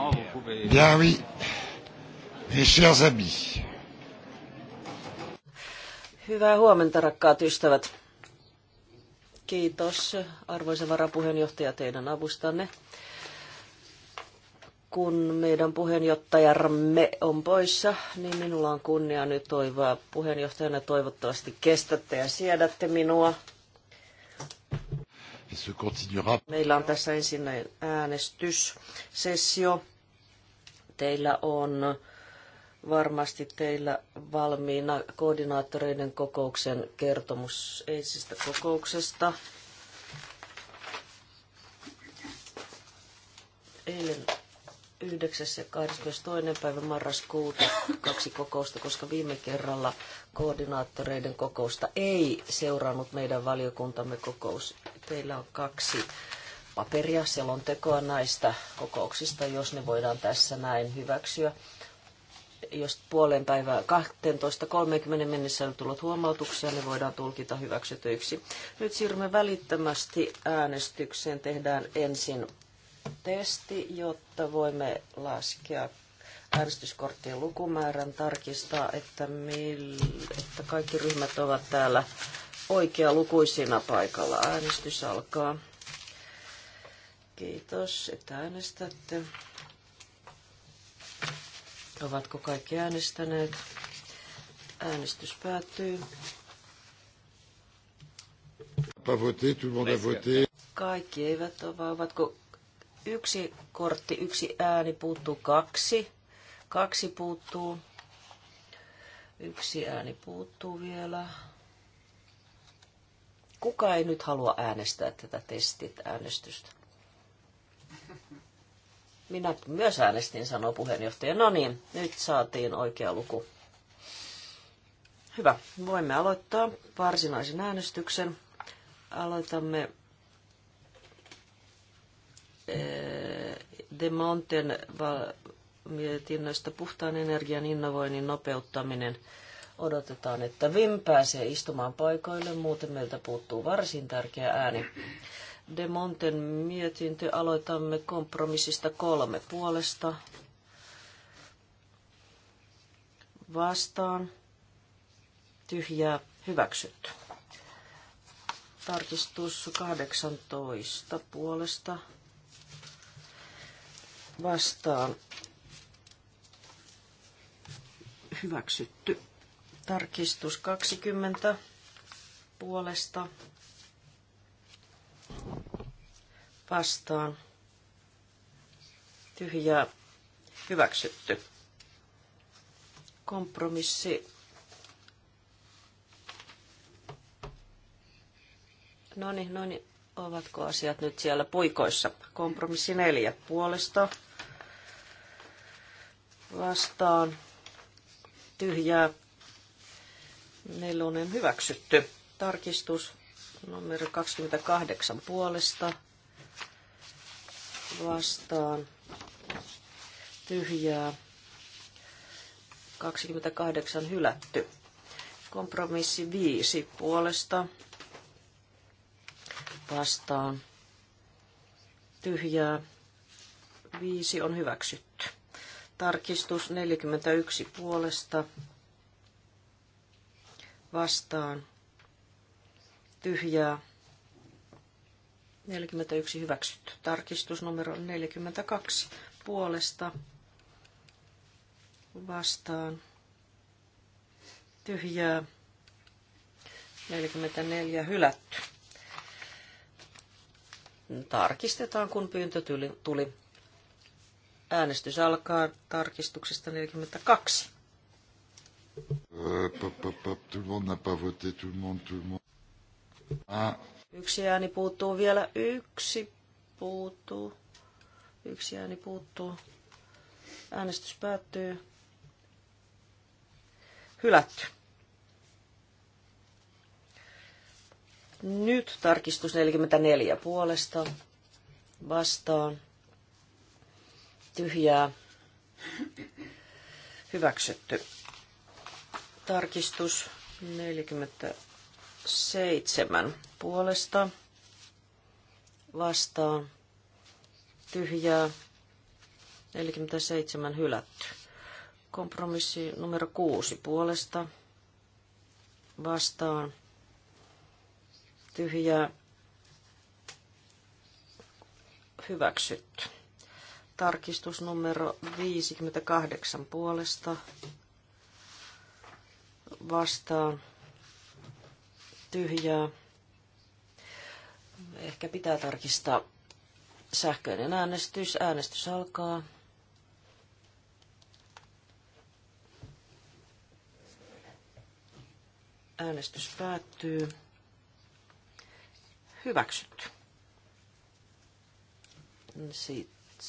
maintenant, vous pouvez... Bien oui, mes chers amis. Hyvää huomenta, rakkaat ystävät. Kiitos, arvoisa varapuheenjohtaja, teidän avustanne. Kun meidän puheenjohtajamme on poissa, niin minulla on kunnia nyt toivoa puheenjohtajana. Toivottavasti kestätte ja siedätte minua Meillä on tässä ensin äänestyssessio. Teillä on varmasti teillä valmiina koordinaattoreiden kokouksen kertomus eilisestä kokouksesta. Eilen 9. ja 22. päivä marraskuuta kaksi kokousta, koska viime kerralla koordinaattoreiden kokousta ei seurannut meidän valiokuntamme kokous. Teillä on kaksi paperia, selontekoa näistä kokouksista, jos ne voidaan tässä näin hyväksyä. Jos puolen päivää 12.30 mennessä on tullut huomautuksia, ne voidaan tulkita hyväksytyiksi. Nyt siirrymme välittömästi äänestykseen. Tehdään ensin testi, jotta voimme laskea äänestyskorttien lukumäärän, tarkistaa, että, mil, että kaikki ryhmät ovat täällä oikea lukuisina paikalla. Äänestys alkaa. Kiitos, että äänestätte. Ovatko kaikki äänestäneet? Äänestys päättyy. Kaikki eivät ole, ovatko yksi kortti, yksi ääni puuttuu, kaksi. Kaksi puuttuu. Yksi ääni puuttuu vielä kuka ei nyt halua äänestää tätä testit äänestystä? Minä myös äänestin, sanoo puheenjohtaja. No niin, nyt saatiin oikea luku. Hyvä, voimme aloittaa varsinaisen äänestyksen. Aloitamme eh, De Monten mietinnöstä puhtaan energian innovoinnin nopeuttaminen – Odotetaan, että Vim pääsee istumaan paikoille, muuten meiltä puuttuu varsin tärkeä ääni. De Monten mietintö aloitamme kompromissista kolme puolesta. Vastaan. Tyhjää hyväksytty. Tarkistus 18 puolesta. Vastaan. Hyväksytty. Tarkistus 20 puolesta vastaan. Tyhjää hyväksytty. Kompromissi. No niin, no niin. Ovatko asiat nyt siellä puikoissa? Kompromissi neljä puolesta. Vastaan. Tyhjää Nelonen hyväksytty. Tarkistus numero 28 puolesta vastaan tyhjää. 28 hylätty. Kompromissi 5 puolesta vastaan tyhjää. 5 on hyväksytty. Tarkistus 41 puolesta vastaan tyhjää. 41 hyväksytty. Tarkistus numero 42 puolesta vastaan tyhjää. 44 hylätty. Tarkistetaan, kun pyyntö tuli. Äänestys alkaa tarkistuksesta 42. Euh, ah. Yksi ääni puuttuu vielä. Yksi puuttuu. Yksi ääni puuttuu. Äänestys päättyy. Hylätty. Nyt tarkistus 44 puolesta. Vastaan. Tyhjää. Hyväksytty. Tarkistus 47 puolesta vastaan tyhjää 47 hylätty. Kompromissi numero 6 puolesta vastaan tyhjää hyväksytty. Tarkistus numero 58 puolesta vastaan tyhjää. Ehkä pitää tarkistaa sähköinen äänestys. Äänestys alkaa. Äänestys päättyy. Hyväksytty. Sitten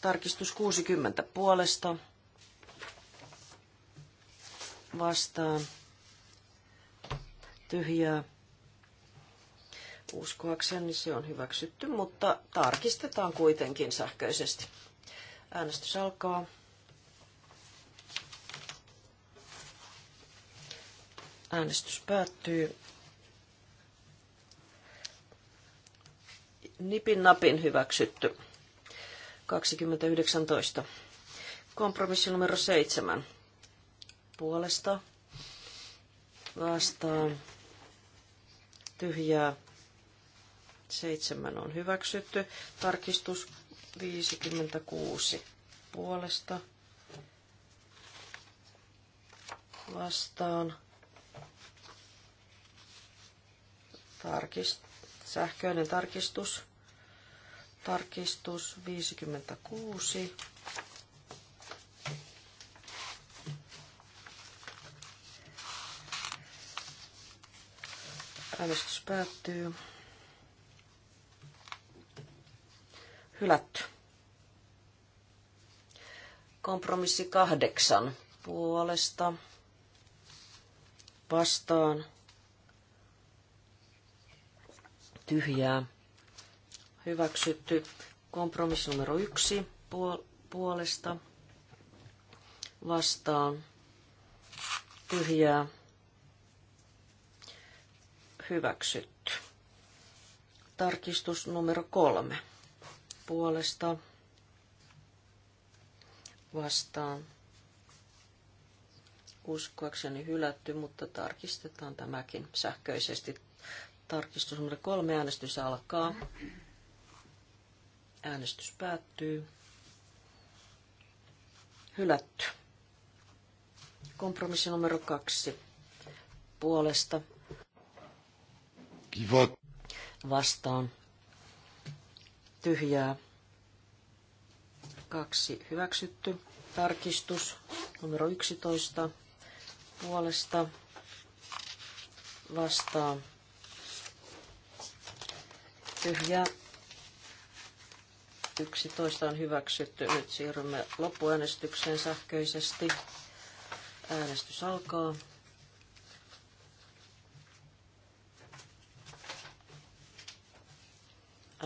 tarkistus 60 puolesta vastaan tyhjää. Uskoakseni se on hyväksytty, mutta tarkistetaan kuitenkin sähköisesti. Äänestys alkaa. Äänestys päättyy. Nipin napin hyväksytty. 2019. Kompromissi numero 7 puolesta vastaan tyhjää. Seitsemän on hyväksytty. Tarkistus 56 puolesta vastaan. Tarkist, sähköinen tarkistus. Tarkistus 56. Äänestys päättyy. Hylätty. Kompromissi kahdeksan puolesta vastaan tyhjää. Hyväksytty kompromissi numero yksi puolesta vastaan tyhjää hyväksytty. Tarkistus numero kolme. Puolesta vastaan. Uskoakseni hylätty, mutta tarkistetaan tämäkin sähköisesti. Tarkistus numero kolme. Äänestys alkaa. Äänestys päättyy. Hylätty. Kompromissi numero kaksi. Puolesta Qui Vastaan. Tyhjää. Kaksi hyväksytty. Tarkistus numero 11 puolesta vastaan. Tyhjää. 11 on hyväksytty. Nyt siirrymme loppuäänestykseen sähköisesti. Äänestys alkaa.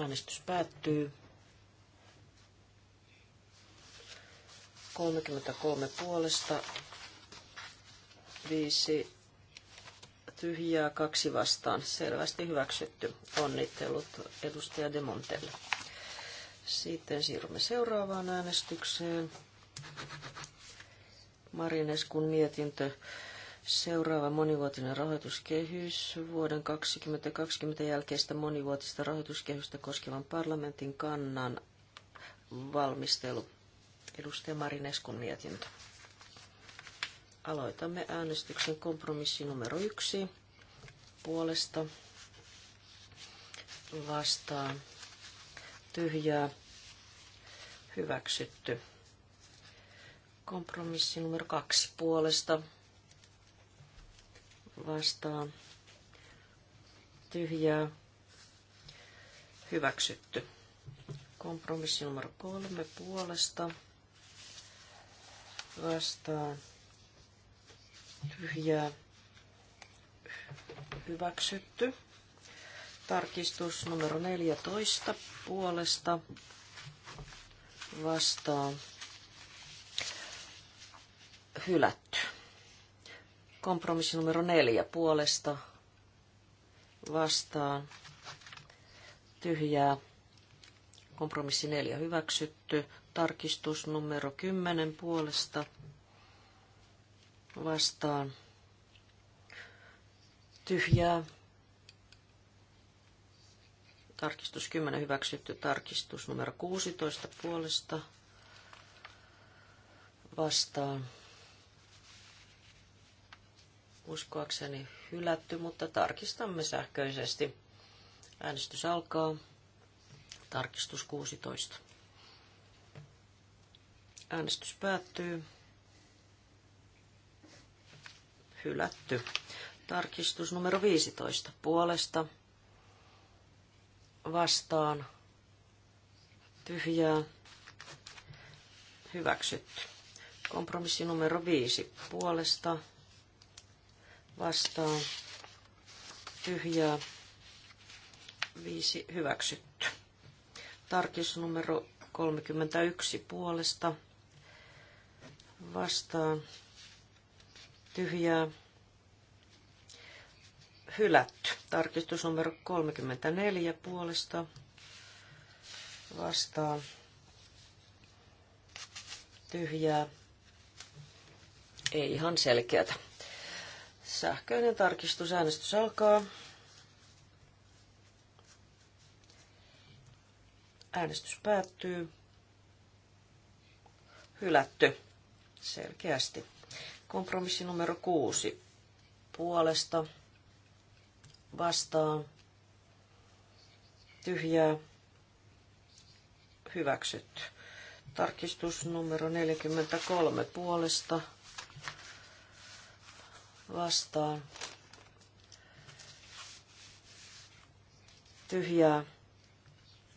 Äänestys päättyy. 33 puolesta, 5 tyhjää, kaksi vastaan. Selvästi hyväksytty. Onnittelut edustaja De Montelle. Sitten siirrymme seuraavaan äänestykseen. kun mietintö Seuraava monivuotinen rahoituskehys vuoden 2020 jälkeistä monivuotista rahoituskehystä koskevan parlamentin kannan valmistelu. Edustaja Marineskun mietintö. Aloitamme äänestyksen kompromissi numero yksi puolesta vastaan tyhjää hyväksytty. Kompromissi numero kaksi puolesta vastaan tyhjää hyväksytty. Kompromissi numero kolme puolesta vastaan tyhjää hyväksytty. Tarkistus numero 14 puolesta vastaan hylätty. Kompromissi numero neljä puolesta vastaan tyhjää. Kompromissi neljä hyväksytty. Tarkistus numero kymmenen puolesta vastaan tyhjää. Tarkistus 10 hyväksytty. Tarkistus numero 16 puolesta vastaan Uskoakseni hylätty, mutta tarkistamme sähköisesti. Äänestys alkaa. Tarkistus 16. Äänestys päättyy. Hylätty. Tarkistus numero 15. Puolesta. Vastaan. Tyhjää. Hyväksytty. Kompromissi numero 5. Puolesta vastaan tyhjää viisi hyväksytty. Tarkis numero 31 puolesta vastaan tyhjää hylätty. Tarkistus numero 34 puolesta vastaan tyhjää ei ihan selkeätä. Sähköinen tarkistusäänestys alkaa. Äänestys päättyy. Hylätty. Selkeästi. Kompromissi numero kuusi. Puolesta. Vastaan. Tyhjää. Hyväksytty. Tarkistus numero 43 puolesta vastaan. Tyhjää.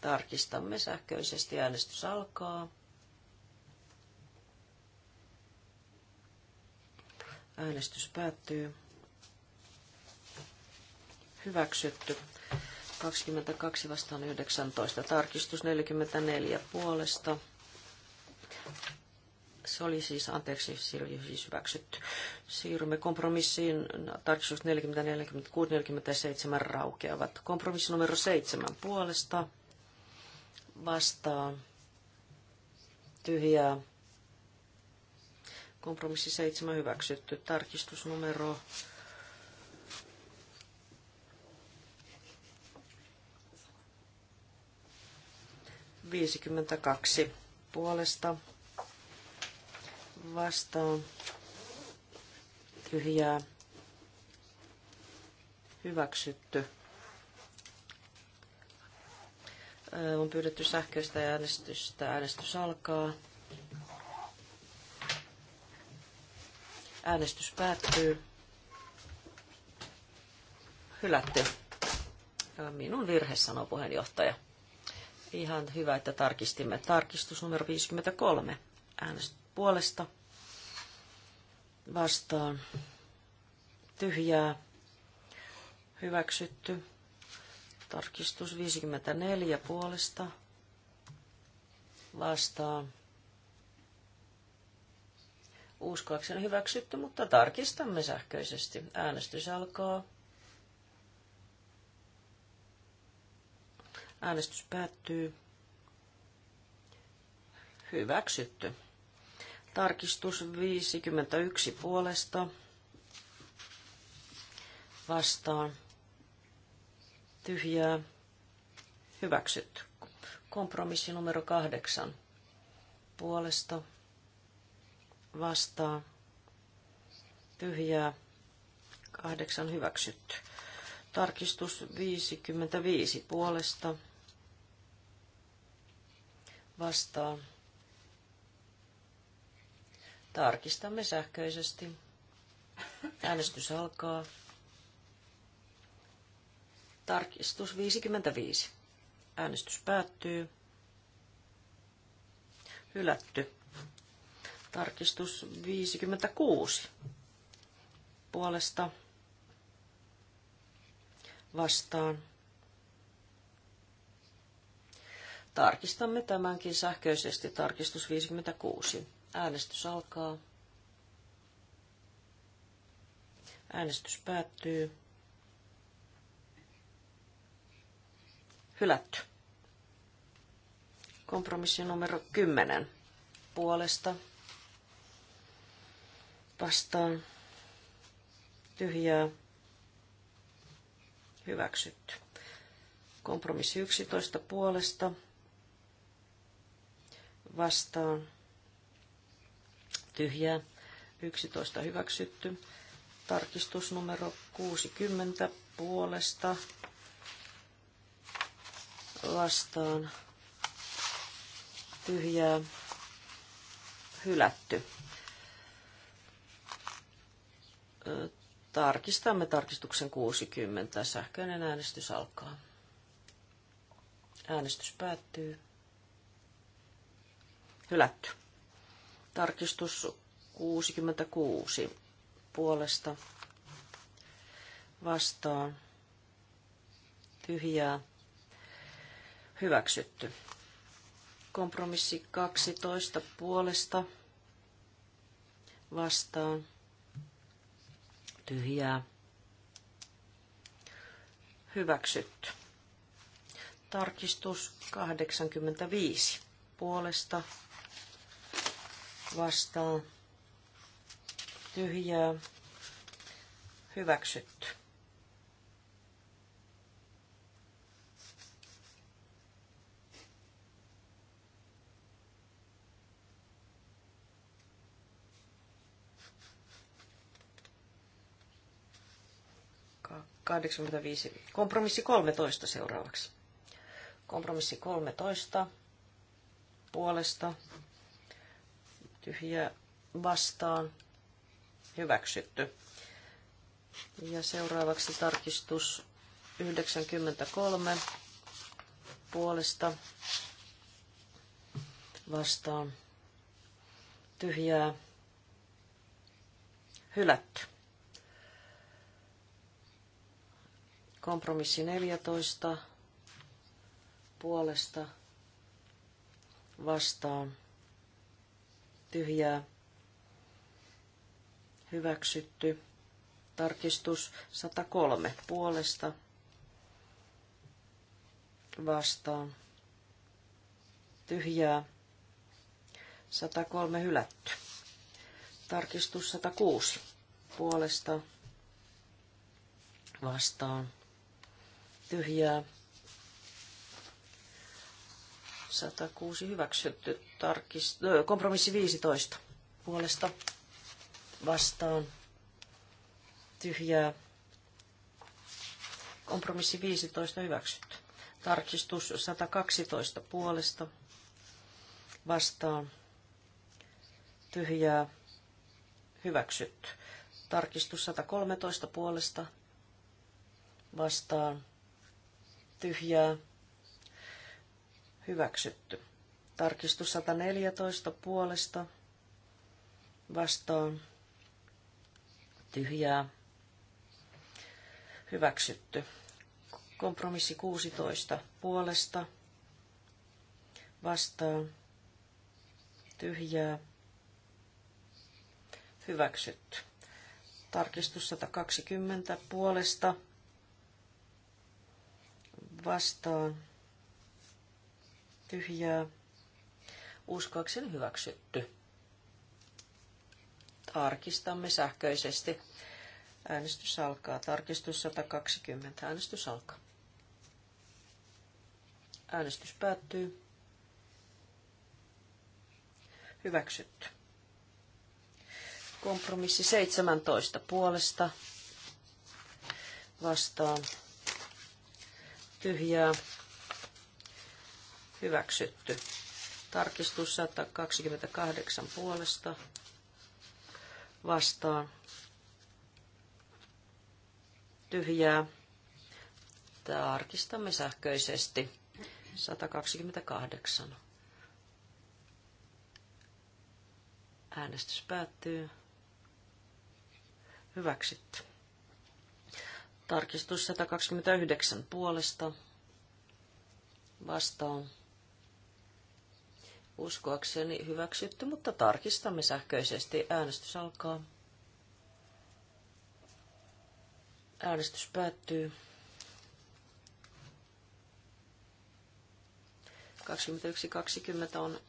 Tarkistamme sähköisesti. Äänestys alkaa. Äänestys päättyy. Hyväksytty. 22 vastaan 19. Tarkistus 44 puolesta se oli siis, anteeksi, se oli siis hyväksytty. Siirrymme kompromissiin. Tarkistus 40, 46, 47 raukeavat. Kompromissi numero 7 puolesta vastaan tyhjää. Kompromissi 7 hyväksytty. Tarkistus numero 52 puolesta vastaan tyhjää hyväksytty. On pyydetty sähköistä äänestystä. Äänestys alkaa. Äänestys päättyy. Hylätty. Minun virhe, sanoo puheenjohtaja. Ihan hyvä, että tarkistimme. Tarkistus numero 53. Äänestys puolesta vastaan tyhjää hyväksytty. Tarkistus 54 puolesta vastaan. Uskoakseni hyväksytty, mutta tarkistamme sähköisesti. Äänestys alkaa. Äänestys päättyy. Hyväksytty. Tarkistus 51 puolesta vastaan tyhjää hyväksyt Kompromissi numero kahdeksan puolesta vastaan tyhjää kahdeksan hyväksytty. Tarkistus 55 puolesta vastaan Tarkistamme sähköisesti. Äänestys alkaa. Tarkistus 55. Äänestys päättyy. Hylätty. Tarkistus 56. Puolesta vastaan. Tarkistamme tämänkin sähköisesti. Tarkistus 56. Äänestys alkaa. Äänestys päättyy. Hylätty. Kompromissi numero 10. Puolesta. Vastaan. Tyhjää. Hyväksytty. Kompromissi 11 puolesta. Vastaan tyhjää, 11 hyväksytty. Tarkistus numero 60 puolesta vastaan tyhjää, hylätty. Tarkistamme tarkistuksen 60. Sähköinen äänestys alkaa. Äänestys päättyy. Hylätty. Tarkistus 66 puolesta vastaan tyhjää hyväksytty. Kompromissi 12 puolesta vastaan tyhjää hyväksytty. Tarkistus 85 puolesta vastaan tyhjää hyväksytty. Kompromissi 13 seuraavaksi. Kompromissi 13 puolesta tyhjä vastaan hyväksytty. Ja seuraavaksi tarkistus 93 puolesta vastaan tyhjää hylätty. Kompromissi 14 puolesta vastaan tyhjää hyväksytty. Tarkistus 103 puolesta vastaan tyhjää 103 hylätty. Tarkistus 106 puolesta vastaan tyhjää 106 hyväksytty. Tarkist, kompromissi 15 puolesta vastaan tyhjää. Kompromissi 15 hyväksytty. Tarkistus 112 puolesta vastaan tyhjää hyväksytty. Tarkistus 113 puolesta vastaan tyhjää Hyväksytty. Tarkistus 114 puolesta vastaan. Tyhjää. Hyväksytty. Kompromissi 16 puolesta vastaan. Tyhjää. Hyväksytty. Tarkistus 120 puolesta vastaan tyhjää, uskoakseni hyväksytty. Tarkistamme sähköisesti. Äänestys alkaa. Tarkistus 120. Äänestys alkaa. Äänestys päättyy. Hyväksytty. Kompromissi 17 puolesta vastaan. Tyhjää Hyväksytty. Tarkistus 128 puolesta vastaan. Tyhjää. Tarkistamme sähköisesti. 128. Äänestys päättyy. Hyväksytty. Tarkistus 129 puolesta. Vastaan. Uskoakseni hyväksytty, mutta tarkistamme sähköisesti. Äänestys alkaa. Äänestys päättyy. 21.20 on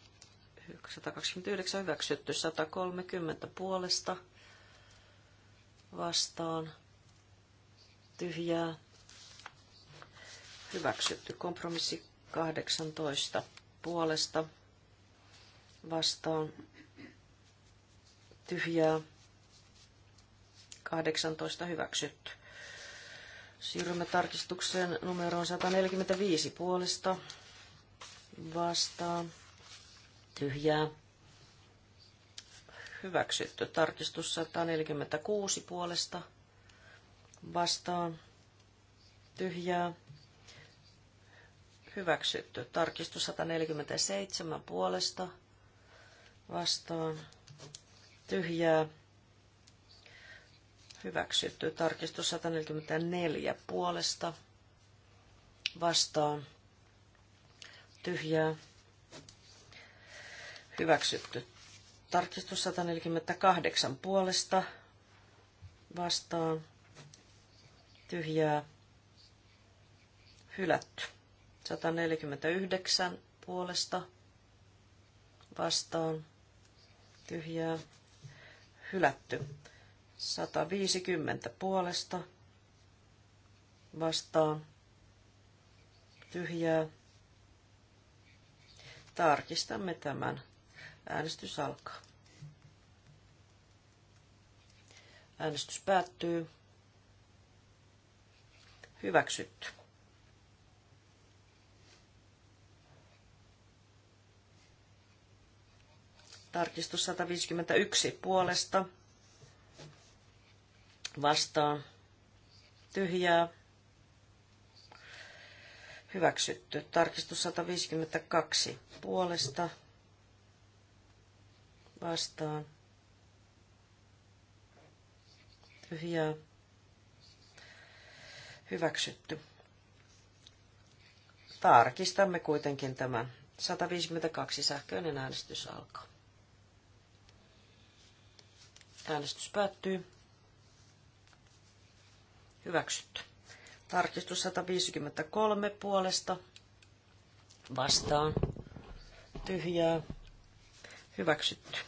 129 hyväksytty, 130 puolesta vastaan, tyhjää, hyväksytty. Kompromissi 18 puolesta vastaan tyhjää 18 hyväksytty. Siirrymme tarkistukseen numeroon 145 puolesta vastaan tyhjää hyväksytty. Tarkistus 146 puolesta vastaan tyhjää hyväksytty. Tarkistus 147 puolesta vastaan tyhjää hyväksytty. Tarkistus 144 puolesta vastaan tyhjää hyväksytty. Tarkistus 148 puolesta vastaan tyhjää hylätty. 149 puolesta vastaan tyhjää hylätty. 150 puolesta vastaan tyhjää. Tarkistamme tämän. Äänestys alkaa. Äänestys päättyy. Hyväksytty. Tarkistus 151 puolesta vastaan tyhjää hyväksytty. Tarkistus 152 puolesta vastaan tyhjää hyväksytty. Tarkistamme kuitenkin tämän. 152 sähköinen äänestys alkaa. Äänestys päättyy. Hyväksytty. Tarkistus 153 puolesta. Vastaan. Tyhjää. Hyväksytty.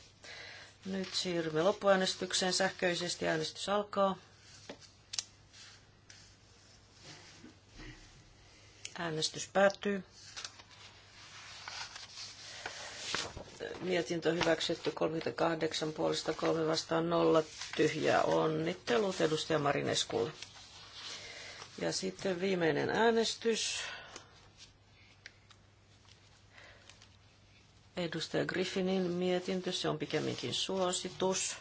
Nyt siirrymme loppuäänestykseen sähköisesti. Äänestys alkaa. Äänestys päättyy. Mietintö hyväksytty 38 puolesta 3 vastaan 0 tyhjää. Onnittelut edustaja Marineskulle. Ja sitten viimeinen äänestys. Edustaja Griffinin mietintö, se on pikemminkin suositus,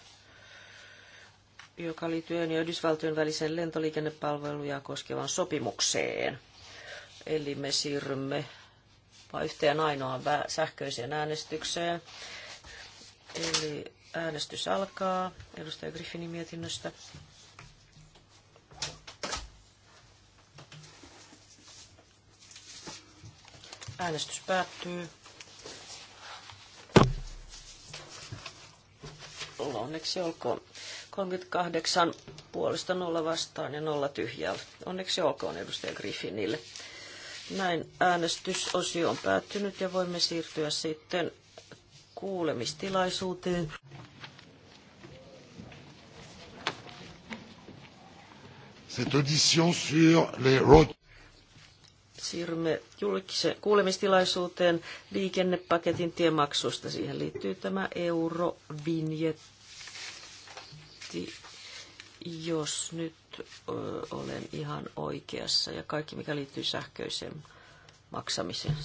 joka liittyy EUn ja Yhdysvaltojen välisen lentoliikennepalveluja koskevan sopimukseen. Eli me siirrymme vaan yhteen ainoaan sähköiseen äänestykseen. Eli äänestys alkaa edustaja Griffinin mietinnöstä. Äänestys päättyy. Olla Onneksi olkoon. 38 puolesta nolla vastaan ja nolla tyhjää. Onneksi olkoon edustaja Griffinille. Näin äänestysosio on päättynyt ja voimme siirtyä sitten kuulemistilaisuuteen. Cette audition sur les road... Siirrymme julkiseen kuulemistilaisuuteen liikennepaketin tiemaksusta. Siihen liittyy tämä eurovinjetti jos nyt olen ihan oikeassa ja kaikki mikä liittyy sähköiseen maksamiseen.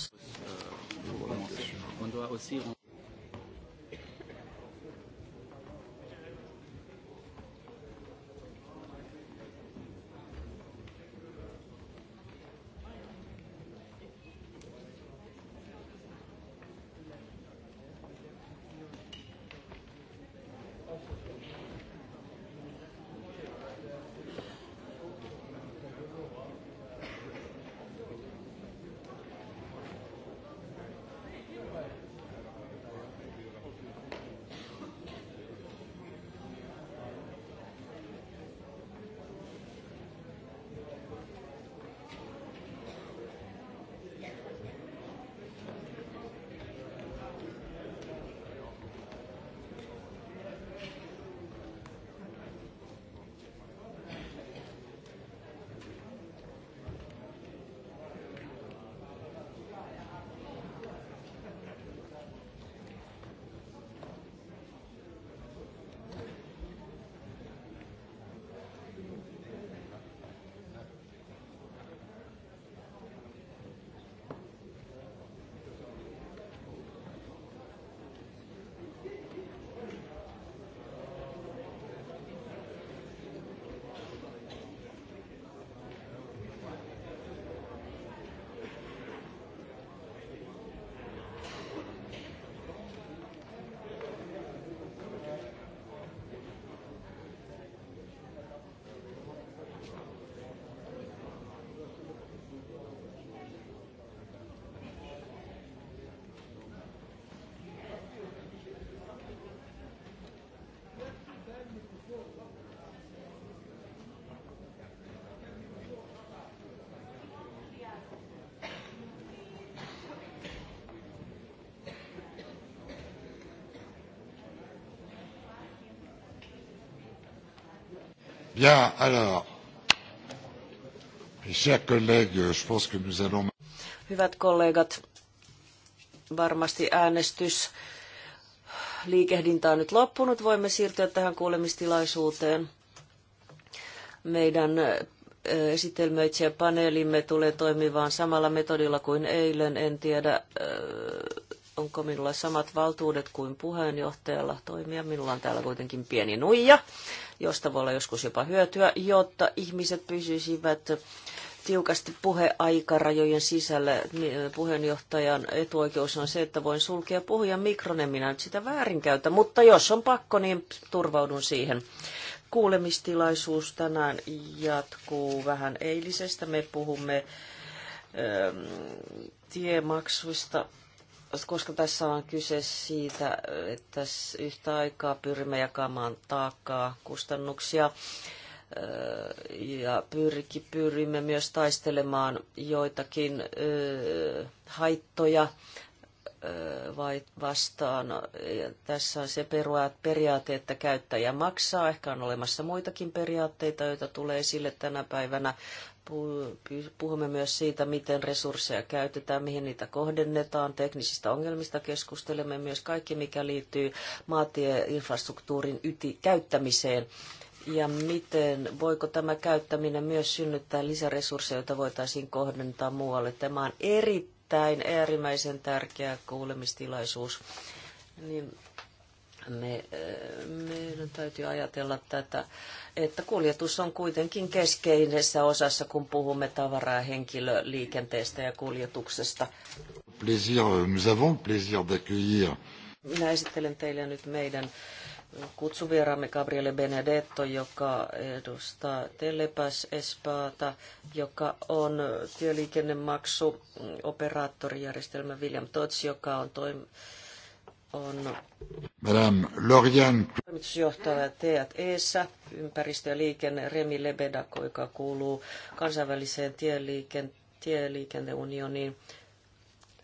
Bien, alors, mes chers collègues, je pense que nous allons... Hyvät kollegat, varmasti äänestys liikehdintä on nyt loppunut. Voimme siirtyä tähän kuulemistilaisuuteen. Meidän eh, esitelmöitsijä paneelimme tulee toimimaan samalla metodilla kuin eilen. En tiedä, eh, onko minulla samat valtuudet kuin puheenjohtajalla toimia. Minulla on täällä kuitenkin pieni nuija josta voi olla joskus jopa hyötyä, jotta ihmiset pysyisivät tiukasti puheaikarajojen sisällä. Niin, puheenjohtajan etuoikeus on se, että voin sulkea puhujan mikron, en minä nyt sitä väärinkäytä, mutta jos on pakko, niin turvaudun siihen. Kuulemistilaisuus tänään jatkuu vähän eilisestä. Me puhumme ähm, tiemaksuista koska tässä on kyse siitä, että yhtä aikaa pyrimme jakamaan taakkaa, kustannuksia ja pyrki, pyrimme myös taistelemaan joitakin haittoja vai vastaan. Ja tässä on se periaate, että käyttäjä maksaa. Ehkä on olemassa muitakin periaatteita, joita tulee esille tänä päivänä Puhumme myös siitä, miten resursseja käytetään, mihin niitä kohdennetaan, teknisistä ongelmista keskustelemme myös kaikki, mikä liittyy maatieinfrastruktuurin yti käyttämiseen ja miten, voiko tämä käyttäminen myös synnyttää lisäresursseja, joita voitaisiin kohdentaa muualle. Tämä on erittäin äärimmäisen tärkeä kuulemistilaisuus. Niin me, meidän täytyy ajatella tätä, että kuljetus on kuitenkin keskeisessä osassa, kun puhumme tavaraa, henkilöliikenteestä ja kuljetuksesta. Plaisir, euh, nous avons plaisir d'accueillir. Minä esittelen teille nyt meidän kutsuvieraamme Gabriele Benedetto, joka edustaa Telepas Espaata, joka on työliikennemaksu operaattorijärjestelmä William Tots, joka on toim- on toimitusjohtaja Teat Eessä, ympäristö- ja liikenne Remi Lebedako, joka kuuluu kansainväliseen tieliiken, tieliikenneunioniin.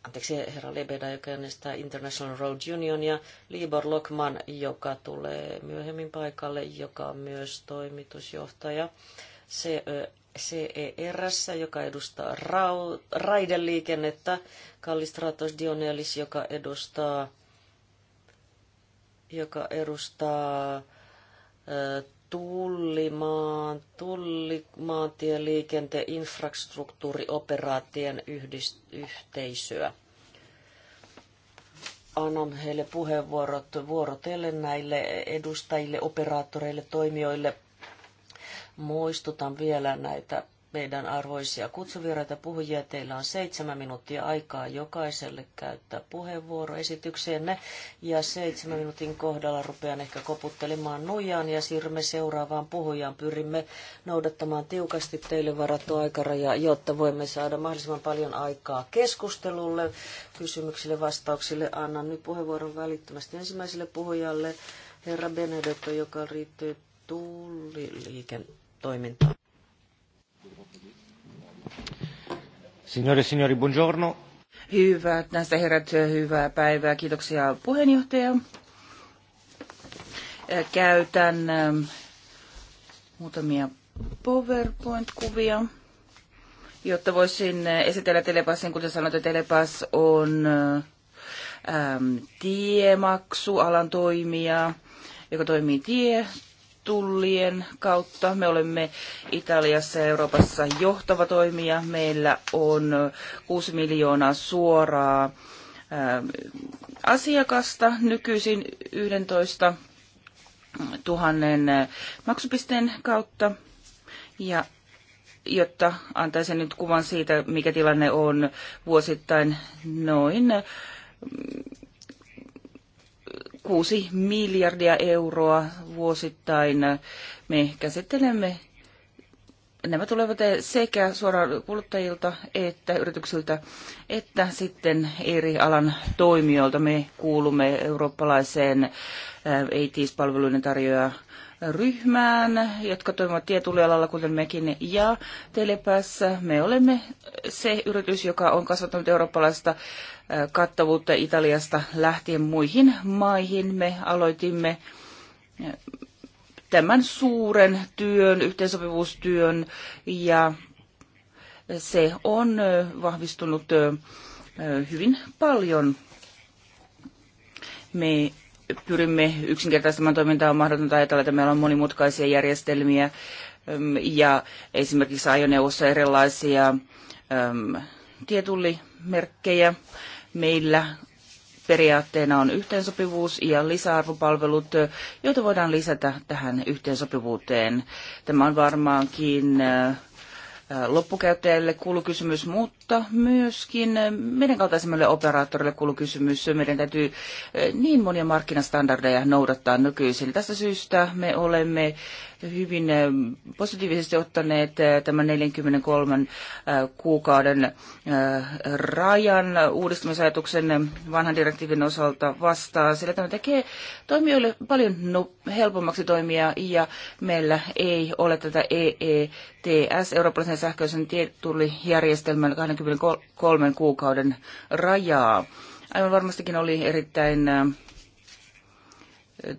Anteeksi, herra Lebeda, joka äänestää International Road Unionia. Libor Lokman, joka tulee myöhemmin paikalle, joka on myös toimitusjohtaja. CÖ e- CERS, joka edustaa raideliikennettä, Kallistratos Dionelis, joka edustaa joka edustaa tullimaan, tullimaantien liikenteen infrastruktuurioperaatien yhdist- yhteisöä. Annan heille puheenvuorot vuorotellen näille edustajille, operaattoreille, toimijoille. Muistutan vielä näitä meidän arvoisia kutsuvieraita puhujia. Teillä on seitsemän minuuttia aikaa jokaiselle käyttää puheenvuoro esitykseenne. Ja seitsemän minuutin kohdalla rupean ehkä koputtelemaan nujaan ja siirrymme seuraavaan puhujaan. Pyrimme noudattamaan tiukasti teille varattua aikaraja, jotta voimme saada mahdollisimman paljon aikaa keskustelulle, kysymyksille, vastauksille. Annan nyt puheenvuoron välittömästi ensimmäiselle puhujalle, herra Benedetto, joka riittyy tulliliikentoimintaan. Signore, signori, buongiorno. Hyvät näistä herrat, hyvää päivää. Kiitoksia puheenjohtaja. Käytän ähm, muutamia PowerPoint-kuvia, jotta voisin esitellä Telepasin. Kuten sanoin, Telepas on ähm, tiemaksualan toimija, joka toimii tie tullien kautta. Me olemme Italiassa ja Euroopassa johtava toimija. Meillä on 6 miljoonaa suoraa ähm, asiakasta nykyisin 11 tuhannen äh, maksupisteen kautta. Ja jotta antaisin nyt kuvan siitä, mikä tilanne on vuosittain noin 6 miljardia euroa vuosittain. Me käsittelemme nämä tulevat sekä suoraan kuluttajilta että yrityksiltä, että sitten eri alan toimijoilta. Me kuulumme eurooppalaiseen ATS palveluiden tarjoaja ryhmään, jotka toimivat tietulialalla, kuten mekin ja Telepässä. Me olemme se yritys, joka on kasvattanut eurooppalaista kattavuutta Italiasta lähtien muihin maihin. Me aloitimme tämän suuren työn, yhteensopivuustyön, ja se on vahvistunut hyvin paljon. Me pyrimme yksinkertaistamaan toimintaa, on mahdotonta ajatella, että meillä on monimutkaisia järjestelmiä ja esimerkiksi ajoneuvossa erilaisia tietullimerkkejä. Meillä periaatteena on yhteensopivuus ja lisäarvopalvelut, joita voidaan lisätä tähän yhteensopivuuteen. Tämä on varmaankin äh, loppukäyttäjälle kulukysymys, mutta myöskin meidän kaltaisemmille operaattorille kulukysymys. Meidän täytyy niin monia markkinastandardeja noudattaa nykyisin. Tästä syystä me olemme hyvin eh, positiivisesti ottaneet eh, tämän 43 eh, kuukauden rajan uudistamisajatuksen vanhan direktiivin osalta vastaan, sillä tämä tekee toimijoille paljon helpommaksi toimia ja meillä ei ole tätä EETS, eurooppalaisen sähköisen tietullijärjestelmän 23 kuukauden rajaa. Aivan varmastikin oli erittäin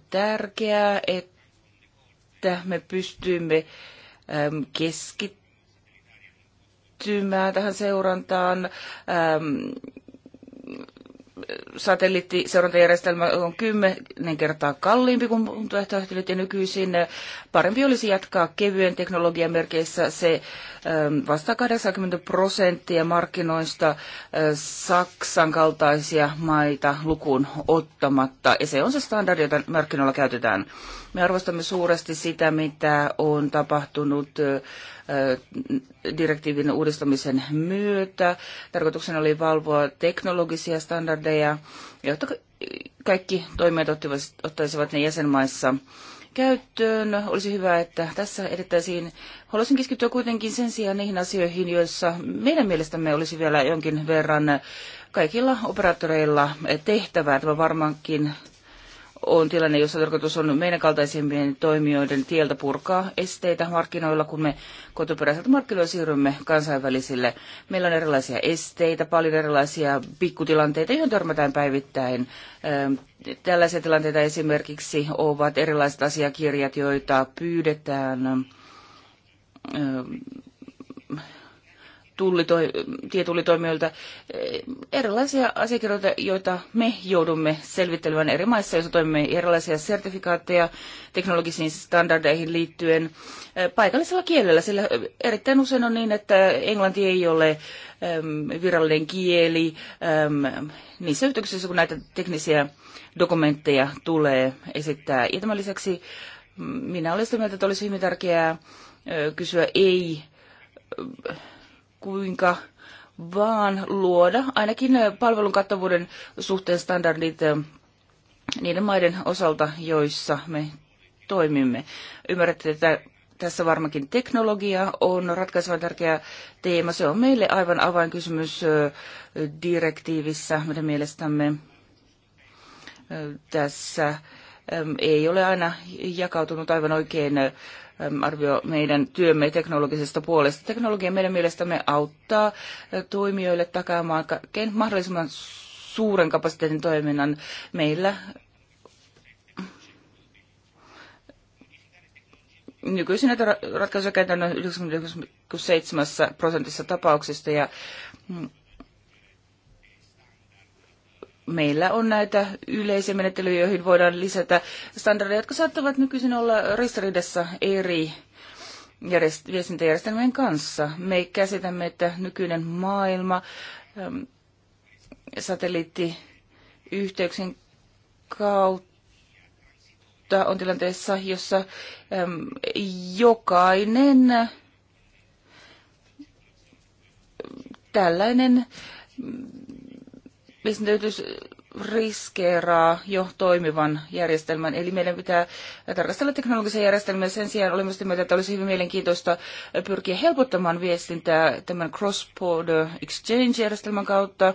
tärkeää, että että me pystyimme ähm, keskittymään tähän seurantaan. Ähm, satelliittiseurantajärjestelmä on kymmenen kertaa kalliimpi kuin puuntoehtoyhtelyt ja nykyisin parempi olisi jatkaa kevyen teknologian merkeissä. Se ähm, vastaa 80 prosenttia markkinoista äh, Saksan kaltaisia maita lukuun ottamatta ja se on se standardi, jota markkinoilla käytetään. Me arvostamme suuresti sitä, mitä on tapahtunut direktiivin uudistamisen myötä. Tarkoituksena oli valvoa teknologisia standardeja, jotta kaikki toimijat ottaisivat ne jäsenmaissa käyttöön. Olisi hyvä, että tässä edettäisiin. Haluaisin keskittyä kuitenkin sen sijaan niihin asioihin, joissa meidän mielestämme olisi vielä jonkin verran kaikilla operaattoreilla tehtävää. Tämä varmaankin on tilanne, jossa tarkoitus on meidän kaltaisimpien toimijoiden tieltä purkaa esteitä markkinoilla, kun me kotoperäiseltä markkinoilla siirrymme kansainvälisille. Meillä on erilaisia esteitä, paljon erilaisia pikkutilanteita, joihin törmätään päivittäin. Ähm, tällaisia tilanteita esimerkiksi ovat erilaiset asiakirjat, joita pyydetään ähm, tietullitoimijoilta eh, erilaisia asiakirjoja, joita me joudumme selvittelemään eri maissa, joissa toimimme erilaisia sertifikaatteja teknologisiin standardeihin liittyen eh, paikallisella kielellä, sillä eh, erittäin usein on niin, että englanti ei ole virallinen kieli niissä yhteyksissä, kun näitä teknisiä dokumentteja tulee esittää. Ja tämän lisäksi mm, minä olen sitä mieltä, että olisi hyvin tärkeää kysyä ei kuinka vaan luoda ainakin palvelun kattavuuden suhteen standardit niiden maiden osalta, joissa me toimimme. Ymmärrätte, että tässä varmakin teknologia on ratkaisevan tärkeä teema. Se on meille aivan avainkysymys direktiivissä, meidän mielestämme tässä ei ole aina jakautunut aivan oikein arvio meidän työmme teknologisesta puolesta. Teknologia meidän mielestämme auttaa toimijoille takaamaan kaikkein mahdollisimman suuren kapasiteetin toiminnan meillä nykyisin näitä ratkaisuja käytetään noin 97 prosentissa tapauksista ja mm, meillä on näitä yleisiä menettelyjä, joihin voidaan lisätä standardeja, jotka saattavat nykyisin olla ristiriidassa eri järjest- viestintäjärjestelmien kanssa. Me käsitämme, että nykyinen maailma äm, satelliittiyhteyksien kautta on tilanteessa, jossa äm, jokainen tällainen riskeeraa jo toimivan järjestelmän. Eli meidän pitää tarkastella teknologisia järjestelmiä. Sen sijaan olemme sitä mieltä, että olisi hyvin mielenkiintoista pyrkiä helpottamaan viestintää tämän cross-border exchange-järjestelmän kautta.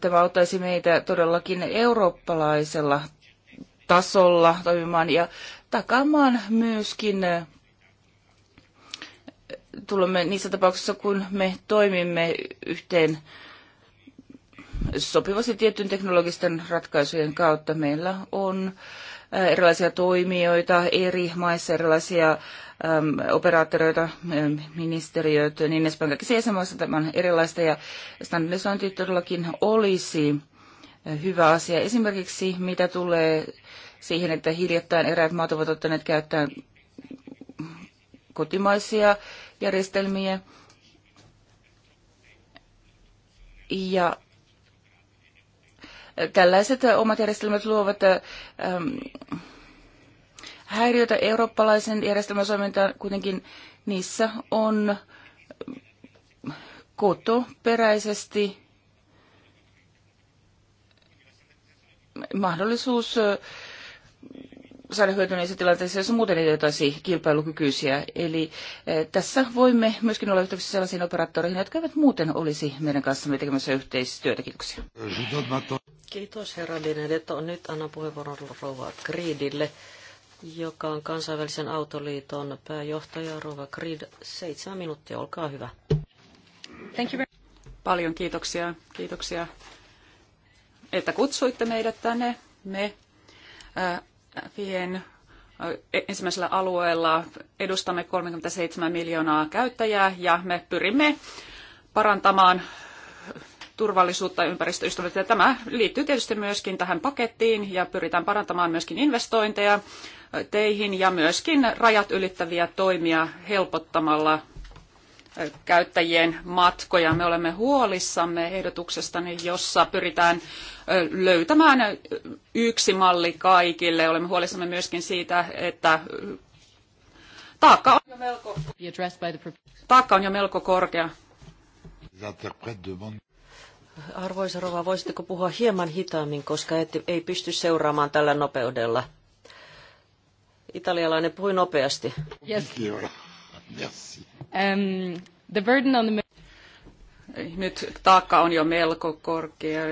Tämä auttaisi meitä todellakin eurooppalaisella tasolla toimimaan ja takaamaan myöskin tulemme niissä tapauksissa, kun me toimimme yhteen sopivasti tiettyjen teknologisten ratkaisujen kautta. Meillä on äh, erilaisia toimijoita eri maissa, erilaisia äm, operaattoreita, äm, ministeriöitä, niin edespäin. Kaikissa jäsenmaissa tämä on erilaista ja standardisointi todellakin olisi äh, hyvä asia. Esimerkiksi mitä tulee siihen, että hiljattain eräät maat ovat ottaneet käyttöön kotimaisia järjestelmiä. Ja Tällaiset omat järjestelmät luovat ähm, häiriötä eurooppalaisen järjestelmän toimintaan, kuitenkin niissä on kotoperäisesti mahdollisuus äh, saada hyötyä niissä tilanteissa, joissa muuten ei oltaisi kilpailukykyisiä. Eli äh, tässä voimme myöskin olla yhteydessä sellaisiin operaattoreihin, jotka eivät muuten olisi meidän kanssamme tekemässä yhteistyötä. Kiitoksia. Äh, Kiitos herra Linedetto. Nyt annan puheenvuoron rouva Gridille, joka on kansainvälisen autoliiton pääjohtaja. Rouva Grid, seitsemän minuuttia, olkaa hyvä. Thank you very- Paljon kiitoksia, kiitoksia, että kutsuitte meidät tänne. Me äh, Fien äh, e- ensimmäisellä alueella edustamme 37 miljoonaa käyttäjää ja me pyrimme parantamaan turvallisuutta ympäristöystävällisyyttä. ympäristöystävyyttä tämä liittyy tietysti myöskin tähän pakettiin ja pyritään parantamaan myöskin investointeja teihin ja myöskin rajat ylittäviä toimia helpottamalla käyttäjien matkoja. Me olemme huolissamme ehdotuksestani, jossa pyritään löytämään yksi malli kaikille. Olemme huolissamme myöskin siitä, että taakka on jo melko, taakka on jo melko korkea. Arvoisa rouva, voisitteko puhua hieman hitaammin, koska et, ei pysty seuraamaan tällä nopeudella. Italialainen puhui nopeasti. Yes. Um, the burden on the... Nyt taakka on jo melko korkea,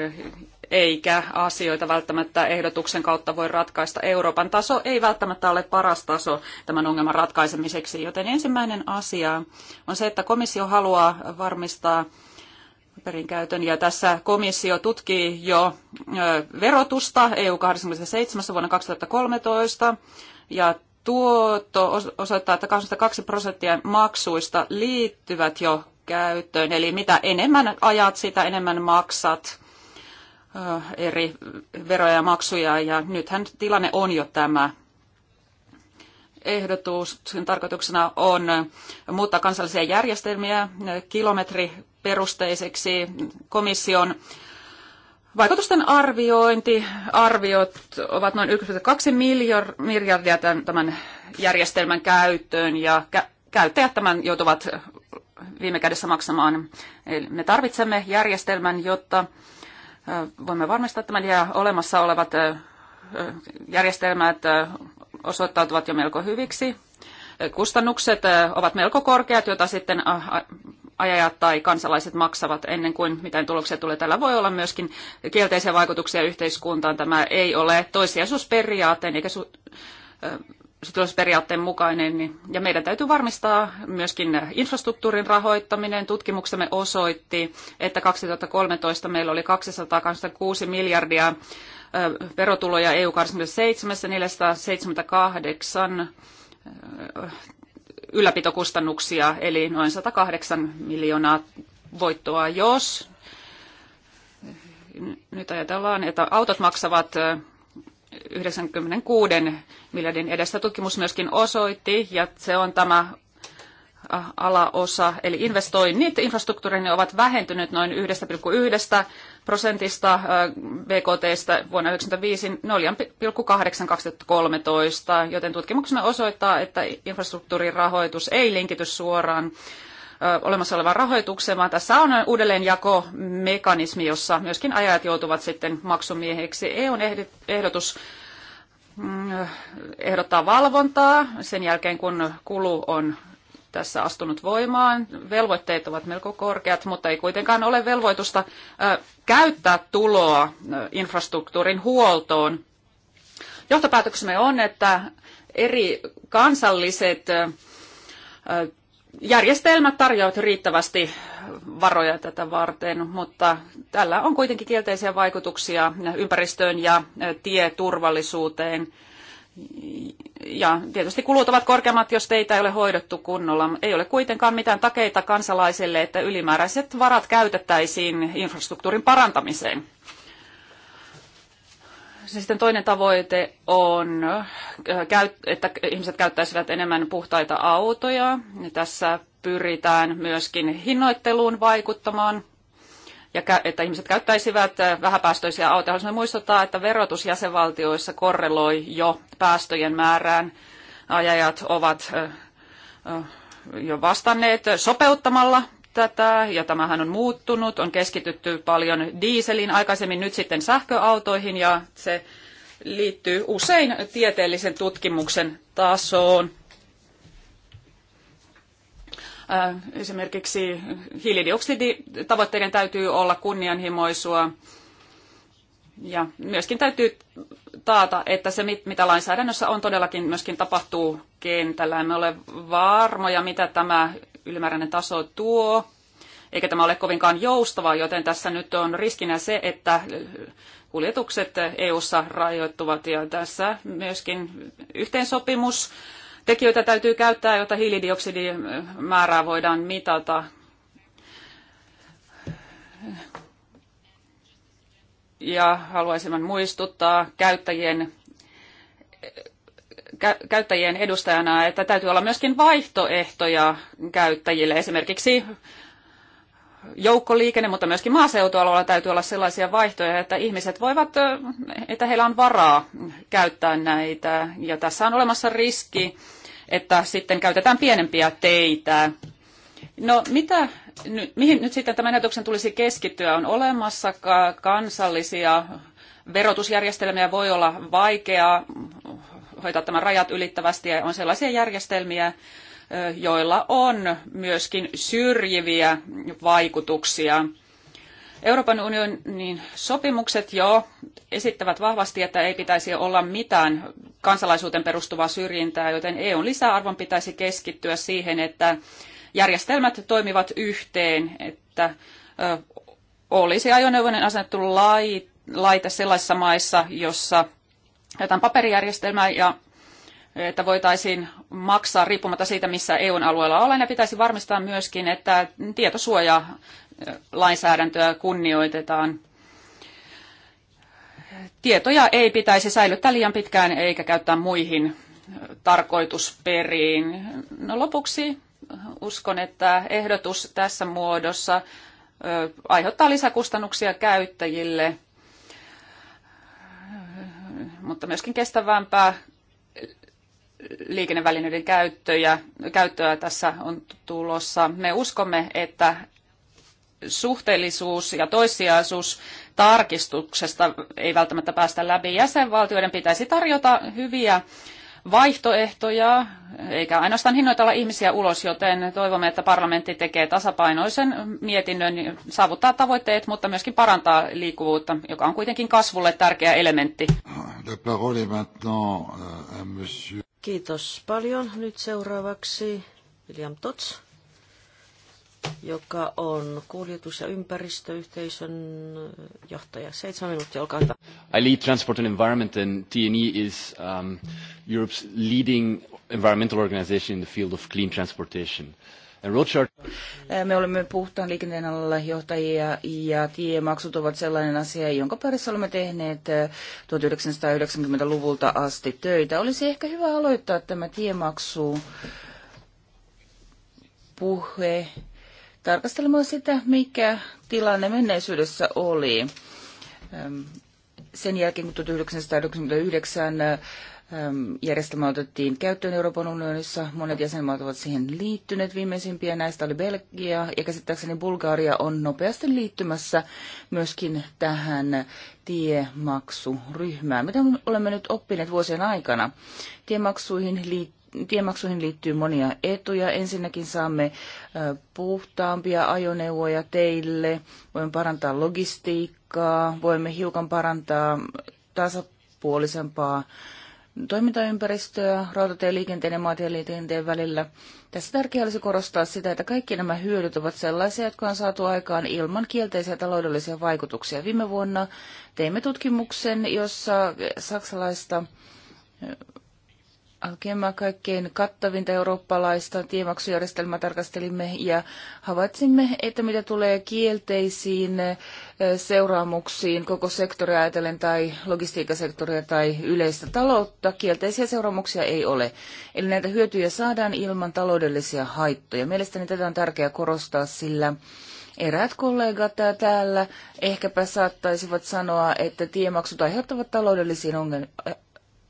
eikä asioita välttämättä ehdotuksen kautta voi ratkaista. Euroopan taso ei välttämättä ole paras taso tämän ongelman ratkaisemiseksi, joten ensimmäinen asia on se, että komissio haluaa varmistaa perinkäytön. Ja tässä komissio tutkii jo verotusta EU-87 vuonna 2013 ja tuotto osoittaa, että 22 prosenttia maksuista liittyvät jo käyttöön. Eli mitä enemmän ajat, sitä enemmän maksat eri veroja ja maksuja. Ja nythän tilanne on jo tämä ehdotuksen tarkoituksena on muuttaa kansallisia järjestelmiä kilometri perusteiseksi komission Vaikutusten arviointi, arviot ovat noin 1,2 miljardia tämän järjestelmän käyttöön ja käyttäjät tämän joutuvat viime kädessä maksamaan. Eli me tarvitsemme järjestelmän, jotta voimme varmistaa tämän ja olemassa olevat järjestelmät osoittautuvat jo melko hyviksi. Kustannukset ovat melko korkeat, joita sitten ajajat tai kansalaiset maksavat ennen kuin mitään tuloksia tulee. Tällä voi olla myöskin kielteisiä vaikutuksia yhteiskuntaan. Tämä ei ole toissijaisuusperiaatteen eikä su- sotilasperiaatteen mukainen. Niin, ja meidän täytyy varmistaa myöskin infrastruktuurin rahoittaminen. Tutkimuksemme osoitti, että 2013 meillä oli 226 miljardia verotuloja EU 27, 478 ylläpitokustannuksia, eli noin 108 miljoonaa voittoa, jos nyt ajatellaan, että autot maksavat 96 miljardin edestä tutkimus myöskin osoitti, ja se on tämä alaosa, eli investoinnit infrastruktuuriin ovat vähentyneet noin 1,1 prosentista BKTstä vuonna 1995 0,8 joten tutkimuksena osoittaa, että infrastruktuurin rahoitus ei linkity suoraan olemassa olevaan rahoitukseen, vaan tässä on uudelleenjakomekanismi, jossa myöskin ajajat joutuvat sitten maksumieheksi. EUn ehdotus mm, ehdottaa valvontaa sen jälkeen, kun kulu on tässä astunut voimaan. Velvoitteet ovat melko korkeat, mutta ei kuitenkaan ole velvoitusta käyttää tuloa infrastruktuurin huoltoon. Johtopäätöksemme on, että eri kansalliset järjestelmät tarjoavat riittävästi varoja tätä varten, mutta tällä on kuitenkin kielteisiä vaikutuksia ympäristöön ja tieturvallisuuteen ja tietysti kulut ovat korkeammat, jos teitä ei ole hoidettu kunnolla. Ei ole kuitenkaan mitään takeita kansalaisille, että ylimääräiset varat käytettäisiin infrastruktuurin parantamiseen. Sitten toinen tavoite on, äh, että ihmiset käyttäisivät enemmän puhtaita autoja. Tässä pyritään myöskin hinnoitteluun vaikuttamaan – ja että ihmiset käyttäisivät äh, vähäpäästöisiä autoja. Haluaisin muistuttaa, että verotus jäsenvaltioissa korreloi jo päästöjen määrään. Ajajat ovat äh, äh, jo vastanneet sopeuttamalla tätä, ja tämähän on muuttunut. On keskitytty paljon dieselin, aikaisemmin nyt sitten sähköautoihin, ja se liittyy usein tieteellisen tutkimuksen tasoon. Äh, esimerkiksi hiilidioksiditavoitteiden täytyy olla kunnianhimoisua ja myöskin täytyy taata, että se, mitä lainsäädännössä on, todellakin myöskin tapahtuu kentällä. Emme ole varmoja, mitä tämä ylimääräinen taso tuo, eikä tämä ole kovinkaan joustava, joten tässä nyt on riskinä se, että kuljetukset EU-ssa rajoittuvat ja tässä myöskin yhteensopimus tekijöitä täytyy käyttää, jotta hiilidioksidin voidaan mitata. Ja haluaisin muistuttaa käyttäjien, kä, käyttäjien edustajana, että täytyy olla myöskin vaihtoehtoja käyttäjille. Esimerkiksi joukkoliikenne, mutta myöskin maaseutualueella täytyy olla sellaisia vaihtoehtoja, että ihmiset voivat, että heillä on varaa käyttää näitä. Ja tässä on olemassa riski, että sitten käytetään pienempiä teitä. No mitä, nyt, mihin nyt sitten tämän näytöksen tulisi keskittyä? On olemassa kansallisia verotusjärjestelmiä, voi olla vaikeaa hoitaa tämän rajat ylittävästi ja on sellaisia järjestelmiä, joilla on myöskin syrjiviä vaikutuksia Euroopan unionin sopimukset jo esittävät vahvasti, että ei pitäisi olla mitään kansalaisuuteen perustuvaa syrjintää, joten EUn lisäarvon pitäisi keskittyä siihen, että järjestelmät toimivat yhteen, että olisi ajoneuvoinen asennettu laite sellaisissa maissa, jossa jotain paperijärjestelmää ja että voitaisiin maksaa riippumatta siitä, missä EUn alueella ollaan, ja pitäisi varmistaa myöskin, että tietosuoja lainsäädäntöä kunnioitetaan. Tietoja ei pitäisi säilyttää liian pitkään eikä käyttää muihin tarkoitusperiin. No lopuksi uskon, että ehdotus tässä muodossa aiheuttaa lisäkustannuksia käyttäjille, mutta myöskin kestävämpää liikennevälineiden käyttöä, käyttöä tässä on tulossa. Me uskomme, että suhteellisuus- ja toissijaisuustarkistuksesta ei välttämättä päästä läpi. Jäsenvaltioiden pitäisi tarjota hyviä vaihtoehtoja, eikä ainoastaan hinnoitella ihmisiä ulos, joten toivomme, että parlamentti tekee tasapainoisen mietinnön, saavuttaa tavoitteet, mutta myöskin parantaa liikkuvuutta, joka on kuitenkin kasvulle tärkeä elementti. Euh, Kiitos paljon. Nyt seuraavaksi William Tots joka on kuljetus- ja ympäristöyhteisön johtaja. Seitsemän minuuttia, olkaa hyvä. I lead Transport and Environment and TNE is um, Europe's leading environmental organization in the field of clean transportation. Me olemme puhtaan liikenteen alalla johtajia ja tiemaksut ovat sellainen asia, jonka parissa olemme tehneet 1990-luvulta asti töitä. Olisi ehkä hyvä aloittaa tämä tiemaksu puhe tarkastelemaan sitä, mikä tilanne menneisyydessä oli. Sen jälkeen, kun 1999 järjestelmä otettiin käyttöön Euroopan unionissa, monet jäsenmaat ovat siihen liittyneet. Viimeisimpiä näistä oli Belgia ja käsittääkseni Bulgaria on nopeasti liittymässä myöskin tähän tiemaksuryhmään. Mitä olemme nyt oppineet vuosien aikana? Tiemaksuihin liittyy tiemaksuihin liittyy monia etuja. Ensinnäkin saamme puhtaampia ajoneuvoja teille, voimme parantaa logistiikkaa, voimme hiukan parantaa tasapuolisempaa toimintaympäristöä rautateen liikenteen ja maantien liikenteen välillä. Tässä tärkeää olisi korostaa sitä, että kaikki nämä hyödyt ovat sellaisia, jotka on saatu aikaan ilman kielteisiä taloudellisia vaikutuksia. Viime vuonna teimme tutkimuksen, jossa saksalaista Alkemaa kaikkein kattavinta eurooppalaista tiemaksujärjestelmää tarkastelimme ja havaitsimme, että mitä tulee kielteisiin seuraamuksiin koko sektoria ajatellen tai logistiikkasektoria tai yleistä taloutta, kielteisiä seuraamuksia ei ole. Eli näitä hyötyjä saadaan ilman taloudellisia haittoja. Mielestäni tätä on tärkeää korostaa, sillä Eräät kollegat täällä ehkäpä saattaisivat sanoa, että tiemaksut aiheuttavat taloudellisiin ongelmiin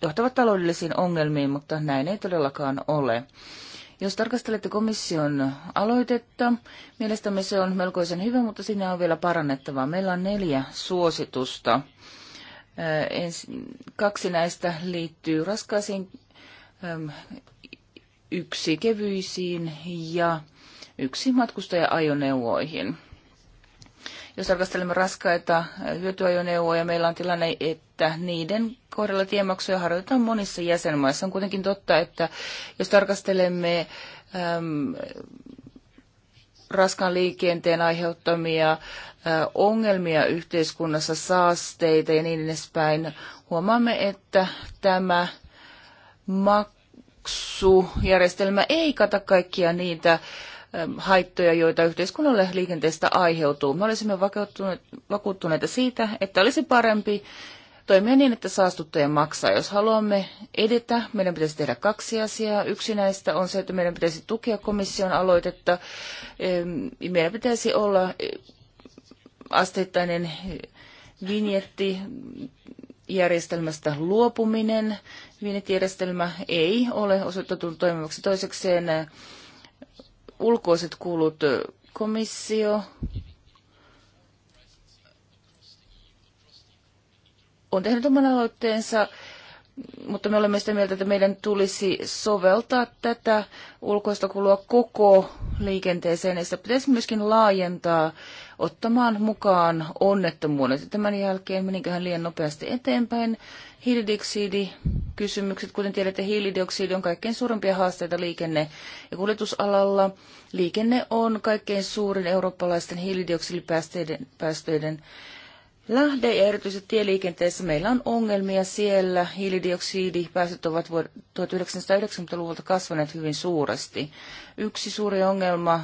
johtavat taloudellisiin ongelmiin, mutta näin ei todellakaan ole. Jos tarkastelette komission aloitetta, mielestämme se on melkoisen hyvä, mutta siinä on vielä parannettavaa. Meillä on neljä suositusta. Äh, kaksi näistä liittyy raskaisiin, ähm, yksi kevyisiin ja yksi matkustaja-ajoneuvoihin. Jos tarkastelemme raskaita hyötyajoneuvoja, meillä on tilanne, että niiden kohdalla tiemaksuja harjoitetaan monissa jäsenmaissa. On kuitenkin totta, että jos tarkastelemme äm, raskaan liikenteen aiheuttamia ä, ongelmia yhteiskunnassa, saasteita ja niin edespäin, huomaamme, että tämä maksujärjestelmä ei kata kaikkia niitä haittoja, joita yhteiskunnalle liikenteestä aiheutuu. Me olisimme vakuuttuneita siitä, että olisi parempi toimia niin, että saastuttaja maksaa. Jos haluamme edetä, meidän pitäisi tehdä kaksi asiaa. Yksi näistä on se, että meidän pitäisi tukea komission aloitetta. Meidän pitäisi olla asteittainen vinjetti järjestelmästä luopuminen. Vinjettijärjestelmä ei ole osoittautunut toimivaksi toisekseen ulkoiset kulut komissio on tehnyt oman aloitteensa, mutta me olemme sitä mieltä, että meidän tulisi soveltaa tätä ulkoista kulua koko liikenteeseen, ja sitä pitäisi myöskin laajentaa ottamaan mukaan onnettomuudet. Tämän jälkeen meniköhän liian nopeasti eteenpäin. Hiilidioksidi kysymykset, kuten tiedätte, hiilidioksidi on kaikkein suurimpia haasteita liikenne- ja kuljetusalalla. Liikenne on kaikkein suurin eurooppalaisten hiilidioksidipäästöiden päästöiden lähde ja erityisesti tieliikenteessä meillä on ongelmia siellä. Hiilidioksidipäästöt ovat 1990-luvulta kasvaneet hyvin suuresti. Yksi suuri ongelma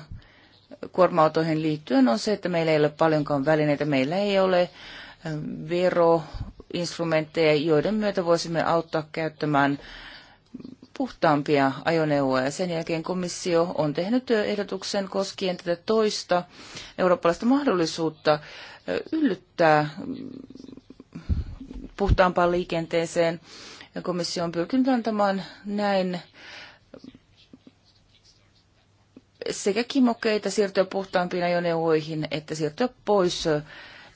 kuorma-autoihin liittyen on se, että meillä ei ole paljonkaan välineitä. Meillä ei ole veroinstrumentteja, joiden myötä voisimme auttaa käyttämään puhtaampia ajoneuvoja. Sen jälkeen komissio on tehnyt ehdotuksen koskien tätä toista eurooppalaista mahdollisuutta yllyttää puhtaampaan liikenteeseen. Komissio on pyrkinyt antamaan näin sekä kimokeita siirtyä puhtaampiin ajoneuvoihin että siirtyä pois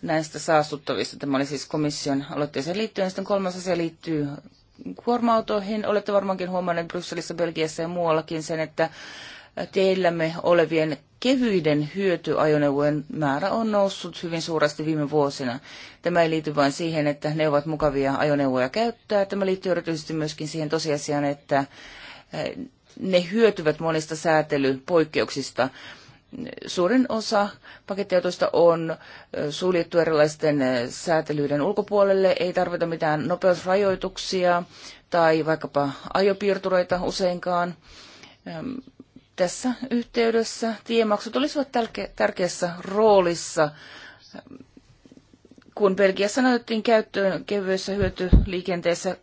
näistä saastuttavista. Tämä oli siis komission aloitteeseen liittyen. Sitten kolmas asia liittyy kuorma-autoihin. Olette varmaankin huomanneet Brysselissä, Belgiassa ja muuallakin sen, että teillämme olevien kevyiden hyötyajoneuvojen määrä on noussut hyvin suuresti viime vuosina. Tämä ei liity vain siihen, että ne ovat mukavia ajoneuvoja käyttää. Tämä liittyy erityisesti myöskin siihen tosiasiaan, että ne hyötyvät monista säätelypoikkeuksista. Suurin osa pakettiautoista on suljettu erilaisten säätelyiden ulkopuolelle, ei tarvita mitään nopeusrajoituksia tai vaikkapa ajopiirtureita useinkaan. Tässä yhteydessä tiemaksut olisivat tärkeässä roolissa kun Belgiassa näytettiin käyttöön kevyessä hyötyliikenteessä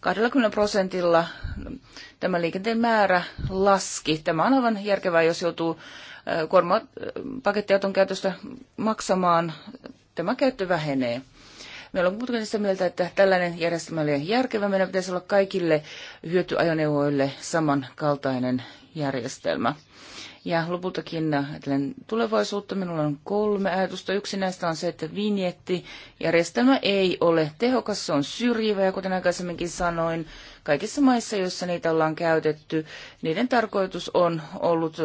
20 prosentilla tämä liikenteen määrä laski. Tämä on aivan järkevää, jos joutuu kuorma pakettiauton käytöstä maksamaan. Tämä käyttö vähenee. Meillä on muutenkin sitä mieltä, että tällainen järjestelmä oli järkevä. Meidän pitäisi olla kaikille hyötyajoneuvoille samankaltainen järjestelmä. Ja lopultakin ajattelen tulevaisuutta. Minulla on kolme ajatusta. Yksi näistä on se, että vinjettijärjestelmä ei ole tehokas, se on syrjivä ja kuten aikaisemminkin sanoin, kaikissa maissa, joissa niitä ollaan käytetty, niiden tarkoitus on ollut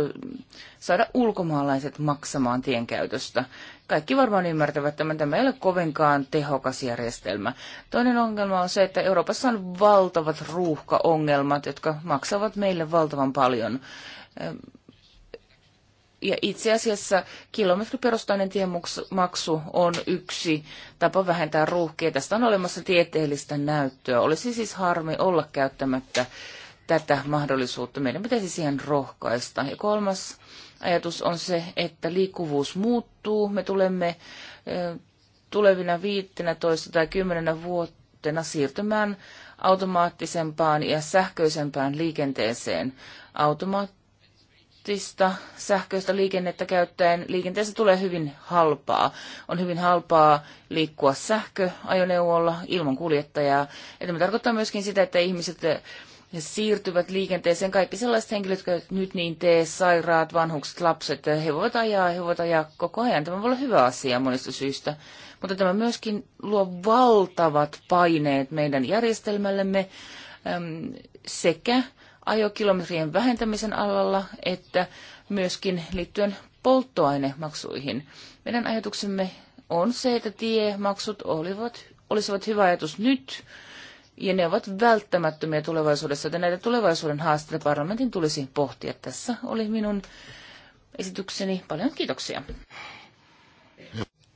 saada ulkomaalaiset maksamaan tienkäytöstä. Kaikki varmaan ymmärtävät että tämä ei ole kovinkaan tehokas järjestelmä. Toinen ongelma on se, että Euroopassa on valtavat ruuhkaongelmat, jotka maksavat meille valtavan paljon ja itse asiassa kilometriperustainen tiemaksu on yksi tapa vähentää ruuhkia. Tästä on olemassa tieteellistä näyttöä. Olisi siis harmi olla käyttämättä tätä mahdollisuutta. Meidän pitäisi siihen rohkaista. Ja kolmas ajatus on se, että liikkuvuus muuttuu. Me tulemme tulevina 15 tai 10 vuotena siirtymään automaattisempaan ja sähköisempään liikenteeseen. Automaatti automaattista sähköistä liikennettä käyttäen liikenteessä tulee hyvin halpaa. On hyvin halpaa liikkua sähköajoneuvolla ilman kuljettajaa. Ja tämä tarkoittaa myöskin sitä, että ihmiset eh, siirtyvät liikenteeseen. Kaikki sellaiset henkilöt, jotka nyt niin tee, sairaat, vanhukset, lapset, eh, he voivat ajaa, he voivat ajaa koko ajan. Tämä voi olla hyvä asia monista syistä. Mutta tämä myöskin luo valtavat paineet meidän järjestelmällemme ehm, sekä ajokilometrien vähentämisen alalla että myöskin liittyen polttoainemaksuihin. Meidän ajatuksemme on se, että tiemaksut olivat, olisivat hyvä ajatus nyt, ja ne ovat välttämättömiä tulevaisuudessa, että näitä tulevaisuuden haasteita parlamentin tulisi pohtia. Tässä oli minun esitykseni. Paljon kiitoksia.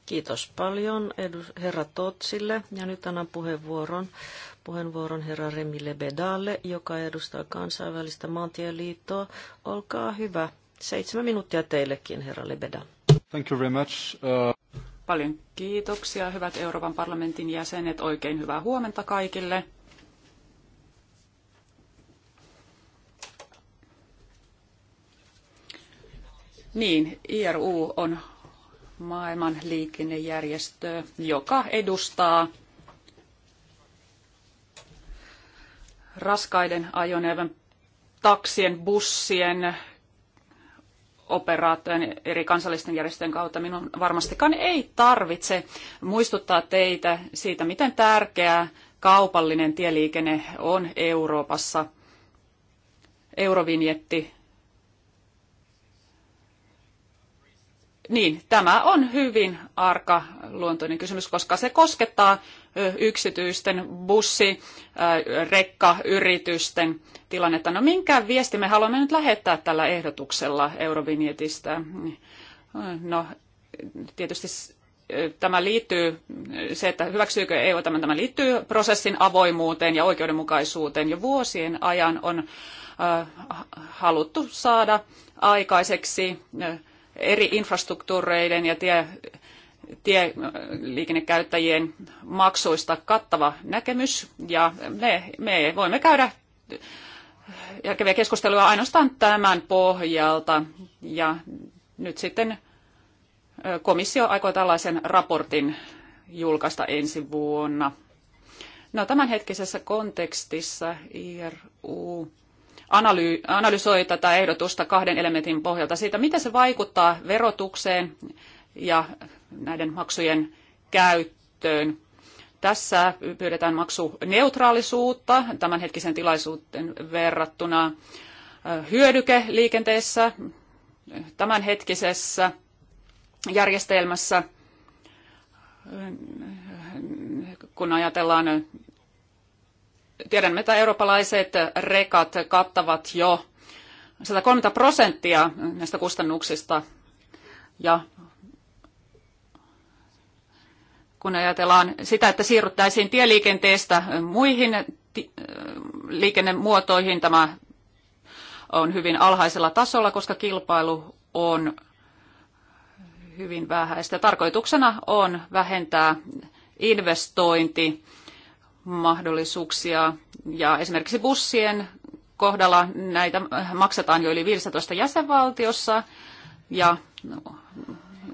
Kiitos paljon herra Totsille ja nyt annan puheenvuoron puheenvuoron herra Remille Lebedalle, joka edustaa kansainvälistä maantieliittoa. Olkaa hyvä. Seitsemän minuuttia teillekin, herra Lebeda. Thank you very much. Uh... Paljon kiitoksia, hyvät Euroopan parlamentin jäsenet. Oikein hyvää huomenta kaikille. Niin, IRU on maailman liikennejärjestö, joka edustaa raskaiden ajoneuvon, taksien, bussien, operaattojen eri kansallisten järjestöjen kautta minun varmastikaan ei tarvitse muistuttaa teitä siitä, miten tärkeää kaupallinen tieliikenne on Euroopassa. Eurovinjetti. Niin, tämä on hyvin arka luontoinen kysymys, koska se koskettaa yksityisten bussi, rekkayritysten tilannetta. No minkä viesti me haluamme nyt lähettää tällä ehdotuksella Eurovinjetistä? No tietysti tämä liittyy, se, että hyväksyykö EU tämän, tämä liittyy prosessin avoimuuteen ja oikeudenmukaisuuteen. Jo vuosien ajan on haluttu saada aikaiseksi eri infrastruktuureiden ja tie, tieliikennekäyttäjien maksuista kattava näkemys ja me, me voimme käydä järkeviä keskusteluja ainoastaan tämän pohjalta ja nyt sitten komissio aikoo tällaisen raportin julkaista ensi vuonna. No, tämänhetkisessä kontekstissa IRU analysoi tätä ehdotusta kahden elementin pohjalta siitä, miten se vaikuttaa verotukseen ja näiden maksujen käyttöön. Tässä pyydetään maksuneutraalisuutta tämänhetkisen tilaisuuden verrattuna hyödykeliikenteessä tämänhetkisessä järjestelmässä, kun ajatellaan, tiedämme, että eurooppalaiset rekat kattavat jo 130 prosenttia näistä kustannuksista ja kun ajatellaan sitä, että siirryttäisiin tieliikenteestä muihin liikennemuotoihin, tämä on hyvin alhaisella tasolla, koska kilpailu on hyvin vähäistä. Tarkoituksena on vähentää investointimahdollisuuksia ja esimerkiksi bussien kohdalla näitä maksetaan jo yli 15 jäsenvaltiossa ja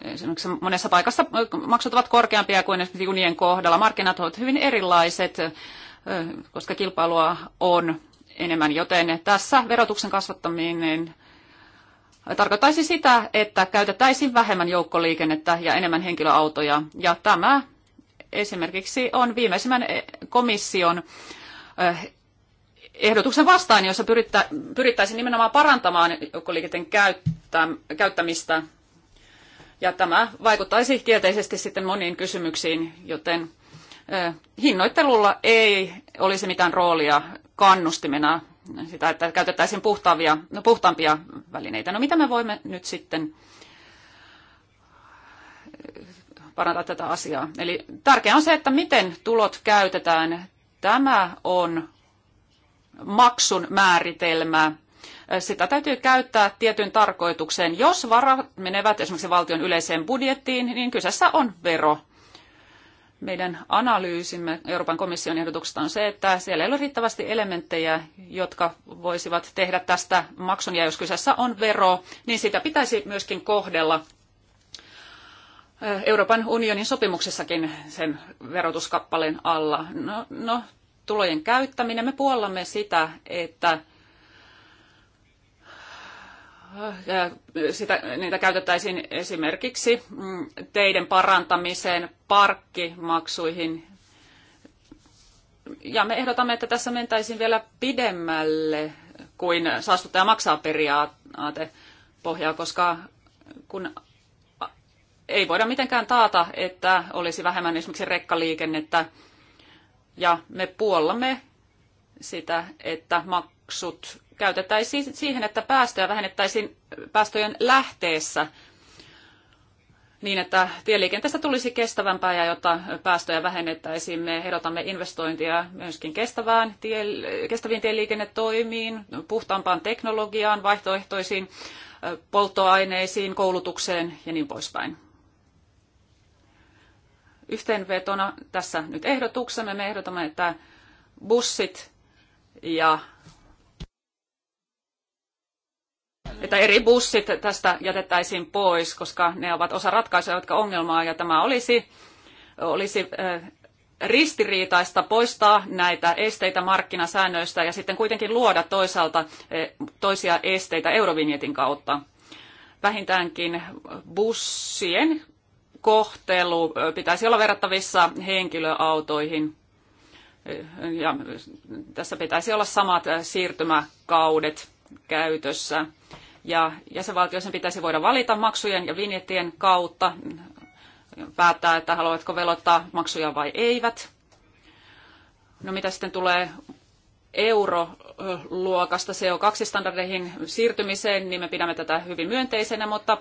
esimerkiksi monessa paikassa maksut ovat korkeampia kuin esimerkiksi junien kohdalla. Markkinat ovat hyvin erilaiset, koska kilpailua on enemmän, joten tässä verotuksen kasvattaminen tarkoittaisi sitä, että käytettäisiin vähemmän joukkoliikennettä ja enemmän henkilöautoja. Ja tämä esimerkiksi on viimeisimmän e, komission ehdotuksen vastaan, jossa pyrittä, pyrittäisiin nimenomaan parantamaan joukkoliikenteen käyttämistä ja tämä vaikuttaisi kielteisesti sitten moniin kysymyksiin, joten hinnoittelulla ei olisi mitään roolia kannustimena sitä, että käytettäisiin puhtaavia, no, puhtaampia välineitä. No mitä me voimme nyt sitten parantaa tätä asiaa? Eli tärkeää on se, että miten tulot käytetään. Tämä on maksun määritelmä sitä täytyy käyttää tietyn tarkoitukseen. Jos varat menevät esimerkiksi valtion yleiseen budjettiin, niin kyseessä on vero. Meidän analyysimme Euroopan komission ehdotuksesta on se, että siellä ei ole riittävästi elementtejä, jotka voisivat tehdä tästä maksun, ja jos kyseessä on vero, niin sitä pitäisi myöskin kohdella Euroopan unionin sopimuksessakin sen verotuskappaleen alla. No, no, tulojen käyttäminen, me puollamme sitä, että sitä, niitä käytettäisiin esimerkiksi mm, teiden parantamiseen, parkkimaksuihin. Ja me ehdotamme, että tässä mentäisiin vielä pidemmälle kuin saastuttaja maksaa periaate pohjaa, koska kun ei voida mitenkään taata, että olisi vähemmän esimerkiksi rekkaliikennettä, ja me puollamme sitä, että maksut käytettäisiin siihen, että päästöjä vähennettäisiin päästöjen lähteessä niin, että tieliikenteestä tulisi kestävämpää ja jotta päästöjä vähennettäisiin, me ehdotamme investointia myöskin kestävään tie, kestäviin tieliikennetoimiin, puhtaampaan teknologiaan, vaihtoehtoisiin polttoaineisiin, koulutukseen ja niin poispäin. Yhteenvetona tässä nyt ehdotuksemme me ehdotamme, että bussit ja että eri bussit tästä jätettäisiin pois, koska ne ovat osa ratkaisuja, jotka ongelmaa, ja tämä olisi, olisi ristiriitaista poistaa näitä esteitä markkinasäännöistä ja sitten kuitenkin luoda toisaalta toisia esteitä Eurovinjetin kautta. Vähintäänkin bussien kohtelu pitäisi olla verrattavissa henkilöautoihin. Ja tässä pitäisi olla samat siirtymäkaudet käytössä. Ja jäsenvaltioissa pitäisi voida valita maksujen ja vinjettien kautta, päättää, että haluatko velottaa maksuja vai eivät. No mitä sitten tulee euroluokasta CO2-standardeihin siirtymiseen, niin me pidämme tätä hyvin myönteisenä, mutta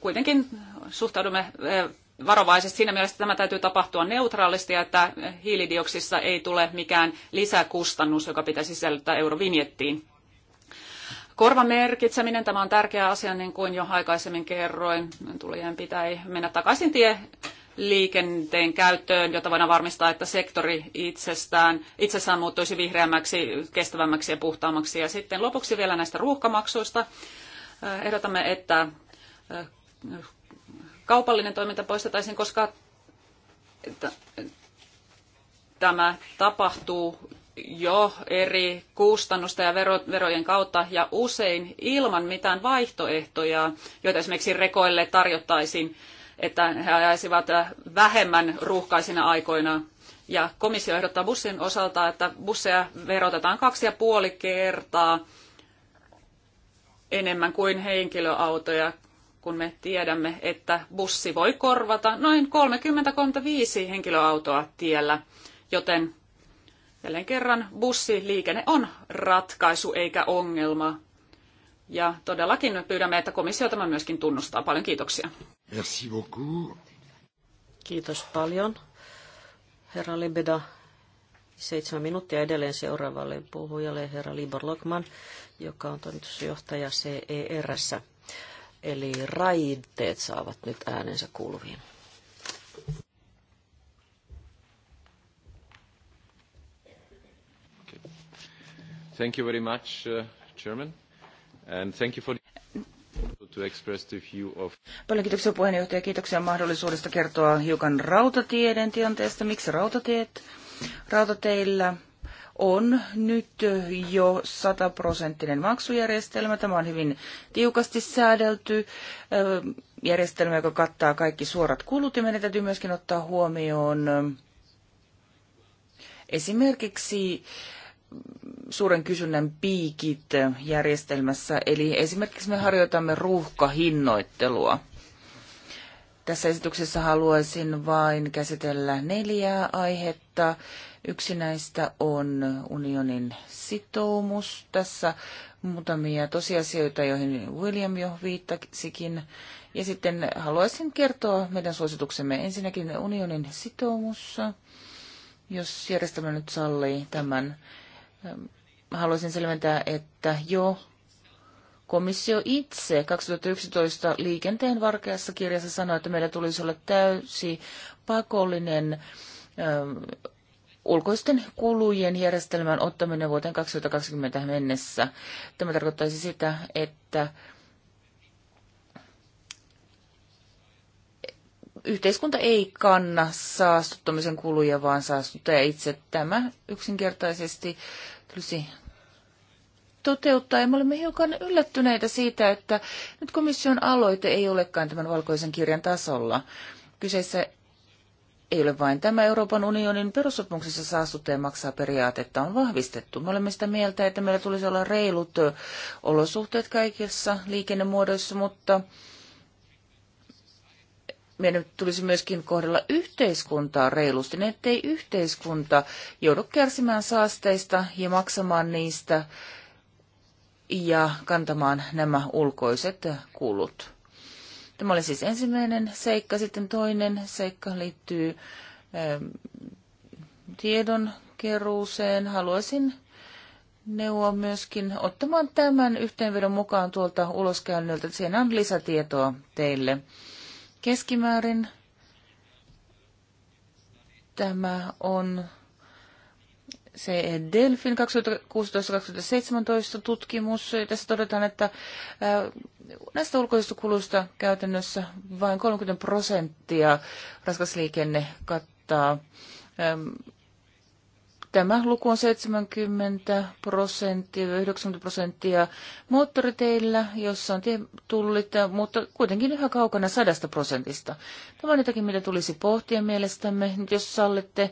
kuitenkin suhtaudumme eh, varovaisesti siinä mielessä, että tämä täytyy tapahtua neutraalisti ja että hiilidioksissa ei tule mikään lisäkustannus, joka pitäisi sisällyttää eurovinjettiin korvamerkitseminen, tämä on tärkeä asia, niin kuin jo aikaisemmin kerroin. Tulijan pitää mennä takaisin tie liikenteen käyttöön, jotta voidaan varmistaa, että sektori itsestään, itsessään muuttuisi vihreämmäksi, kestävämmäksi ja puhtaammaksi. Ja sitten lopuksi vielä näistä ruuhkamaksuista. Ehdotamme, että eh, kaupallinen toiminta poistetaisiin, koska tämä tapahtuu jo eri kustannusta ja verojen kautta ja usein ilman mitään vaihtoehtoja, joita esimerkiksi rekoille tarjottaisiin, että he ajaisivat äh, vähemmän ruuhkaisina aikoina. Ja komissio ehdottaa bussin osalta, että busseja verotetaan kaksi ja puoli kertaa enemmän kuin henkilöautoja, kun me tiedämme, että bussi voi korvata noin 30-35 henkilöautoa tiellä, joten Jälleen kerran bussiliikenne on ratkaisu eikä ongelma. Ja todellakin pyydämme, että komissio tämä myöskin tunnustaa. Paljon kiitoksia. Merci beaucoup. Kiitos paljon. Herra Libeda, seitsemän minuuttia edelleen seuraavalle puhujalle herra Libor Lokman, joka on toimitusjohtaja CERssä. Eli raiteet saavat nyt äänensä kuuluviin. Thank you very much, uh, Chairman. And thank you for to express the view of... Paljon kiitoksia puheenjohtaja. Kiitoksia mahdollisuudesta kertoa hiukan rautatieden tilanteesta. Miksi rautatiet? Rautateillä on nyt jo sataprosenttinen maksujärjestelmä. Tämä on hyvin tiukasti säädelty järjestelmä, joka kattaa kaikki suorat kulut ja meidän täytyy myöskin ottaa huomioon esimerkiksi suuren kysynnän piikit järjestelmässä, eli esimerkiksi me harjoitamme ruuhkahinnoittelua. Tässä esityksessä haluaisin vain käsitellä neljää aihetta. Yksi näistä on unionin sitoumus. Tässä muutamia tosiasioita, joihin William jo viittasikin. Ja sitten haluaisin kertoa meidän suosituksemme ensinnäkin unionin sitoumus, jos järjestelmä nyt sallii tämän haluaisin selventää, että jo komissio itse 2011 liikenteen varkeassa kirjassa sanoi, että meillä tulisi olla täysi pakollinen ähm, ulkoisten kulujen järjestelmän ottaminen vuoteen 2020 mennessä. Tämä tarkoittaisi sitä, että yhteiskunta ei kanna saastuttamisen kuluja, vaan saastuttaja itse. Tämä yksinkertaisesti tulisi toteuttaa. Ja me olemme hiukan yllättyneitä siitä, että nyt komission aloite ei olekaan tämän valkoisen kirjan tasolla. Kyseessä ei ole vain tämä Euroopan unionin perussopimuksessa saastuttaja maksaa periaatetta on vahvistettu. Me olemme sitä mieltä, että meillä tulisi olla reilut olosuhteet kaikissa liikennemuodoissa, mutta meidän tulisi myöskin kohdella yhteiskuntaa reilusti, niin ettei yhteiskunta joudu kärsimään saasteista ja maksamaan niistä ja kantamaan nämä ulkoiset kulut. Tämä oli siis ensimmäinen seikka. Sitten toinen seikka liittyy ähm, tiedon keruuseen. Haluaisin neuvoa myöskin ottamaan tämän yhteenvedon mukaan tuolta uloskäynnöltä. Siinä on lisätietoa teille. Keskimäärin tämä on se Delfin 2016-2017 tutkimus. Tässä todetaan, että äh, näistä ulkoisista kuluista käytännössä vain 30 prosenttia raskasliikenne kattaa. Ähm, Tämä luku on 70 prosenttia, 90 prosenttia moottoriteillä, jossa on tullit, mutta kuitenkin yhä kaukana sadasta prosentista. Tämä on jotakin, mitä tulisi pohtia mielestämme. Nyt jos sallitte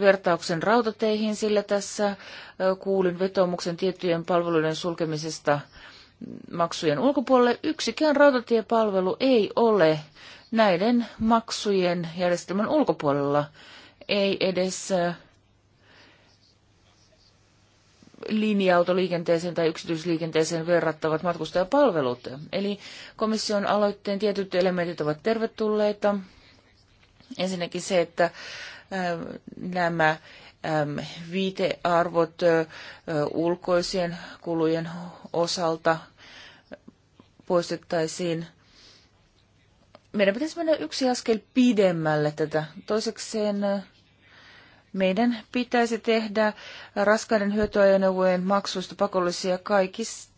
vertauksen rautateihin, sillä tässä kuulin vetomuksen tiettyjen palveluiden sulkemisesta maksujen ulkopuolelle. Yksikään rautatiepalvelu ei ole näiden maksujen järjestelmän ulkopuolella. Ei edes linja-autoliikenteeseen tai yksityisliikenteeseen verrattavat matkustajapalvelut. Eli komission aloitteen tietyt elementit ovat tervetulleita. Ensinnäkin se, että äh, nämä ähm, viitearvot äh, ulkoisien kulujen osalta poistettaisiin. Meidän pitäisi mennä yksi askel pidemmälle tätä. Toisekseen äh, meidän pitäisi tehdä raskaiden hyötyajoneuvojen maksuista pakollisia kaikissa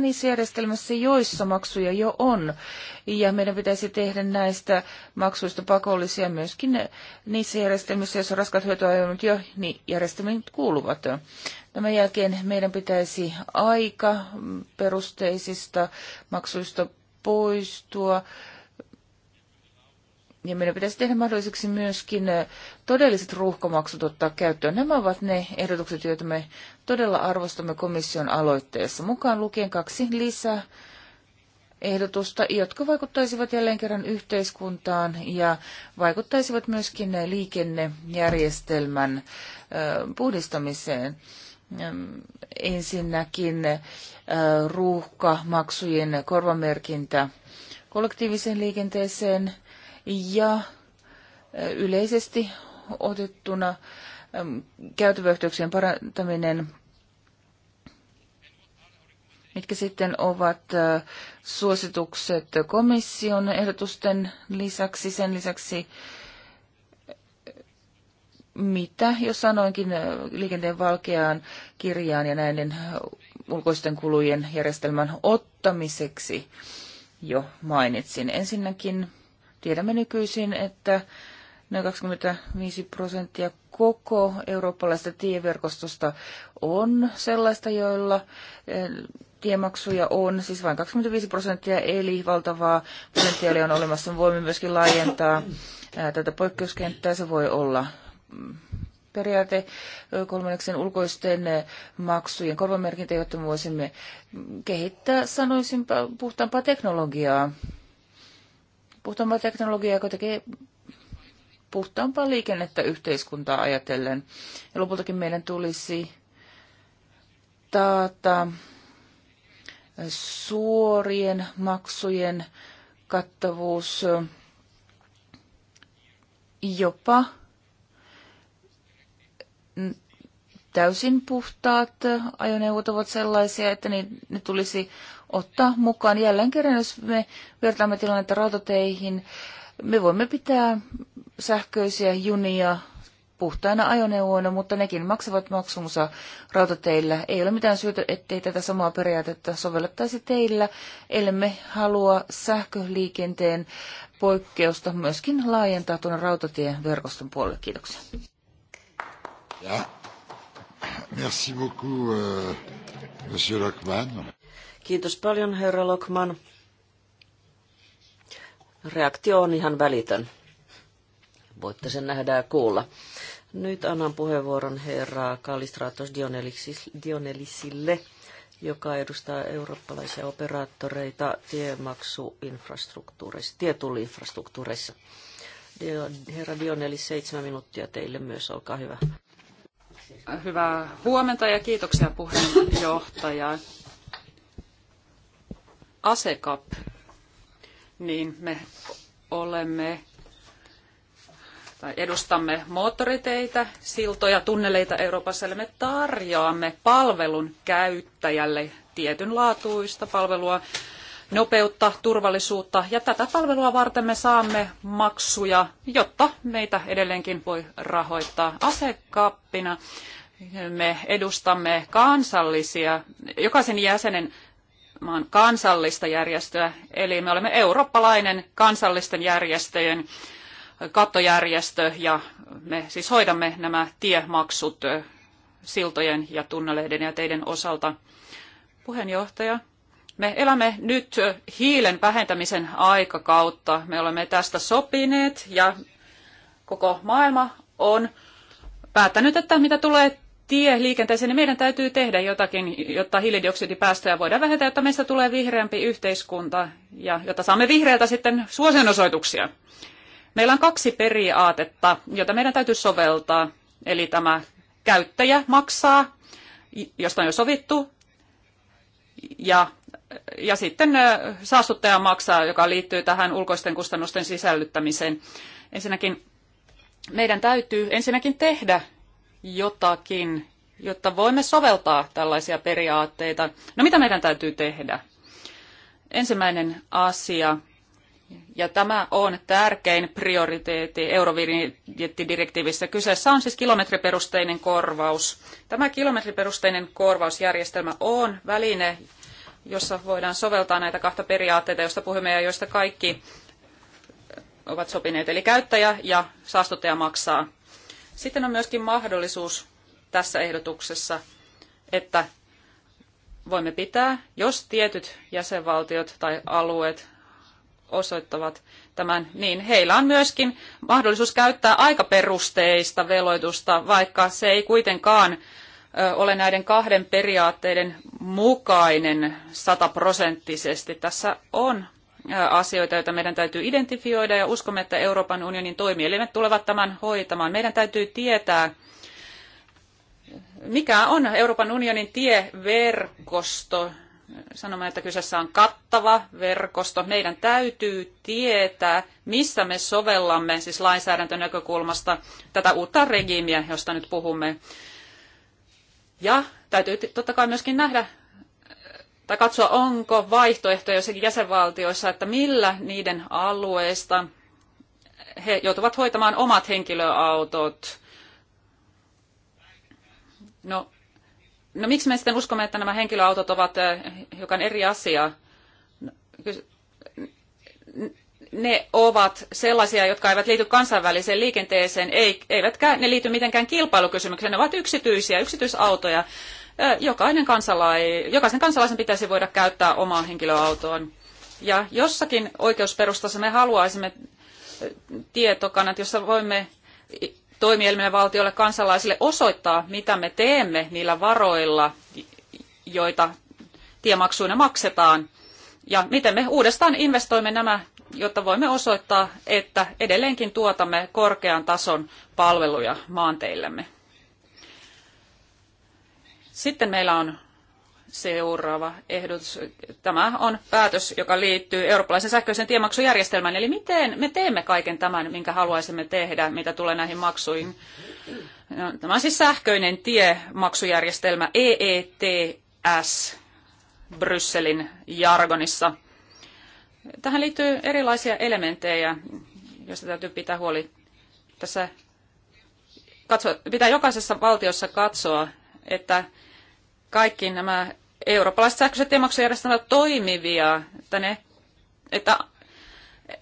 niissä järjestelmissä, joissa maksuja jo on. Ja meidän pitäisi tehdä näistä maksuista pakollisia myöskin niissä järjestelmissä, joissa raskaat hyötyajoneuvot jo niin järjestelmiin kuuluvat. Tämän jälkeen meidän pitäisi aika perusteisista maksuista poistua ja niin meidän pitäisi tehdä mahdolliseksi myöskin todelliset ruuhkamaksut ottaa käyttöön. Nämä ovat ne ehdotukset, joita me todella arvostamme komission aloitteessa, mukaan lukien kaksi lisää ehdotusta, jotka vaikuttaisivat jälleen kerran yhteiskuntaan ja vaikuttaisivat myöskin liikennejärjestelmän puhdistamiseen. Ensinnäkin ruuhkamaksujen korvamerkintä kollektiiviseen liikenteeseen ja yleisesti otettuna käytäväyhteyksien parantaminen, mitkä sitten ovat suositukset komission ehdotusten lisäksi, sen lisäksi mitä jo sanoinkin liikenteen valkeaan kirjaan ja näiden ulkoisten kulujen järjestelmän ottamiseksi jo mainitsin. Ensinnäkin Tiedämme nykyisin, että noin 25 prosenttia koko eurooppalaisesta tieverkostosta on sellaista, joilla eh, tiemaksuja on, siis vain 25 prosenttia, eli valtavaa potentiaalia on olemassa. voimme myöskin laajentaa eh, tätä poikkeuskenttää. Se voi olla mm, periaate kolmanneksen ulkoisten eh, maksujen korvamerkintä, jotta voisimme kehittää, sanoisin, puhtaampaa teknologiaa puhtaampaa teknologiaa, joka tekee puhtaampaa liikennettä yhteiskuntaa ajatellen. Ja lopultakin meidän tulisi taata suorien maksujen kattavuus jopa täysin puhtaat ajoneuvot ovat sellaisia, että niin ne tulisi ottaa mukaan. Jälleen kerran, jos me vertaamme tilannetta rautateihin, me voimme pitää sähköisiä junia puhtaina ajoneuvoina, mutta nekin maksavat maksunsa rautateillä. Ei ole mitään syytä, ettei tätä samaa periaatetta sovellettaisi teillä, ellemme halua sähköliikenteen poikkeusta myöskin laajentaa tuonne rautatieverkoston puolelle. Kiitoksia. Ja. Merci beaucoup, euh, monsieur Lockman. Kiitos paljon, herra Lokman. Reaktio on ihan välitön. Voitte sen nähdä ja kuulla. Nyt annan puheenvuoron herra Kalistratos Dionelisille, joka edustaa eurooppalaisia operaattoreita tiemaksuinfrastruktuureissa, tietulliinfrastruktuureissa. Herra Dionelis, seitsemän minuuttia teille myös, olkaa hyvä. Hyvää huomenta ja kiitoksia puheenjohtaja. ASECAP, niin me olemme tai edustamme moottoriteitä, siltoja, tunneleita Euroopassa, eli me tarjoamme palvelun käyttäjälle tietynlaatuista palvelua, nopeutta, turvallisuutta ja tätä palvelua varten me saamme maksuja, jotta meitä edelleenkin voi rahoittaa asekappina. Me edustamme kansallisia, jokaisen jäsenen maan kansallista järjestöä, eli me olemme eurooppalainen kansallisten järjestöjen kattojärjestö ja me siis hoidamme nämä tiemaksut siltojen ja tunneleiden ja teiden osalta. Puheenjohtaja, me elämme nyt hiilen vähentämisen aikakautta. Me olemme tästä sopineet ja koko maailma on päättänyt, että mitä tulee tie liikenteeseen, niin meidän täytyy tehdä jotakin, jotta hiilidioksidipäästöjä voidaan vähentää, jotta meistä tulee vihreämpi yhteiskunta ja jotta saamme vihreältä sitten suosionosoituksia. Meillä on kaksi periaatetta, jota meidän täytyy soveltaa. Eli tämä käyttäjä maksaa, josta on jo sovittu, ja, ja sitten saastuttaja maksaa, joka liittyy tähän ulkoisten kustannusten sisällyttämiseen. Ensinnäkin meidän täytyy ensinnäkin tehdä jotakin, jotta voimme soveltaa tällaisia periaatteita. No mitä meidän täytyy tehdä? Ensimmäinen asia, ja tämä on tärkein prioriteetti eurovinjettidirektiivissä. Kyseessä on siis kilometriperusteinen korvaus. Tämä kilometriperusteinen korvausjärjestelmä on väline, jossa voidaan soveltaa näitä kahta periaatteita, joista puhumme ja joista kaikki ovat sopineet, eli käyttäjä ja saastuttaja maksaa. Sitten on myöskin mahdollisuus tässä ehdotuksessa, että voimme pitää, jos tietyt jäsenvaltiot tai alueet osoittavat tämän, niin heillä on myöskin mahdollisuus käyttää aikaperusteista veloitusta, vaikka se ei kuitenkaan ole näiden kahden periaatteiden mukainen sataprosenttisesti. Tässä on asioita, joita meidän täytyy identifioida ja uskomme, että Euroopan unionin toimielimet tulevat tämän hoitamaan. Meidän täytyy tietää, mikä on Euroopan unionin tieverkosto. Sanomme, että kyseessä on kattava verkosto. Meidän täytyy tietää, missä me sovellamme siis lainsäädäntönäkökulmasta tätä uutta regiimiä, josta nyt puhumme. Ja täytyy totta kai myöskin nähdä tai katsoa, onko vaihtoehtoja jossakin jäsenvaltioissa, että millä niiden alueesta he joutuvat hoitamaan omat henkilöautot. No, no miksi me sitten uskomme, että nämä henkilöautot ovat äh, hiukan eri asia? No, ne ovat sellaisia, jotka eivät liity kansainväliseen liikenteeseen, eivätkä ne liity mitenkään kilpailukysymykseen. Ne ovat yksityisiä, yksityisautoja jokainen kansalai, jokaisen kansalaisen pitäisi voida käyttää omaa henkilöautoaan. Ja jossakin oikeusperustassa me haluaisimme tietokannat, jossa voimme toimielimille valtiolle kansalaisille osoittaa, mitä me teemme niillä varoilla, joita tiemaksuina maksetaan, ja miten me uudestaan investoimme nämä, jotta voimme osoittaa, että edelleenkin tuotamme korkean tason palveluja maanteillemme. Sitten meillä on seuraava ehdotus. Tämä on päätös, joka liittyy eurooppalaisen sähköisen tiemaksujärjestelmään. Eli miten me teemme kaiken tämän, minkä haluaisimme tehdä, mitä tulee näihin maksuihin. No, tämä on siis sähköinen tiemaksujärjestelmä EETS Brysselin jargonissa. Tähän liittyy erilaisia elementtejä, joista täytyy pitää huoli. Tässä katso, pitää jokaisessa valtiossa katsoa, että kaikki nämä eurooppalaiset sähköiset tiemaksujärjestelmät toimivia, että, ne, että,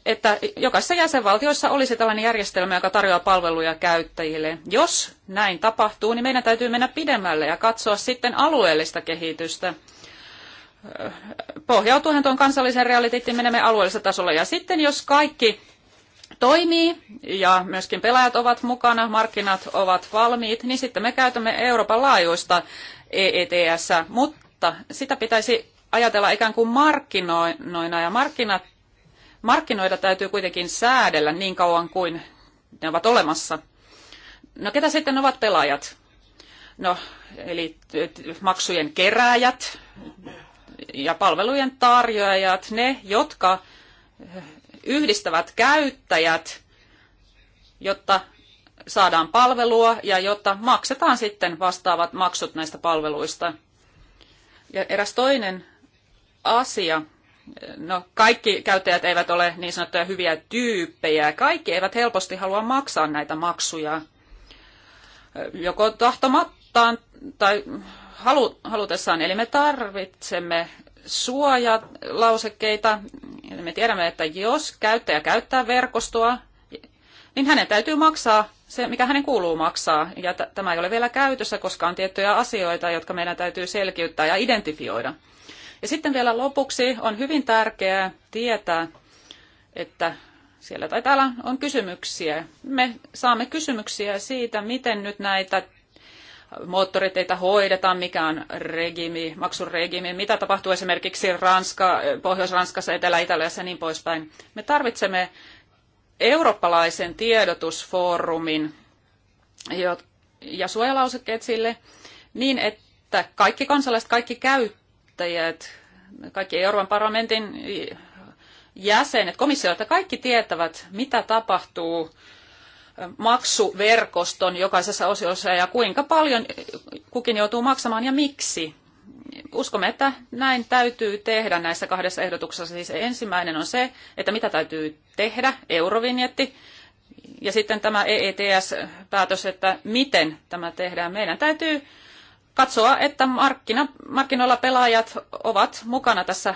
että jokaisessa jäsenvaltiossa olisi tällainen järjestelmä, joka tarjoaa palveluja käyttäjille. Jos näin tapahtuu, niin meidän täytyy mennä pidemmälle ja katsoa sitten alueellista kehitystä pohjautuuhan tuon kansallisen realiteettiin, menemme alueellisella tasolla. Ja sitten jos kaikki toimii ja myöskin pelaajat ovat mukana, markkinat ovat valmiit, niin sitten me käytämme Euroopan laajuista EETS, mutta sitä pitäisi ajatella ikään kuin markkinoina ja markkinat, markkinoita täytyy kuitenkin säädellä niin kauan kuin ne ovat olemassa. No ketä sitten ovat pelaajat? No, eli maksujen kerääjät ja palvelujen tarjoajat, ne, jotka yhdistävät käyttäjät, jotta saadaan palvelua ja jotta maksetaan sitten vastaavat maksut näistä palveluista. Ja eräs toinen asia, no kaikki käyttäjät eivät ole niin sanottuja hyviä tyyppejä, kaikki eivät helposti halua maksaa näitä maksuja, joko tahtomattaan tai halu, halutessaan. Eli me tarvitsemme suojalausekkeita, eli me tiedämme, että jos käyttäjä käyttää verkostoa, niin hänen täytyy maksaa se, mikä hänen kuuluu maksaa. Ja tämä ei ole vielä käytössä, koska on tiettyjä asioita, jotka meidän täytyy selkiyttää ja identifioida. Ja sitten vielä lopuksi on hyvin tärkeää tietää, että siellä tai täällä on kysymyksiä. Me saamme kysymyksiä siitä, miten nyt näitä moottoriteitä hoidetaan, mikä on regimi, maksuregimi, mitä tapahtuu esimerkiksi Ranska, Pohjois-Ranskassa, Etelä-Italiassa ja niin poispäin. Me tarvitsemme eurooppalaisen tiedotusfoorumin ja suojalausekkeet sille niin, että kaikki kansalaiset, kaikki käyttäjät, kaikki Euroopan parlamentin jäsenet, komissiolta, kaikki tietävät, mitä tapahtuu maksuverkoston jokaisessa osiossa ja kuinka paljon kukin joutuu maksamaan ja miksi uskomme, että näin täytyy tehdä näissä kahdessa ehdotuksessa. Siis ensimmäinen on se, että mitä täytyy tehdä, eurovinjetti, ja sitten tämä EETS-päätös, että miten tämä tehdään. Meidän täytyy katsoa, että markkina, markkinoilla pelaajat ovat mukana tässä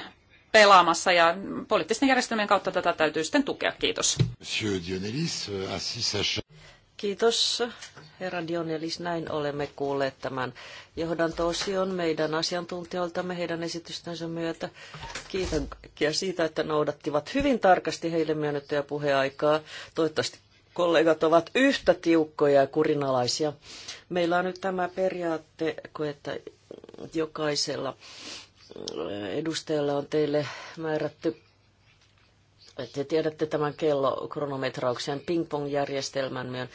pelaamassa ja poliittisten järjestelmien kautta tätä täytyy sitten tukea. Kiitos. Kiitos, herra Dionelis. Näin olemme kuulleet tämän johdanto-osion meidän asiantuntijoiltamme heidän esitystensä myötä. Kiitän kaikkia siitä, että noudattivat hyvin tarkasti heille myönnettyä puheaikaa. Toivottavasti kollegat ovat yhtä tiukkoja ja kurinalaisia. Meillä on nyt tämä periaatte, että jokaisella edustajalla on teille määrätty te tiedätte tämän kellokronometrauksen ping-pong-järjestelmän.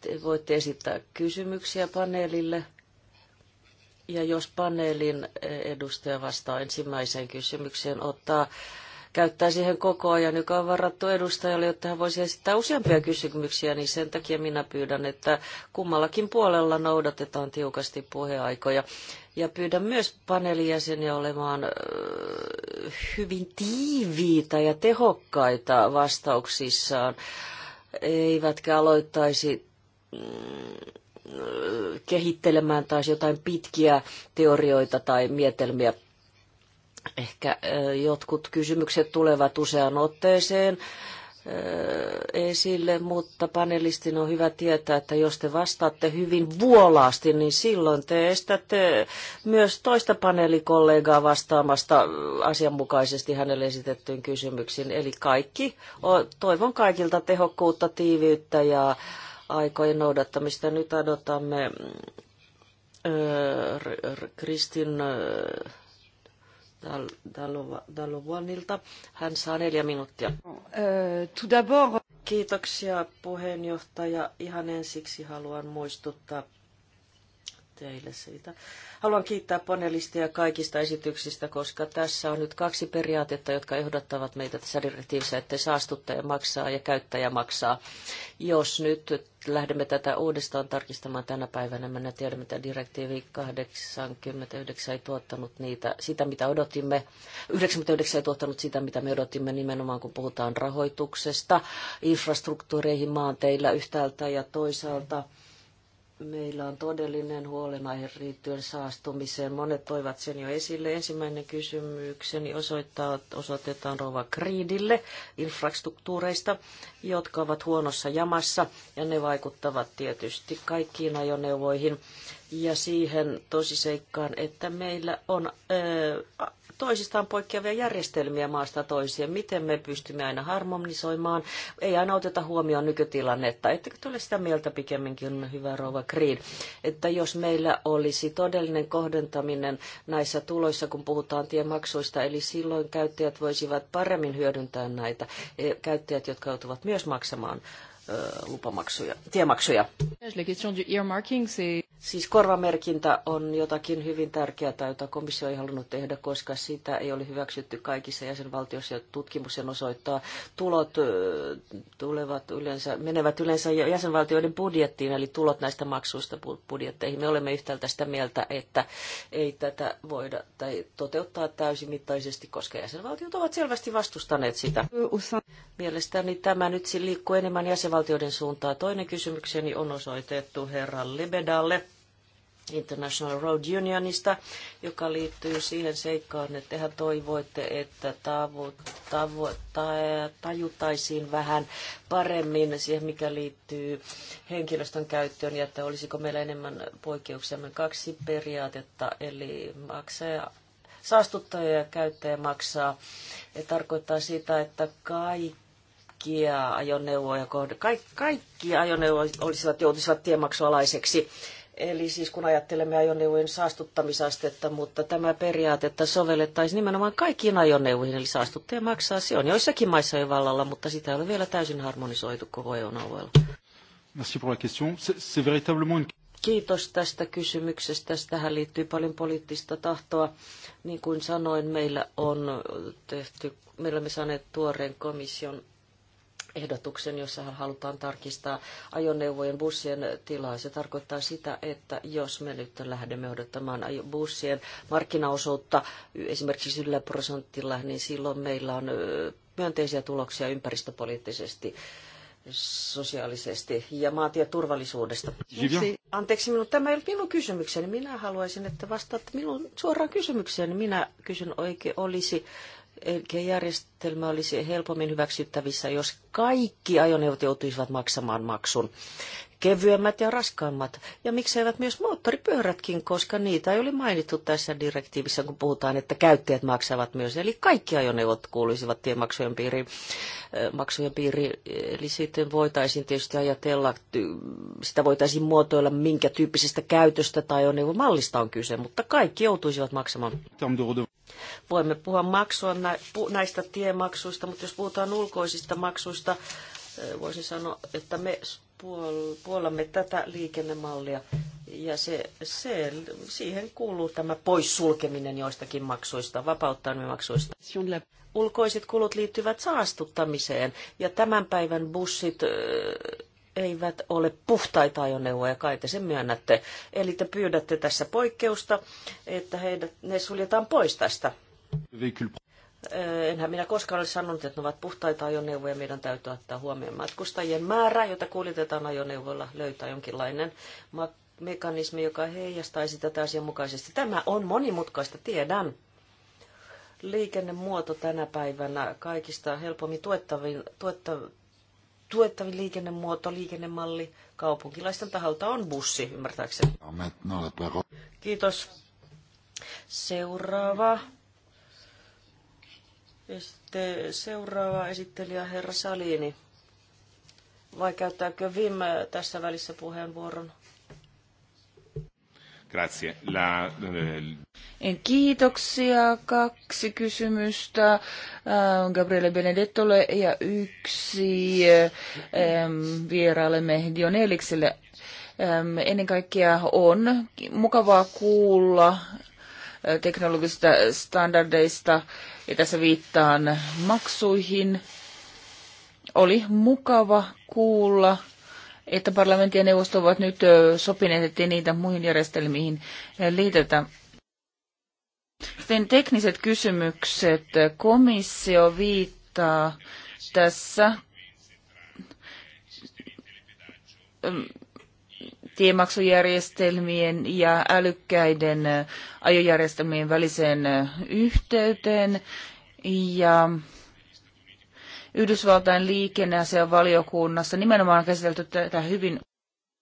Te voitte esittää kysymyksiä paneelille. Ja jos paneelin eh, edustaja vastaa ensimmäiseen kysymykseen, ottaa käyttää siihen koko ajan, joka on varattu edustajalle, jotta hän voisi esittää useampia kysymyksiä, niin sen takia minä pyydän, että kummallakin puolella noudatetaan tiukasti puheaikoja. Ja pyydän myös paneelijäseniä olemaan hyvin tiiviitä ja tehokkaita vastauksissaan, eivätkä aloittaisi mm, kehittelemään taas jotain pitkiä teorioita tai mietelmiä. Ehkä jotkut kysymykset tulevat useaan otteeseen esille, mutta panelistin on hyvä tietää, että jos te vastaatte hyvin vuolaasti, niin silloin te estätte myös toista paneelikollegaa vastaamasta asianmukaisesti hänelle esitettyyn kysymyksiin. Eli kaikki, toivon kaikilta tehokkuutta, tiiviyttä ja aikojen noudattamista. Nyt odotamme Kristin Dalovanilta. Hän saa neljä minuuttia. No, äh, Kiitoksia puheenjohtaja. Ihan ensiksi haluan muistuttaa teille siitä. Haluan kiittää panelisteja kaikista esityksistä, koska tässä on nyt kaksi periaatetta, jotka ehdottavat meitä tässä direktiivissä, että saastuttaja maksaa ja käyttäjä maksaa. Jos nyt lähdemme tätä uudestaan tarkistamaan tänä päivänä, me tiedämme, että direktiivi 89 ei tuottanut niitä, sitä, mitä odotimme. 99 ei tuottanut sitä, mitä me odotimme nimenomaan, kun puhutaan rahoituksesta, infrastruktuureihin maanteillä yhtäältä ja toisaalta – Meillä on todellinen huolenaihe liittyen saastumiseen. Monet toivat sen jo esille. Ensimmäinen kysymykseni osoittaa, osoitetaan Rova Kriidille infrastruktuureista, jotka ovat huonossa jamassa ja ne vaikuttavat tietysti kaikkiin ajoneuvoihin ja siihen tosiseikkaan, että meillä on ää, toisistaan poikkeavia järjestelmiä maasta toiseen. Miten me pystymme aina harmonisoimaan? Ei aina oteta huomioon nykytilannetta. Ettekö tule sitä mieltä pikemminkin, hyvä rouva Green, että jos meillä olisi todellinen kohdentaminen näissä tuloissa, kun puhutaan tiemaksuista, eli silloin käyttäjät voisivat paremmin hyödyntää näitä e, käyttäjät, jotka joutuvat myös maksamaan lupamaksuja, tiemaksuja. Siis korvamerkintä on jotakin hyvin tärkeää, jota komissio ei halunnut tehdä, koska sitä ei ole hyväksytty kaikissa jäsenvaltioissa. Tutkimus sen osoittaa. Tulot tulevat yleensä, menevät yleensä jäsenvaltioiden budjettiin, eli tulot näistä maksuista budjetteihin. Me olemme yhtäältä sitä mieltä, että ei tätä voida tai toteuttaa täysimittaisesti, koska jäsenvaltiot ovat selvästi vastustaneet sitä. Mielestäni tämä nyt liikkuu enemmän jäsenvaltioiden suuntaan. Toinen kysymykseni on osoitettu herra Lebedalle International Road Unionista, joka liittyy siihen seikkaan, että tehän toivoitte, että tavo, tavo, ta, tajutaisiin vähän paremmin siihen, mikä liittyy henkilöstön käyttöön, ja että olisiko meillä enemmän poikkeuksia. Me kaksi periaatetta, eli maksaja, saastuttaja ja käyttäjä maksaa. Ja tarkoittaa sitä, että kaikki ajoneuvoja kohde. kaikki, kaikki ajoneuvoja olisivat, joutuisivat tiemaksualaiseksi Eli siis kun ajattelemme ajoneuvojen saastuttamisastetta, mutta tämä periaatetta sovellettaisiin nimenomaan kaikkiin ajoneuvoihin, eli saastuttaja maksaa. Se on joissakin maissa jo vallalla, mutta sitä ei ole vielä täysin harmonisoitu koko ajoneuvoilla. alueella. Kiitos tästä kysymyksestä. Tähän liittyy paljon poliittista tahtoa. Niin kuin sanoin, meillä on tehty, meillä me saaneet tuoreen komission ehdotuksen, jossa halutaan tarkistaa ajoneuvojen bussien tilaa. Se tarkoittaa sitä, että jos me nyt lähdemme odottamaan bussien markkinaosuutta esimerkiksi sillä prosentilla, niin silloin meillä on myönteisiä tuloksia ympäristöpoliittisesti sosiaalisesti ja maantieturvallisuudesta. Anteeksi minun, tämä ei ole minun kysymykseni. Minä haluaisin, että vastaatte minun suoraan kysymykseen. Minä kysyn oikein, olisi järjestelmä olisi helpommin hyväksyttävissä, jos kaikki ajoneuvot joutuisivat maksamaan maksun kevyemmät ja raskaammat. Ja mikseivät myös moottoripyörätkin, koska niitä ei ole mainittu tässä direktiivissä, kun puhutaan, että käyttäjät maksavat myös. Eli kaikki ajoneuvot kuuluisivat tiemaksujen piiriin. Maksujen piiriin. Eli sitten voitaisiin tietysti ajatella, sitä voitaisiin muotoilla, minkä tyyppisestä käytöstä tai ajoneuvomallista on kyse, mutta kaikki joutuisivat maksamaan. Voimme puhua maksua näistä tiemaksuista, mutta jos puhutaan ulkoisista maksuista, voisin sanoa, että me puolamme tätä liikennemallia ja se, se, siihen kuuluu tämä poissulkeminen joistakin maksuista, vapauttaminen maksuista. Ulkoiset kulut liittyvät saastuttamiseen ja tämän päivän bussit eivät ole puhtaita ajoneuvoja, kai te sen myönnätte. Eli te pyydätte tässä poikkeusta, että heidät, ne suljetaan pois tästä. Eh, enhän minä koskaan ole sanonut, että ne ovat puhtaita ajoneuvoja. Meidän täytyy ottaa huomioon matkustajien määrä, jota kuljetetaan ajoneuvoilla, löytää jonkinlainen mekanismi, joka heijastaisi tätä asianmukaisesti. Tämä on monimutkaista, tiedän. Liikennemuoto tänä päivänä kaikista helpommin tuettavin, tuetta, tuettavin liikennemuoto, liikennemalli kaupunkilaisten taholta on bussi, ymmärtääkseni. No, Kiitos. Seuraava sitten seuraava esittelijä, herra Salini. Vai käyttääkö Vim tässä välissä puheenvuoron? Grazie. La, eh, Kiitoksia. Kaksi kysymystä äh, Gabriele Benedettolle ja yksi ähm, Mehdion Elikselle. Ähm, ennen kaikkea on mukavaa kuulla äh, teknologisista standardeista ja tässä viittaan maksuihin. Oli mukava kuulla, että parlamentti ja neuvosto ovat nyt sopineet, ettei niitä muihin järjestelmiin liitetä. Sitten tekniset kysymykset. Komissio viittaa tässä tiemaksujärjestelmien ja älykkäiden ajojärjestelmien väliseen yhteyteen. Ja Yhdysvaltain liikenneasian valiokunnassa nimenomaan on käsitelty tätä hyvin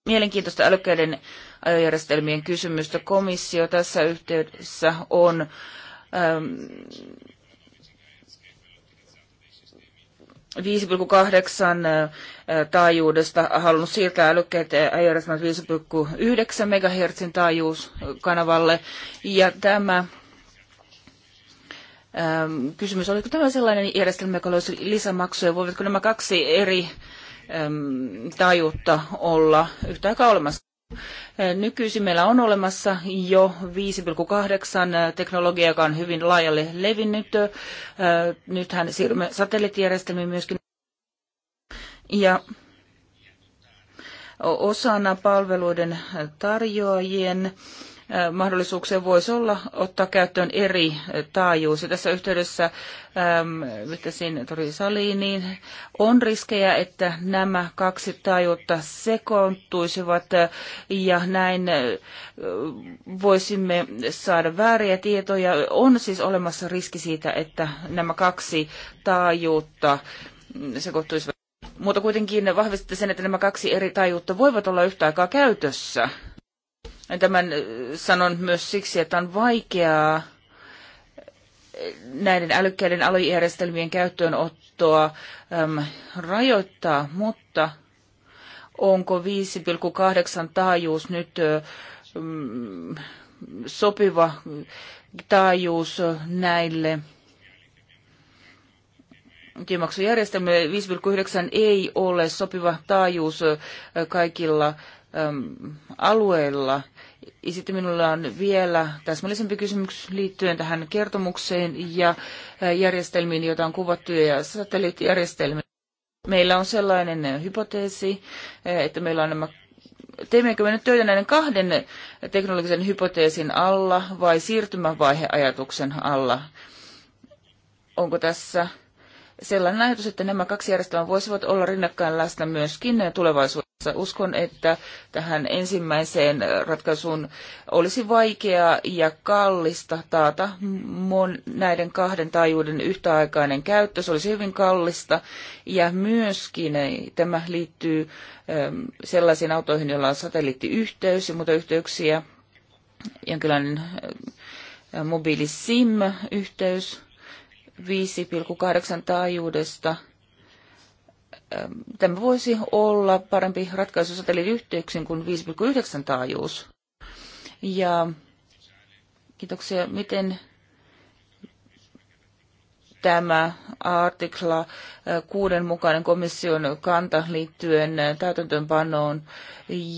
mielenkiintoista älykkäiden ajojärjestelmien kysymystä. Komissio tässä yhteydessä on ähm, 5,8 taajuudesta halunnut siirtää älykkeet järjestelmät 5,9 MHz taajuuskanavalle. Ja tämä kysymys, oliko tämä sellainen järjestelmä, joka olisi lisämaksuja? Voivatko nämä kaksi eri taajuutta olla yhtä aikaa olemassa? Eh, nykyisin meillä on olemassa jo 5,8 teknologia, joka on hyvin laajalle levinnyt. Eh, nythän siirrymme satelliittijärjestelmiin myöskin. Ja osana palveluiden tarjoajien mahdollisuuksia voisi olla ottaa käyttöön eri taajuus. Ja tässä yhteydessä, ähm, viittasin Tori Saliniin, on riskejä, että nämä kaksi taajuutta sekoittuisivat ja näin voisimme saada vääriä tietoja. On siis olemassa riski siitä, että nämä kaksi taajuutta mm, sekoittuisivat. Mutta kuitenkin vahvistatte sen, että nämä kaksi eri taajuutta voivat olla yhtä aikaa käytössä. Tämän sanon myös siksi, että on vaikeaa näiden älykkäiden alijärjestelmien käyttöönottoa äm, rajoittaa, mutta onko 5,8 taajuus nyt äm, sopiva taajuus näille tiemaksujärjestelmä 5,9 ei ole sopiva taajuus kaikilla äm, alueilla. Sitten minulla on vielä täsmällisempi kysymys liittyen tähän kertomukseen ja järjestelmiin, joita on kuvattu ja satelliittijärjestelmiin. Meillä on sellainen hypoteesi, että meillä on nämä teemmekö me nyt töitä näiden kahden teknologisen hypoteesin alla vai siirtymävaiheajatuksen alla? Onko tässä sellainen ajatus, että nämä kaksi järjestelmää voisivat olla rinnakkain läsnä myöskin tulevaisuudessa. Uskon, että tähän ensimmäiseen ratkaisuun olisi vaikeaa ja kallista taata näiden kahden taajuuden yhtäaikainen käyttö. Se olisi hyvin kallista ja myöskin eh, tämä liittyy sellaisiin autoihin, joilla on satelliittiyhteys ja muita yhteyksiä, jonkinlainen mobiilisim-yhteys 5,8 taajuudesta. Tämä voisi olla parempi ratkaisu satelliittiyhteyksiin kuin 5,9 taajuus. Ja kiitoksia. Miten tämä artikla kuuden mukainen komission kanta liittyen täytäntöönpanoon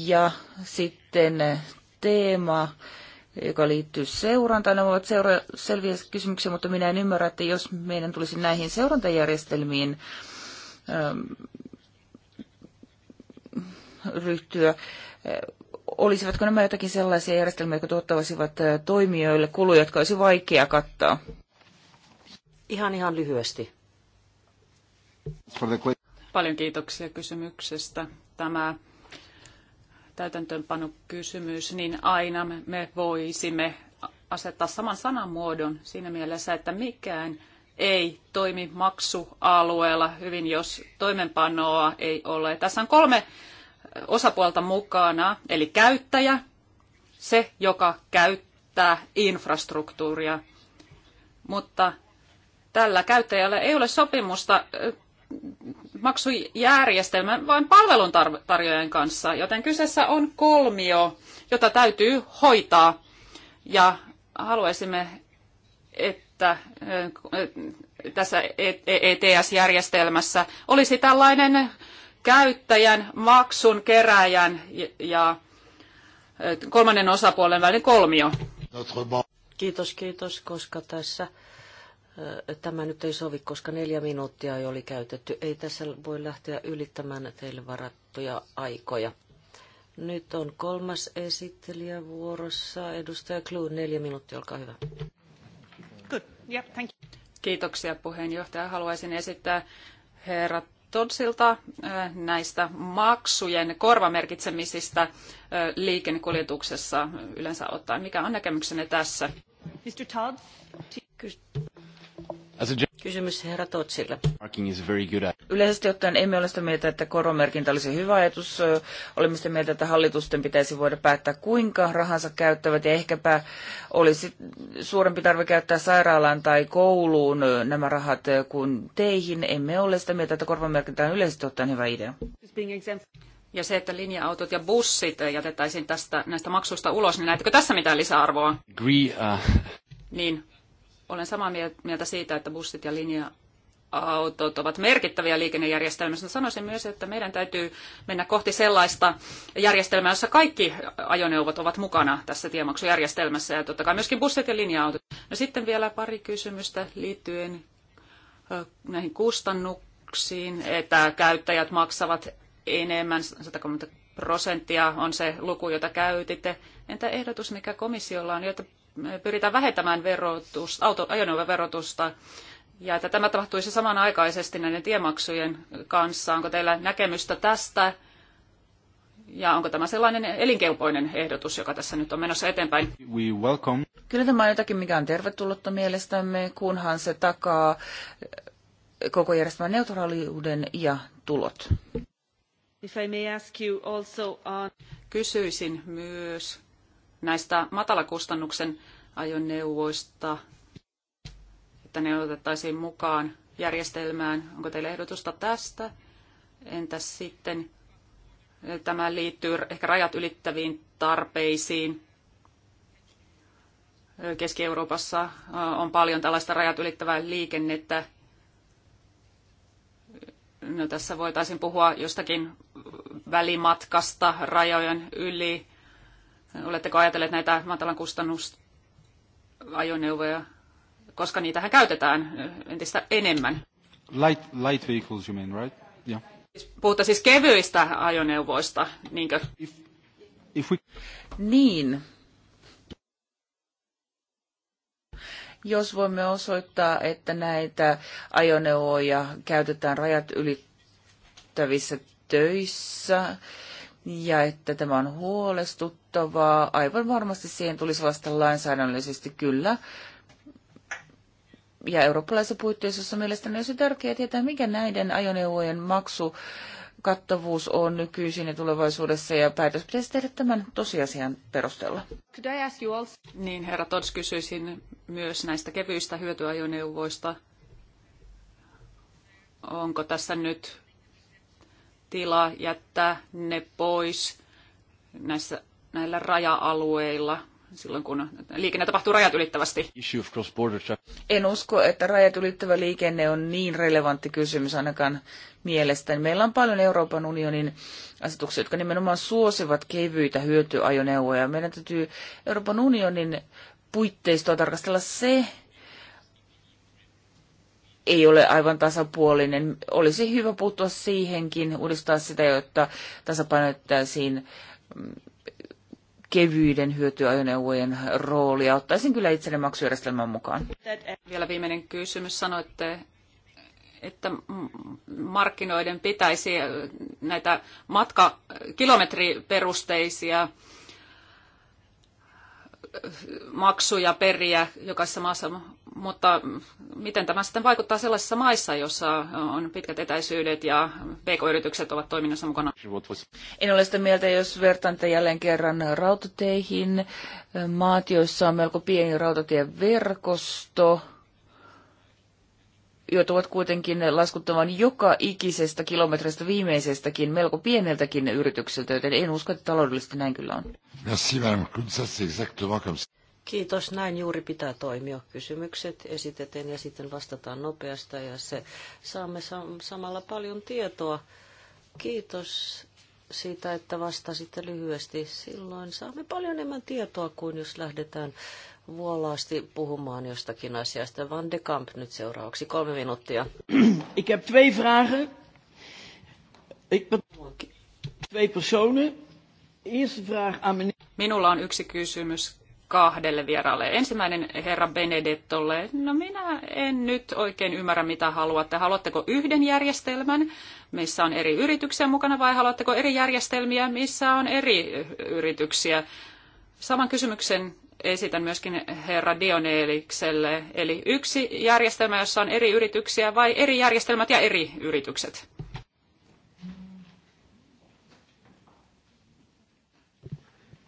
ja sitten teema joka liittyy seurantaan. Nämä ovat seura- selviä kysymyksiä, mutta minä en ymmärrä, että jos meidän tulisi näihin seurantajärjestelmiin ähm, ryhtyä, äh, olisivatko nämä jotakin sellaisia järjestelmiä, jotka tuottavasivat äh, toimijoille kuluja, jotka olisi vaikea kattaa? Ihan ihan lyhyesti. Paljon kiitoksia kysymyksestä. Tämä täytäntöönpanokysymys, niin aina me voisimme asettaa saman sanamuodon siinä mielessä, että mikään ei toimi maksualueella hyvin, jos toimenpanoa ei ole. Tässä on kolme osapuolta mukana, eli käyttäjä, se, joka käyttää infrastruktuuria, mutta tällä käyttäjällä ei ole sopimusta maksujärjestelmän, vaan palveluntarjoajan kanssa, joten kyseessä on kolmio, jota täytyy hoitaa. Ja haluaisimme, että äh, tässä ETS-järjestelmässä olisi tällainen käyttäjän, maksun, keräjän ja äh, kolmannen osapuolen välinen kolmio. Kiitos, kiitos, koska tässä Tämä nyt ei sovi, koska neljä minuuttia jo oli käytetty. Ei tässä voi lähteä ylittämään teille varattuja aikoja. Nyt on kolmas esittelijä vuorossa. Edustaja Kluun, neljä minuuttia, olkaa hyvä. Good. Yeah, thank you. Kiitoksia puheenjohtaja. Haluaisin esittää herra Todsilta näistä maksujen korvamerkitsemisistä liikennekuljetuksessa yleensä ottaen. Mikä on näkemyksenne tässä? Mr. Todd. Kysymys herra Totsille. Yleisesti ottaen emme ole sitä mieltä, että koromerkintä olisi hyvä ajatus. Olemme sitä mieltä, että hallitusten pitäisi voida päättää, kuinka rahansa käyttävät ja ehkäpä olisi suurempi tarve käyttää sairaalaan tai kouluun nämä rahat kuin teihin. Emme ole sitä mieltä, että koronmerkintä on yleisesti ottaen hyvä idea. Ja se, että linja-autot ja bussit jätettäisiin tästä, näistä maksuista ulos, niin näettekö tässä mitään lisäarvoa? Agree, uh... Niin, olen samaa mieltä siitä, että bussit ja linja autot ovat merkittäviä liikennejärjestelmässä. Sanoisin myös, että meidän täytyy mennä kohti sellaista järjestelmää, jossa kaikki ajoneuvot ovat mukana tässä tiemaksujärjestelmässä ja totta kai myöskin bussit ja linja-autot. No sitten vielä pari kysymystä liittyen näihin kustannuksiin, että käyttäjät maksavat enemmän, 130 prosenttia on se luku, jota käytitte. Entä ehdotus, mikä komissiolla on, jotta pyritään vähentämään verotusta, auto, ajoneuvoverotusta ja että tämä tapahtuisi samanaikaisesti näiden tiemaksujen kanssa. Onko teillä näkemystä tästä ja onko tämä sellainen elinkelpoinen ehdotus, joka tässä nyt on menossa eteenpäin? We welcome. Kyllä tämä on jotakin, mikä on tervetullutta mielestämme, kunhan se takaa koko järjestelmän neutraaliuden ja tulot. If I may ask you also on... Kysyisin myös näistä matalakustannuksen ajoneuvoista, että ne otettaisiin mukaan järjestelmään. Onko teillä ehdotusta tästä? Entäs sitten tämä liittyy ehkä rajat ylittäviin tarpeisiin? Keski-Euroopassa on paljon tällaista rajat ylittävää liikennettä. No, tässä voitaisiin puhua jostakin välimatkasta rajojen yli Oletteko ajatelleet näitä matalan ajoneuvoja, koska niitähän käytetään eh, entistä enemmän? Light, light vehicles you mean, right? Yeah. Siis Puhutaan siis kevyistä ajoneuvoista, niinkö? If, if we... Niin. Jos voimme osoittaa, että näitä ajoneuvoja käytetään rajat ylittävissä töissä, ja että tämä on huolestuttavaa. Aivan varmasti siihen tulisi vasta lainsäädännöllisesti kyllä. Ja eurooppalaisessa puitteissa on mielestäni olisi tärkeää tietää, mikä näiden ajoneuvojen maksu kattavuus on nykyisin ja tulevaisuudessa ja päätös pitäisi tehdä tämän tosiasian perusteella. Niin, herra Tods, kysyisin myös näistä kevyistä hyötyajoneuvoista. Onko tässä nyt tila jättää ne pois näissä, näillä raja-alueilla silloin, kun liikenne tapahtuu rajat ylittävästi. En usko, että rajat ylittävä liikenne on niin relevantti kysymys ainakaan mielestäni. Meillä on paljon Euroopan unionin asetuksia, jotka nimenomaan suosivat kevyitä hyötyajoneuvoja. Meidän täytyy Euroopan unionin puitteistoa tarkastella se, ei ole aivan tasapuolinen. Olisi hyvä puuttua siihenkin, uudistaa sitä, jotta tasapainottaisiin mm, kevyyden hyötyajoneuvojen roolia. Ottaisin kyllä itselle maksujärjestelmän mukaan. Vielä viimeinen kysymys. Sanoitte, että markkinoiden pitäisi näitä matka maksuja periä jokaisessa maassa mutta miten tämä sitten vaikuttaa sellaisissa maissa, joissa on pitkät etäisyydet ja pk-yritykset ovat toiminnassa mukana? En ole sitä mieltä, jos vertaan tätä jälleen kerran rautateihin. Maat, joissa on melko pieni rautatieverkosto, joutuvat kuitenkin laskuttamaan joka ikisestä kilometristä viimeisestäkin melko pieneltäkin yritykseltä, joten en usko, että taloudellisesti näin kyllä on. Merci, madame. exactement comme ça. Kiitos, näin juuri pitää toimia. Kysymykset esitetään ja sitten vastataan nopeasta ja se saamme samalla paljon tietoa. Kiitos siitä, että vastasitte lyhyesti. Silloin saamme paljon enemmän tietoa kuin jos lähdetään vuolaasti puhumaan jostakin asiasta. Van de Kamp nyt seuraavaksi. Kolme minuuttia. Ik heb twee vragen. Ik twee personen. Eerste vraag aan meneer. Minulla on yksi kysymys kahdelle vieraalle. Ensimmäinen herra Benedettolle, no minä en nyt oikein ymmärrä mitä haluatte. Haluatteko yhden järjestelmän, missä on eri yrityksiä mukana vai haluatteko eri järjestelmiä, missä on eri eh, yrityksiä? Saman kysymyksen esitän myöskin herra Dioneelikselle. Eli yksi järjestelmä, jossa on eri yrityksiä vai eri järjestelmät ja eri yritykset?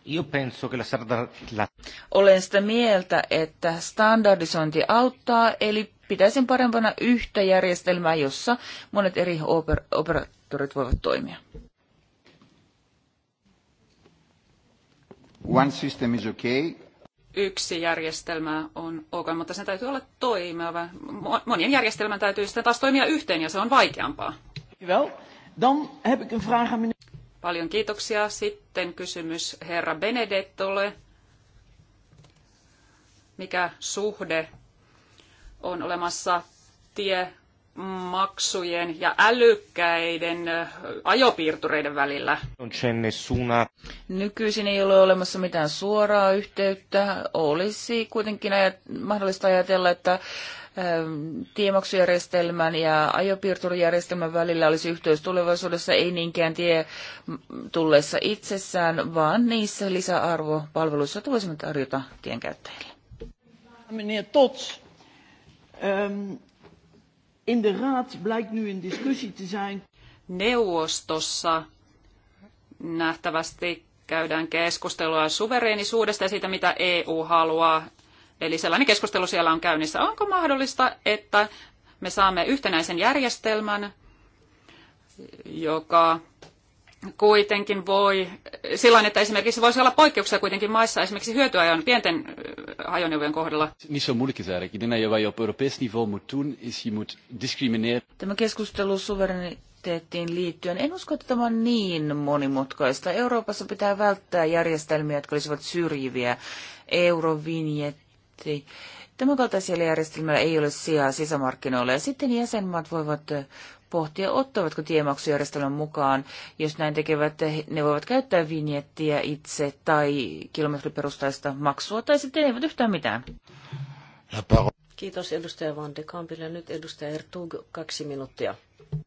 Io penso che la la... Olen sitä mieltä, että standardisointi auttaa, eli pitäisin parempana yhtä järjestelmää, jossa monet eri oper- operaattorit voivat toimia. One system is okay. Yksi järjestelmä on ok, mutta sen täytyy olla toimiva. Monien järjestelmän täytyy sitten taas toimia yhteen ja se on vaikeampaa. Well, dan heb ik een vraag aan Paljon kiitoksia. Sitten kysymys herra Benedettolle. Mikä suhde on olemassa tiemaksujen ja älykkäiden ajopiirtureiden välillä? Nykyisin ei ole olemassa mitään suoraa yhteyttä. Olisi kuitenkin mahdollista ajatella, että Ähm, tiemaksujärjestelmän ja ajopiirturijärjestelmän välillä olisi yhteys tulevaisuudessa, ei niinkään tie tulleessa itsessään, vaan niissä lisäarvopalveluissa tulisimme tarjota tienkäyttäjille. Meneer Tots, um, in de raad blijkt nu een discussie te zijn. Neuvostossa nähtävästi käydään keskustelua suvereenisuudesta ja siitä, mitä EU haluaa. Eli sellainen keskustelu siellä on käynnissä. Onko mahdollista, että me saamme yhtenäisen järjestelmän, joka kuitenkin voi, silloin, että esimerkiksi voisi olla poikkeuksia kuitenkin maissa, esimerkiksi hyötyajan pienten äh, ajoneuvojen kohdalla. Tämä keskustelu suvereniteettiin liittyen, en usko, että tämä on niin monimutkaista. Euroopassa pitää välttää järjestelmiä, jotka olisivat syrjiviä. Eurovinjet Tämä Tämänkaltaisella järjestelmällä ei ole sijaa sisämarkkinoilla ja sitten jäsenmaat voivat eh, pohtia, ottavatko tiemaksujärjestelmän mukaan. Jos näin tekevät, ne voivat käyttää vinjettiä itse tai kilometriperustaista maksua tai sitten eivät yhtään mitään. Kiitos edustaja Van de Kampille. Nyt edustaja Ertug, kaksi minuuttia.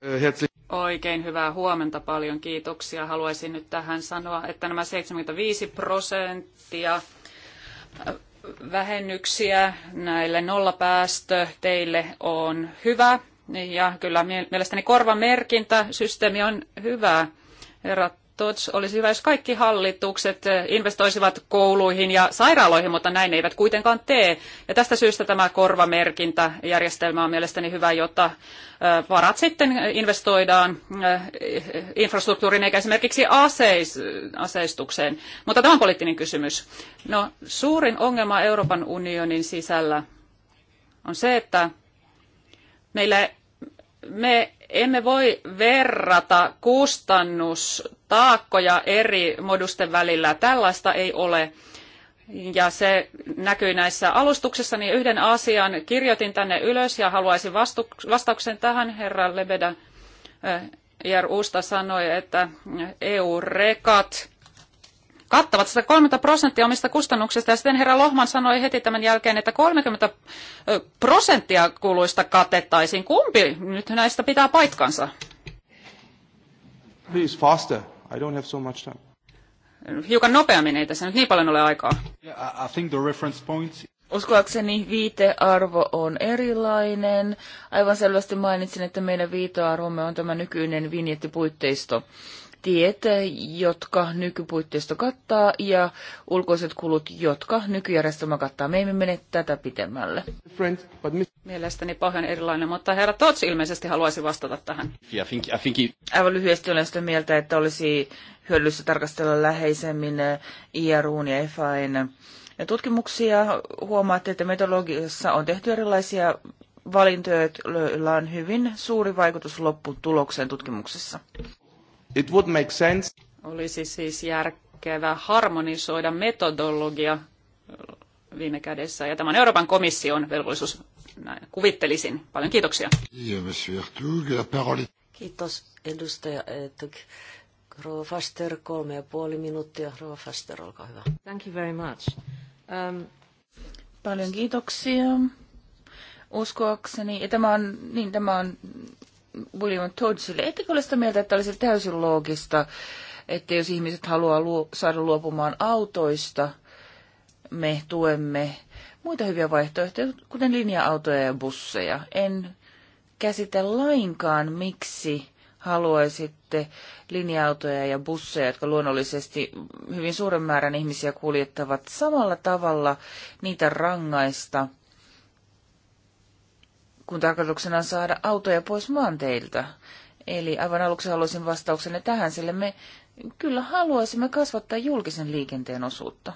Eh, Oikein hyvää huomenta, paljon kiitoksia. Haluaisin nyt tähän sanoa, että nämä 75 prosenttia vähennyksiä näille nollapäästöteille on hyvä. Ja kyllä mielestäni korvamerkintäsysteemi on hyvä. Herra Tots, olisi hyvä, jos kaikki hallitukset eh, investoisivat kouluihin ja sairaaloihin, mutta näin eivät kuitenkaan tee. Ja tästä syystä tämä korvamerkintäjärjestelmä on mielestäni hyvä, jotta eh, varat sitten investoidaan eh, infrastruktuuriin eikä esimerkiksi aseis, aseistukseen. Mutta tämä on poliittinen kysymys. No, suurin ongelma Euroopan unionin sisällä on se, että meillä me emme voi verrata kustannus taakkoja eri modusten välillä. Tällaista ei ole. Ja se näkyy näissä alustuksissa, niin yhden asian kirjoitin tänne ylös ja haluaisin vastauksen tähän. Herra Lebeda äh, Jär Usta sanoi, että EU-rekat kattavat 130 prosenttia omista kustannuksista. Ja sitten herra Lohman sanoi heti tämän jälkeen, että 30 äh, prosenttia kuluista katettaisiin. Kumpi nyt näistä pitää paikkansa? Please faster. I don't have so much time. Hiukan nopeammin ei tässä nyt niin paljon ole aikaa. Yeah, I think the reference points... Uskoakseni viitearvo on erilainen. Aivan selvästi mainitsin, että meidän viitearvomme on tämä nykyinen vinjettipuitteisto tiet, jotka nykypuitteisto kattaa, ja ulkoiset kulut, jotka nykyjärjestelmä kattaa. Me emme mene tätä pitemmälle. Mielestäni pahoin erilainen, mutta herra Tots ilmeisesti haluaisi vastata tähän. Aivan lyhyesti olen sitä mieltä, että olisi hyödyllistä tarkastella läheisemmin eh, IRUn ja FAN eh, tutkimuksia. Huomaatte, että metodologiassa on tehty erilaisia valintoja, joilla on hyvin suuri vaikutus lopputulokseen tutkimuksessa. It would make sense. Olisi siis järkevää harmonisoida metodologia viime kädessä. Ja tämä on Euroopan komission velvollisuus, näin kuvittelisin. Paljon kiitoksia. Kiitos edustaja Ertug. Rova Faster, kolme ja puoli minuuttia. Rova Faster, olkaa hyvä. Thank you very much. Um... Paljon kiitoksia. Uskoakseni, ja tämä on, niin, tämä on William Toddsille. Ettekö ole sitä mieltä, että olisi täysin loogista, että jos ihmiset haluaa luo, saada luopumaan autoista, me tuemme muita hyviä vaihtoehtoja, kuten linja-autoja ja busseja. En käsitä lainkaan, miksi haluaisitte linja-autoja ja busseja, jotka luonnollisesti hyvin suuren määrän ihmisiä kuljettavat samalla tavalla niitä rangaista – kun tarkoituksena on saada autoja pois maanteilta. Eli aivan aluksi haluaisin vastauksenne tähän, sillä me kyllä haluaisimme kasvattaa julkisen liikenteen osuutta.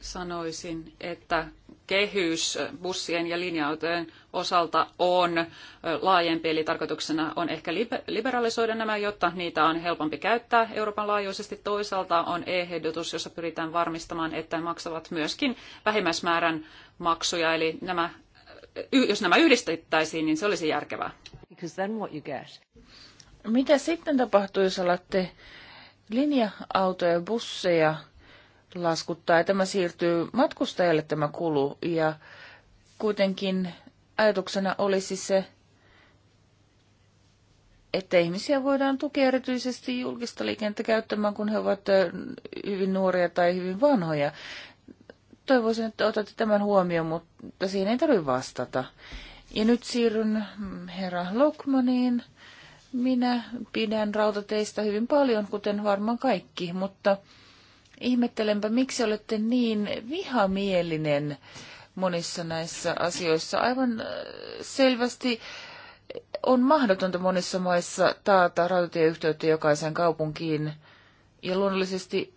Sanoisin, että kehys bussien ja linja-autojen osalta on laajempi, eli tarkoituksena on ehkä liberalisoida nämä, jotta niitä on helpompi käyttää Euroopan laajuisesti. Toisaalta on e-ehdotus, jossa pyritään varmistamaan, että maksavat myöskin vähimmäismäärän maksuja, eli nämä jos nämä yhdistettäisiin, niin se olisi järkevää. Mitä sitten tapahtuu, jos alatte linja-autoja ja busseja laskuttaa ja tämä siirtyy matkustajalle tämä kulu ja kuitenkin ajatuksena olisi se, että ihmisiä voidaan tukea erityisesti julkista liikennettä käyttämään, kun he ovat hyvin nuoria tai hyvin vanhoja toivoisin, että otatte tämän huomioon, mutta siihen ei tarvitse vastata. Ja nyt siirryn mm, herra Lokmaniin. Minä pidän rautateistä hyvin paljon, kuten varmaan kaikki, mutta ihmettelenpä, miksi olette niin vihamielinen monissa näissä asioissa. Aivan äh, selvästi on mahdotonta monissa maissa taata rautatieyhteyttä jokaisen kaupunkiin. Ja luonnollisesti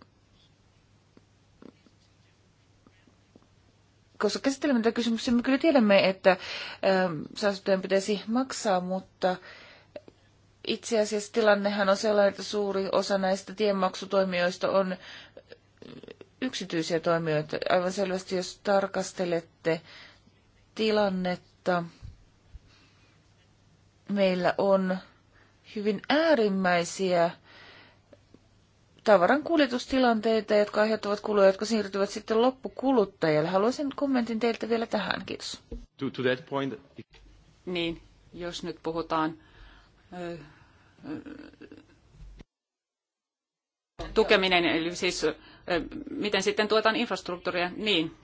koska käsittelemme tätä kysymystä, me kyllä tiedämme, että ähm, saastuttajan pitäisi maksaa, mutta itse asiassa tilannehan on sellainen, että suuri osa näistä tienmaksutoimijoista on yksityisiä toimijoita. Aivan selvästi, jos tarkastelette tilannetta, meillä on hyvin äärimmäisiä tavaran kuljetustilanteita, jotka aiheuttavat kuluja, jotka siirtyvät sitten loppukuluttajalle. Haluaisin kommentin teiltä vielä tähän. Kiitos. To, to that point. Niin, jos nyt puhutaan tukeminen, eli siis miten sitten tuetaan infrastruktuuria, niin.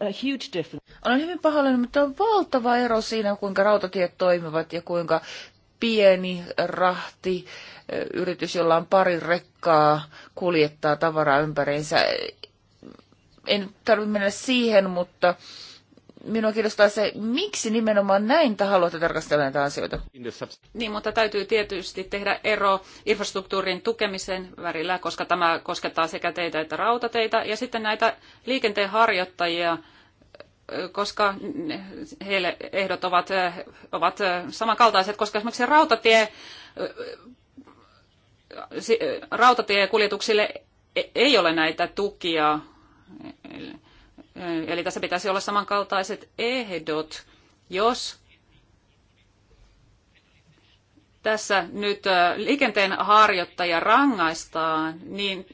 A huge difference. Olen hyvin pahoillani, mutta on valtava ero siinä, kuinka rautatiet toimivat ja kuinka pieni rahti, yritys, jolla on pari rekkaa, kuljettaa tavaraa ympäriinsä. En tarvitse mennä siihen, mutta minua kiinnostaa se, miksi nimenomaan näin te haluatte tarkastella näitä asioita. Niin, mutta täytyy tietysti tehdä ero infrastruktuurin tukemisen värillä, koska tämä koskettaa sekä teitä että rautateitä, ja sitten näitä liikenteen harjoittajia, koska heille ehdot ovat, ovat samankaltaiset, koska esimerkiksi rautatie, rautatiekuljetuksille e, ei ole näitä tukia. Eli tässä pitäisi olla samankaltaiset ehdot, jos tässä nyt liikenteen harjoittaja rangaistaan, niin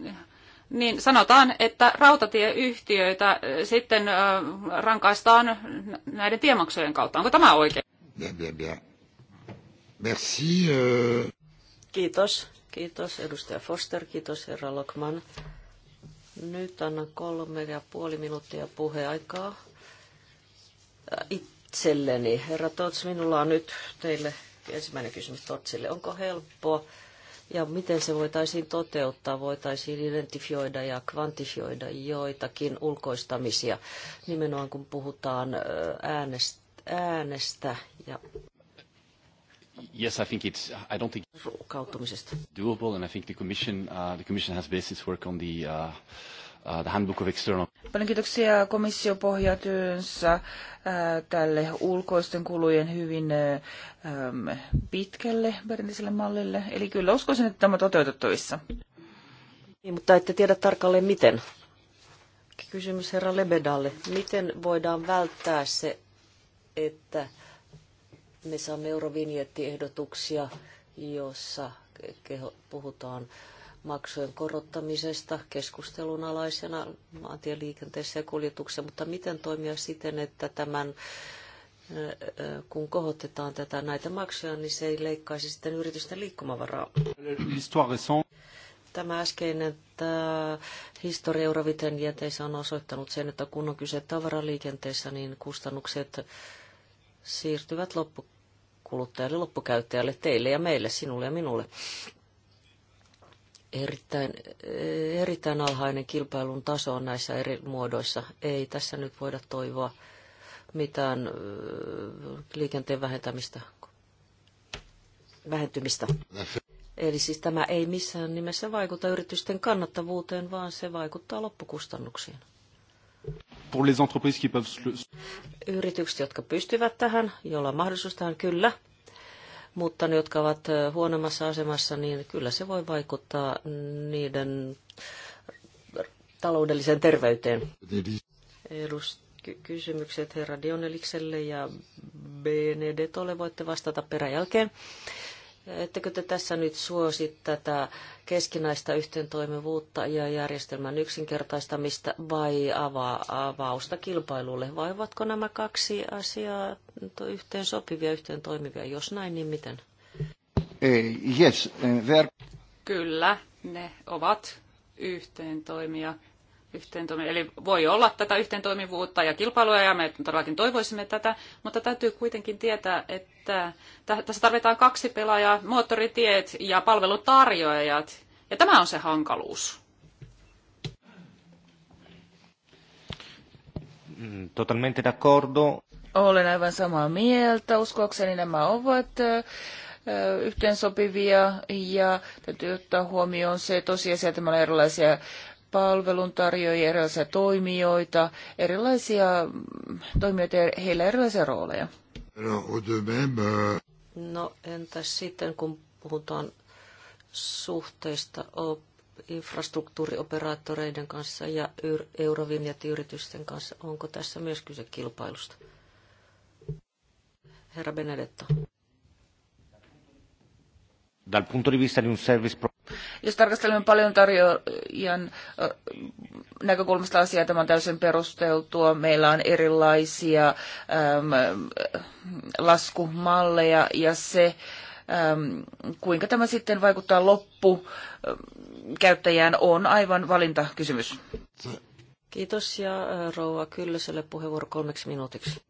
niin sanotaan, että rautatieyhtiöitä sitten rankaistaan näiden tiemaksujen kautta. Onko tämä oikein? Bien, bien, bien. Merci. Kiitos. Kiitos edustaja Foster, kiitos herra Lokman. Nyt annan kolme ja puoli minuuttia puheaikaa äh, itselleni. Herra Tots, minulla on nyt teille ensimmäinen kysymys Totsille. Onko helppo ja miten se voitaisiin toteuttaa, voitaisiin identifioida ja kvantifioida joitakin ulkoistamisia, nimenomaan kun puhutaan äänestä, äänestä ja Yes, I think it's. I don't think ruukautumisesta. doable, and I think the Commission, uh, the Commission has based its work on the, uh, uh, the handbook of external Paljon kiitoksia komissiopohjatyönsä äh, tälle ulkoisten kulujen hyvin äh, ähm, pitkälle perinteiselle mallille. Eli kyllä uskoisin, että tämä toteutettavissa. Niin, mutta ette tiedä tarkalleen miten. Kysymys herra Lebedalle. Miten voidaan välttää se, että me saamme eurovinjettiehdotuksia, jossa keho, puhutaan maksujen korottamisesta keskustelun alaisena maantieliikenteessä ja kuljetuksessa, mutta miten toimia siten, että tämän kun kohotetaan tätä näitä maksuja, niin se ei leikkaisi sitten yritysten liikkumavaraa. Tämä äskeinen tämä historia Euroviten jäteissä on osoittanut sen, että kun on kyse tavaraliikenteessä, niin kustannukset siirtyvät loppukuluttajalle, loppukäyttäjälle, teille ja meille, sinulle ja minulle erittäin, erittäin alhainen kilpailun taso on näissä eri muodoissa. Ei tässä nyt voida toivoa mitään liikenteen vähentämistä, vähentymistä. Eli siis tämä ei missään nimessä vaikuta yritysten kannattavuuteen, vaan se vaikuttaa loppukustannuksiin. Yritykset, jotka pystyvät tähän, joilla on mahdollisuus tähän, kyllä, mutta ne, jotka ovat huonommassa asemassa, niin kyllä se voi vaikuttaa niiden taloudelliseen terveyteen. ky- kysymykset herra Dionelikselle ja Benedetolle voitte vastata peräjälkeen. Ettekö te tässä nyt suosi tätä keskinäistä yhteentoimivuutta ja järjestelmän yksinkertaistamista vai avaa, avausta kilpailulle? Vai ovatko nämä kaksi asiaa yhteen sopivia, yhteen toimivia? Jos näin, niin miten? Eh, yes, eh, Kyllä, ne ovat yhteen toimia yhteen Eli voi olla tätä yhteen toimivuutta ja kilpailua, ja me todellakin toivoisimme tätä, mutta täytyy kuitenkin tietää, että tässä tarvitaan kaksi pelaajaa, moottoritiet ja palvelutarjoajat, ja tämä on se hankaluus. Mm, totalmente d'accordo. Olen aivan samaa mieltä. Uskoakseni nämä ovat yhteensopivia ja täytyy ottaa huomioon se tosiasia, että meillä on erilaisia palveluntarjoajia, erilaisia toimijoita, erilaisia toimijoita ja heillä erilaisia rooleja. No entäs sitten, kun puhutaan suhteista infrastruktuurioperaattoreiden kanssa ja eurovinjettiyritysten kanssa, onko tässä myös kyse kilpailusta? Herra Benedetto dal punto di vista di un service pro- Jos tarkastelemme paljon tarjoajan näkökulmasta asiaa, tämä on täysin perusteltua. Meillä on erilaisia äm, laskumalleja ja se, äm, kuinka tämä sitten vaikuttaa loppu käyttäjään on aivan valintakysymys. Kiitos ja rouva Kyllöselle puheenvuoro kolmeksi minuutiksi.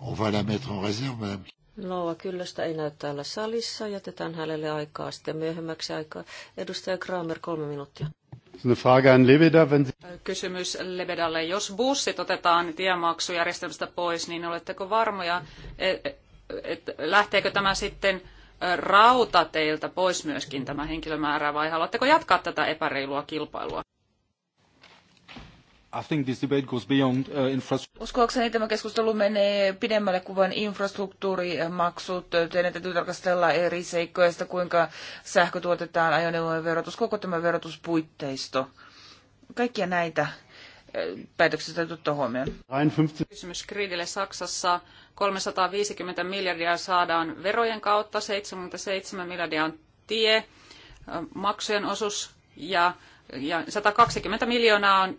On va la mettre en réserve, madame. Noa Kyllöstä ei näy täällä salissa. Jätetään hänelle aikaa sitten myöhemmäksi aikaa. Edustaja Kramer, kolme minuuttia. Kysymys Lebedalle. Jos bussit otetaan tiemaksujärjestelmästä pois, niin oletteko varmoja, e- e- että lähteekö tämä sitten rautateiltä pois myöskin tämä henkilömäärä vai haluatteko jatkaa tätä epäreilua kilpailua? Uh, Uskoakseni tämä keskustelu menee pidemmälle kuin vain infrastruktuurimaksut. Teidän täytyy tarkastella eri seikkoja sitä, kuinka sähkö tuotetaan, ajoneuvojen verotus, koko tämä verotuspuitteisto. Kaikkia näitä äh, päätöksiä täytyy ottaa huomioon. Kysymys Gridille Saksassa. 350 miljardia saadaan verojen kautta, 77 miljardia on tie, äh, maksujen osuus ja, ja 120 miljoonaa on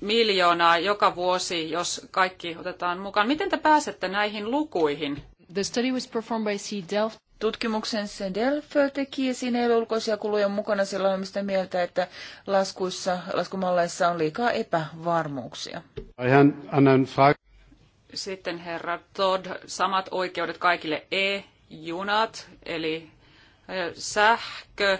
miljoonaa joka vuosi, jos kaikki otetaan mukaan. Miten te pääsette näihin lukuihin? The study was performed by C. Delft. Tutkimuksen C. Delft teki ja siinä ei ole ulkoisia kuluja mukana. Sillä on mistä mieltä, että laskuissa, laskumalleissa on liikaa epävarmuuksia. Sitten herra Todd, samat oikeudet kaikille e-junat, eli eh, sähkö,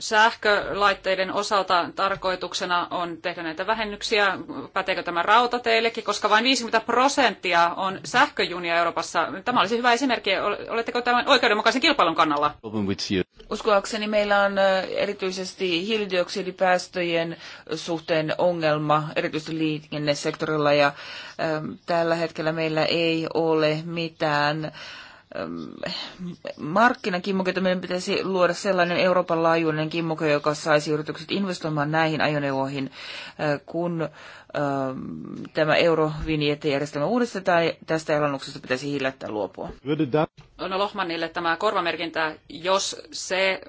sähkölaitteiden osalta tarkoituksena on tehdä näitä vähennyksiä. Päteekö tämä rautateillekin, koska vain 50 prosenttia on sähköjunia Euroopassa. Tämä olisi hyvä esimerkki. Oletteko tämän oikeudenmukaisen kilpailun kannalla? Uskoakseni meillä on erityisesti hiilidioksidipäästöjen suhteen ongelma, erityisesti liikennesektorilla, ja tällä hetkellä meillä ei ole mitään äh, markkinakimmoke, meidän pitäisi luoda sellainen Euroopan laajuinen kimmoke, joka saisi yritykset investoimaan näihin ajoneuvoihin, kun tämä eurovinjettijärjestelmä uudistetaan ja tästä elannuksesta pitäisi hiljattain luopua. No Lohmannille tämä korvamerkintä, jos se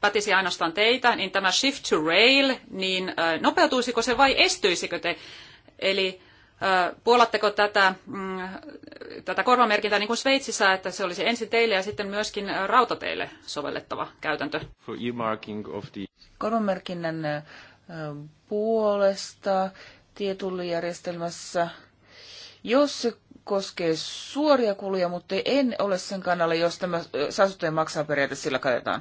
pätisi ainoastaan teitä, niin tämä shift to rail, niin nopeutuisiko se vai estyisikö te? Eli Puolatteko tätä, mm, tätä korvamerkintää niin kuin Sveitsissä, että se olisi ensin teille ja sitten myöskin rautateille sovellettava käytäntö? For the... Korvamerkinnän puolesta tietullijärjestelmässä, jos se koskee suoria kuluja, mutta en ole sen kannalla, jos tämä saastuttajan maksaa periaate sillä katetaan.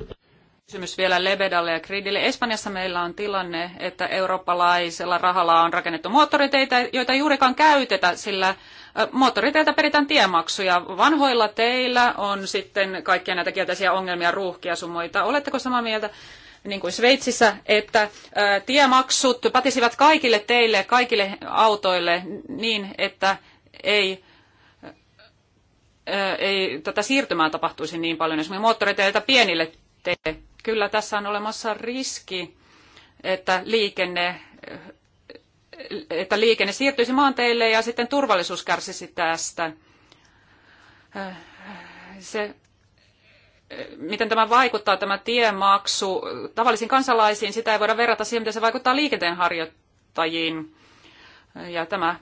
Kysymys vielä Lebedalle ja Gridille. Espanjassa meillä on tilanne, että eurooppalaisella rahalla on rakennettu moottoriteitä, joita ei juurikaan käytetä, sillä moottoriteiltä peritään tiemaksuja. Vanhoilla teillä on sitten kaikkia näitä kielteisiä ongelmia, ruuhkia sumoita. Oletteko samaa mieltä? niin kuin Sveitsissä, että tiemaksut patisivat kaikille teille, kaikille autoille niin, että ei, ei tätä siirtymää tapahtuisi niin paljon esimerkiksi moottoriteiltä pienille teille kyllä tässä on olemassa riski, että liikenne, että liikenne siirtyisi maanteille ja sitten turvallisuus kärsisi tästä. Se, miten tämä vaikuttaa, tämä tiemaksu tavallisiin kansalaisiin, sitä ei voida verrata siihen, miten se vaikuttaa liikenteen harjoittajiin. Ja tämä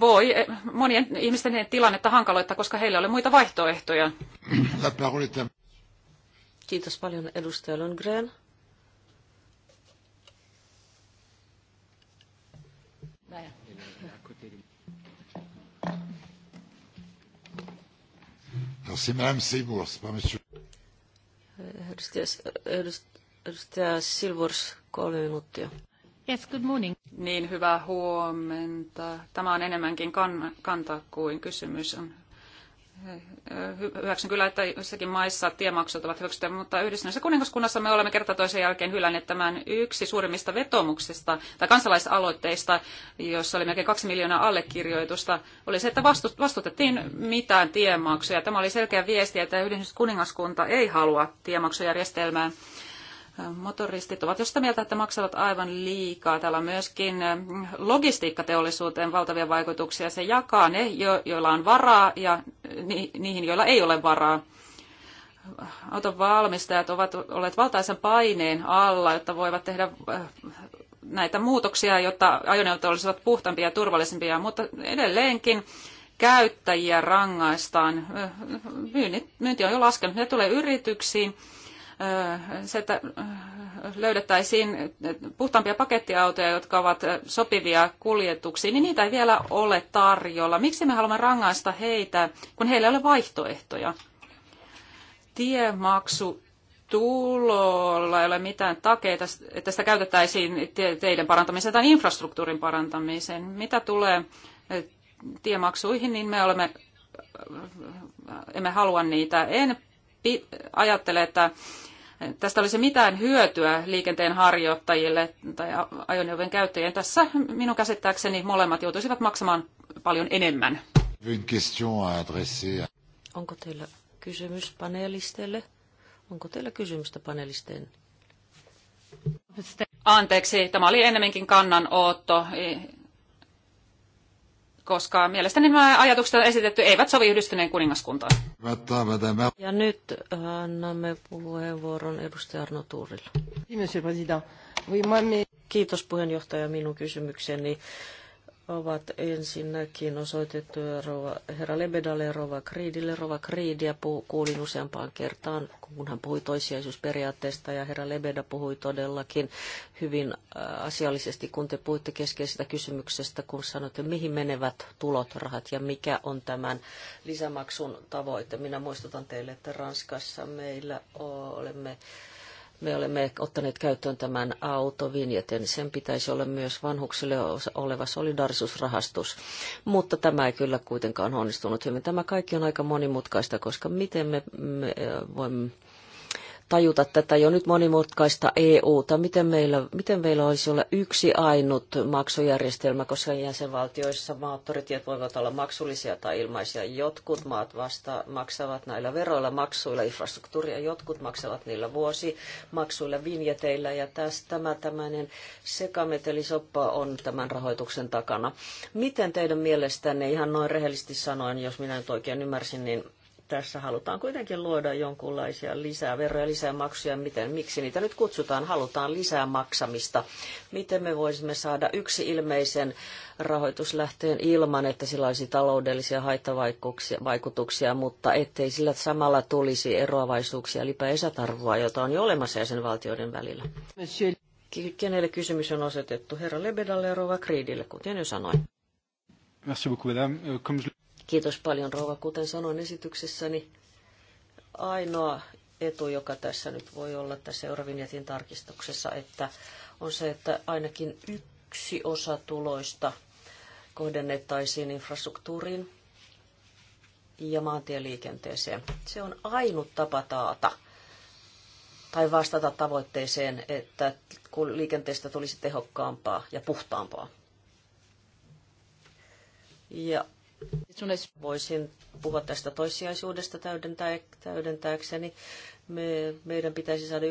voi monien ihmisten tilannetta hankaloittaa, koska heillä ei ole muita vaihtoehtoja. Kiitos paljon edustaja Lundgren. No, c'est Madame Seymour, pas Monsieur. Edustaja, edustaja Silvors, kolme minuuttia. Yes, good morning. Niin, hyvää huomenta. Tämä on enemmänkin kan, kanta kuin kysymys. On hyväksyn kyllä, että jossakin maissa tiemaksut ovat hyväksyttyjä, mutta yhdistyneessä kuningaskunnassa me olemme kerta toisen jälkeen hylänneet tämän yksi suurimmista vetomuksista tai kansalaisaloitteista, jossa oli melkein kaksi miljoonaa allekirjoitusta, oli se, että vastutettiin mitään tiemaksuja. Tämä oli selkeä viesti, että yhdistynyt kuningaskunta ei halua tiemaksujärjestelmää motoristit ovat jo sitä mieltä, että maksavat aivan liikaa. Täällä on myöskin logistiikkateollisuuteen valtavia vaikutuksia. Se jakaa ne, joilla on varaa ja niihin, joilla ei ole varaa. Auton valmistajat ovat olleet valtaisen paineen alla, jotta voivat tehdä äh, näitä muutoksia, jotta ajoneuvot olisivat puhtaampia ja turvallisempia, mutta edelleenkin käyttäjiä rangaistaan. Äh, myynti on jo laskenut, ne tulee yrityksiin se, että löydettäisiin puhtaampia pakettiautoja, jotka ovat sopivia kuljetuksiin, niin niitä ei vielä ole tarjolla. Miksi me haluamme rangaista heitä, kun heillä ei ole vaihtoehtoja? Tiemaksu tulolla ei ole mitään takeita, että sitä käytettäisiin teidän parantamiseen tai infrastruktuurin parantamiseen. Mitä tulee tiemaksuihin, niin me olemme, emme halua niitä. En ajattele, että tästä olisi mitään hyötyä liikenteen harjoittajille tai ajoneuvojen käyttäjien. Tässä minun käsittääkseni molemmat joutuisivat maksamaan paljon enemmän. Onko teillä kysymys panelisteille? Onko teillä kysymystä panelisteen? Anteeksi, tämä oli enemmänkin kannanotto koska mielestäni nämä ajatukset esitetty eivät sovi yhdistyneen kuningaskuntaan. Ja nyt äh, annamme puheenvuoron edustaja Arno Tuurille. Kiitos puheenjohtaja minun kysymykseni ovat ensinnäkin osoitettuja rova, herra Lebedalle ja rova Kriidille. Rova Kriidia puh, kuulin useampaan kertaan, kun hän puhui toisiaisuusperiaatteesta ja herra Lebeda puhui todellakin hyvin äh, asiallisesti, kun te puhuitte keskeisestä kysymyksestä, kun sanoitte, mihin menevät tulot, rahat ja mikä on tämän lisämaksun tavoite. Minä muistutan teille, että Ranskassa meillä olemme me olemme ottaneet käyttöön tämän autovinjetin. Sen pitäisi olla myös vanhuksille oleva solidarisuusrahastus. Mutta tämä ei kyllä kuitenkaan onnistunut hyvin. Tämä kaikki on aika monimutkaista, koska miten me, me voimme tajuta tätä jo nyt monimutkaista EUta. Miten meillä, miten meillä olisi olla yksi ainut maksujärjestelmä, koska jäsenvaltioissa moottoritiet voivat olla maksullisia tai ilmaisia. Jotkut maat vasta maksavat näillä veroilla, maksuilla, infrastruktuuria, jotkut maksavat niillä vuosimaksuilla, vinjeteillä ja tästä tämä tämmöinen sekametelisoppa on tämän rahoituksen takana. Miten teidän mielestänne, ihan noin rehellisesti sanoen, jos minä nyt oikein ymmärsin, niin tässä halutaan kuitenkin luoda jonkunlaisia lisää veroja, lisää maksuja, miten, miksi niitä nyt kutsutaan, halutaan lisää maksamista. Miten me voisimme saada yksi ilmeisen rahoituslähteen ilman, että sillä olisi taloudellisia haittavaikutuksia, mutta ettei sillä samalla tulisi eroavaisuuksia, eli esätarvoa, jota on jo olemassa jäsenvaltioiden välillä. Monsieur. Kenelle kysymys on osoitettu? Herra Lebedalle ja Rova Kriidille, kuten jo sanoin. Merci beaucoup, madame. Euh, comme je... Kiitos paljon rouva. Kuten sanoin esityksessäni, ainoa etu, joka tässä nyt voi olla tässä Eurovinjetin tarkistuksessa, että on se, että ainakin yksi osa tuloista kohdennettaisiin infrastruktuuriin ja maantieliikenteeseen. Se on ainut tapa taata tai vastata tavoitteeseen, että kun liikenteestä tulisi tehokkaampaa ja puhtaampaa. Ja Voisin puhua tästä toissijaisuudesta täydentää, täydentääkseni. Me, meidän pitäisi saada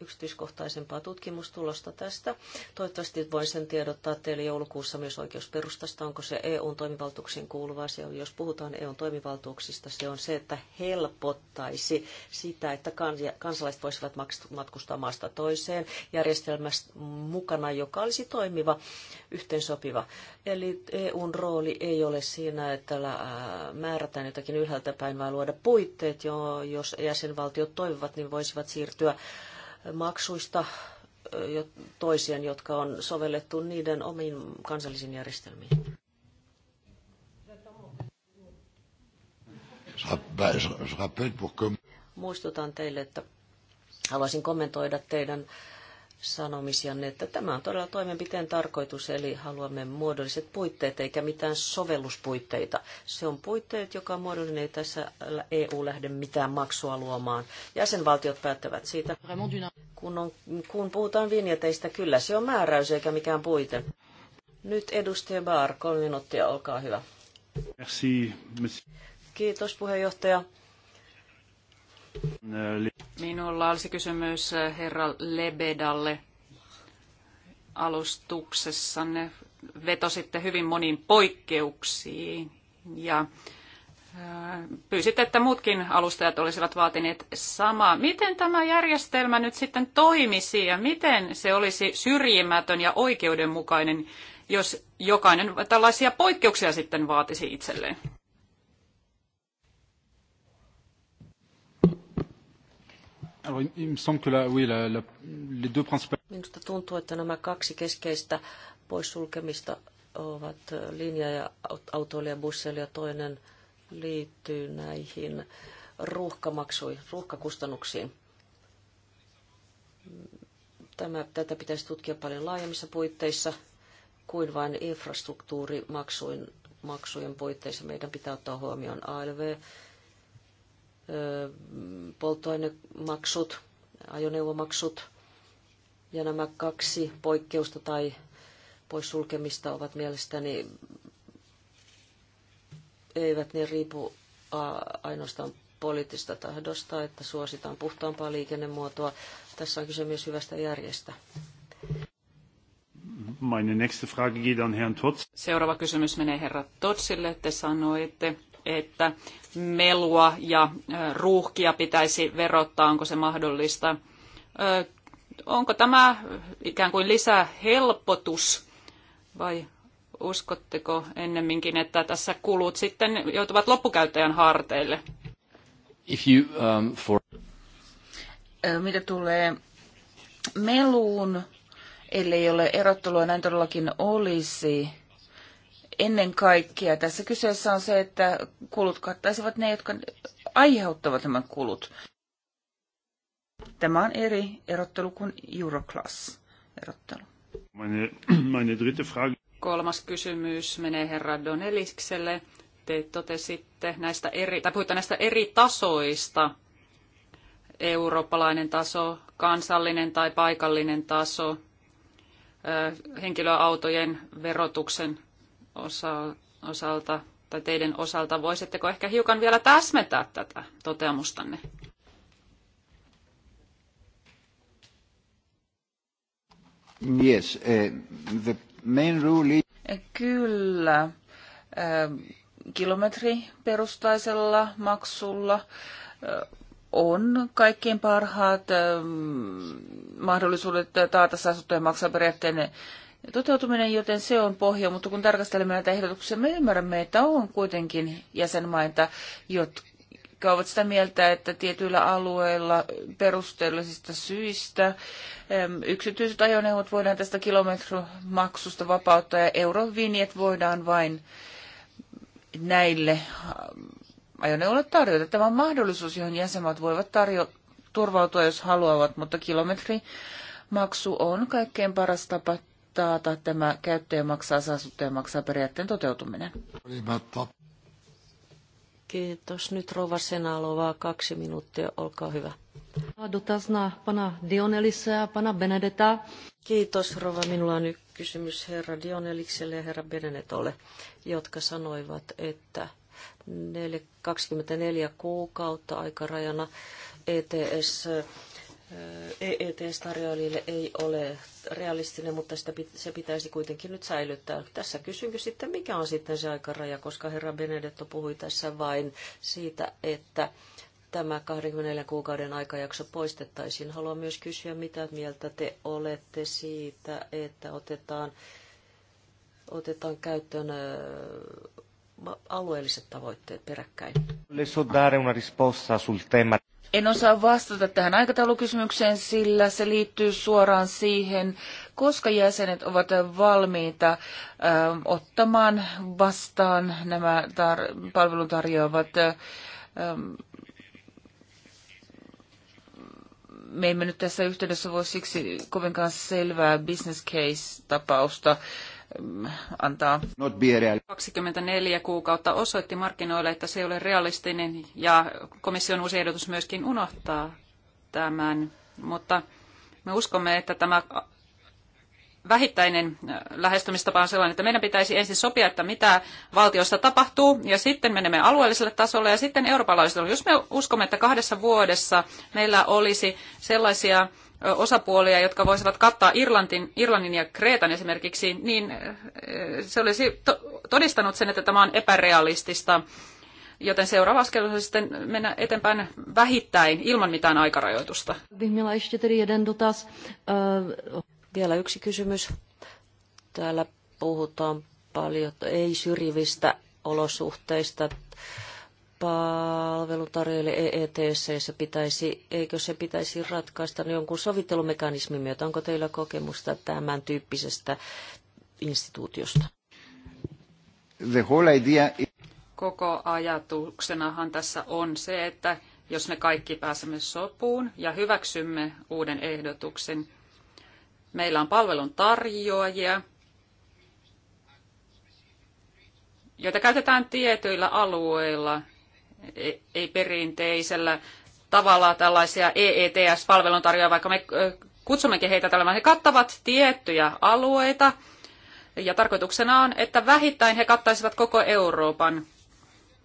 yksityiskohtaisempaa tutkimustulosta tästä. Toivottavasti voin sen tiedottaa teille joulukuussa myös oikeusperustasta, onko se eu toimivaltuuksiin kuuluva asia. Jos puhutaan eu toimivaltuuksista, se on se, että helpottaisi sitä, että kansalaiset voisivat matkustaa maasta toiseen järjestelmästä mukana, joka olisi toimiva, yhteensopiva. Eli EUn rooli ei ole siinä, että määrätään jotakin ylhäältä päin, vaan luoda puitteet, jos jäsenvaltiot toivovat toimivat, niin voisivat siirtyä maksuista toisien, jotka on sovellettu niiden omiin kansallisiin järjestelmiin. Muistutan teille, että haluaisin kommentoida teidän sanomisianne, että tämä on todella toimenpiteen tarkoitus, eli haluamme muodolliset puitteet eikä mitään sovelluspuitteita. Se on puitteet, joka on muodollinen, ei tässä EU lähde mitään maksua luomaan. Jäsenvaltiot päättävät siitä. Kun, on, kun puhutaan vinjeteistä, kyllä se on määräys eikä mikään puite. Nyt edustaja Baar, kolme minuuttia, olkaa hyvä. Merci, Kiitos puheenjohtaja. Minulla olisi kysymys eh, herra Lebedalle. Alustuksessanne vetositte hyvin moniin poikkeuksiin ja eh, pyysitte, että muutkin alustajat olisivat vaatineet samaa. Miten tämä järjestelmä nyt sitten toimisi ja miten se olisi syrjimätön ja oikeudenmukainen, jos jokainen tällaisia poikkeuksia sitten vaatisi itselleen? Minusta tuntuu, että nämä kaksi keskeistä poissulkemista ovat linja- ja autoilijabusseilla toinen liittyy näihin ruuhkamaksuihin, ruuhkakustannuksiin. Tämä, tätä pitäisi tutkia paljon laajemmissa puitteissa kuin vain infrastruktuurimaksujen maksujen puitteissa. Meidän pitää ottaa huomioon ALV, polttoainemaksut, ajoneuvomaksut ja nämä kaksi poikkeusta tai poissulkemista ovat mielestäni eivät ne riipu ainoastaan poliittista tahdosta, että suositaan puhtaampaa liikennemuotoa. Tässä on kyse myös hyvästä järjestä. Seuraava kysymys menee herra Totsille. Te sanoitte, että melua ja ruuhkia pitäisi verottaa, onko se mahdollista. Onko tämä ikään kuin lisää helpotus vai uskotteko ennemminkin, että tässä kulut sitten joutuvat loppukäyttäjän harteille? If you, um, for... Mitä tulee meluun, ellei ole erottelua, näin todellakin olisi ennen kaikkea tässä kyseessä on se, että kulut kattaisivat ne, jotka aiheuttavat nämä kulut. Tämä on eri erottelu kuin Euroclass-erottelu. Meine, meine dritte Frage. Kolmas kysymys menee herra Donelikselle. Te totesitte näistä eri, tai puhutte näistä eri tasoista. Eurooppalainen taso, kansallinen tai paikallinen taso, henkilöautojen verotuksen osa, osalta tai teidän osalta. Voisitteko ehkä hiukan vielä täsmentää tätä toteamustanne? Yes, uh, the main rule is... Eh, kyllä. Uh, kilometriperustaisella maksulla uh, on kaikkein parhaat mahdollisuudet taata saastuttujen uh, toteutuminen, joten se on pohja, mutta kun tarkastelemme näitä ehdotuksia, me ymmärrämme, että on kuitenkin jäsenmaita, jotka ovat sitä mieltä, että tietyillä alueilla perusteellisista syistä yksityiset ajoneuvot voidaan tästä kilometrimaksusta vapauttaa ja eurovinjet voidaan vain näille ajoneuvolle tarjota. Tämä on mahdollisuus, johon jäsenmaat voivat tarjo- turvautua, jos haluavat, mutta kilometrimaksu maksu on kaikkein paras tapa taata tämä käyttäjä maksaa, saastuttaja maksaa periaatteen toteutuminen. Kiitos. Nyt Rova Senalovaa kaksi minuuttia. Olkaa hyvä. Dotaz pana Dionelissa ja pana Benedetta. Kiitos Rova. Minulla on nyt kysymys herra Dionelikselle ja herra Benedetolle, jotka sanoivat, että 24 kuukautta aikarajana ETS EET-tarjoajille ei ole realistinen, mutta sitä, se pitäisi kuitenkin nyt säilyttää. Tässä kysynkö sitten, mikä on sitten se aikaraja, koska herra Benedetto puhui tässä vain siitä, että tämä 24 kuukauden aikajakso poistettaisiin. Haluan myös kysyä, mitä mieltä te olette siitä, että otetaan, otetaan käyttöön alueelliset tavoitteet peräkkäin. En osaa vastata tähän aikataulukysymykseen, sillä se liittyy suoraan siihen, koska jäsenet ovat valmiita ö, ottamaan vastaan nämä tar- palveluntarjoavat ö, me emme nyt tässä yhteydessä voi siksi kovinkaan selvää business case-tapausta antaa 24 kuukautta osoitti markkinoille, että se ei ole realistinen ja komission uusi ehdotus myöskin unohtaa tämän. Mutta me uskomme, että tämä vähittäinen äh, lähestymistapa on sellainen, että meidän pitäisi ensin sopia, että mitä valtiossa tapahtuu, ja sitten menemme alueelliselle tasolle ja sitten eurooppalaiselle. Jos me uskomme, että kahdessa vuodessa meillä olisi sellaisia osapuolia, jotka voisivat kattaa Irlantin, Irlannin ja Kreetan esimerkiksi, niin se olisi to- todistanut sen, että tämä on epärealistista. Joten seuraava askel on sitten mennä eteenpäin vähittäin ilman mitään aikarajoitusta. Vielä yksi kysymys. Täällä puhutaan paljon ei syrjivistä olosuhteista palveluntarjoajille EETC, pitäisi, eikö se pitäisi ratkaista niin jonkun sovittelumekanismin myötä? Onko teillä kokemusta tämän tyyppisestä instituutiosta? The whole idea... Koko ajatuksenahan tässä on se, että jos me kaikki pääsemme sopuun ja hyväksymme uuden ehdotuksen, meillä on palvelun tarjoajia, joita käytetään tietyillä alueilla ei perinteisellä tavalla tällaisia EETS-palveluntarjoajia, vaikka me kutsummekin heitä tällä he kattavat tiettyjä alueita, ja tarkoituksena on, että vähittäin he kattaisivat koko Euroopan.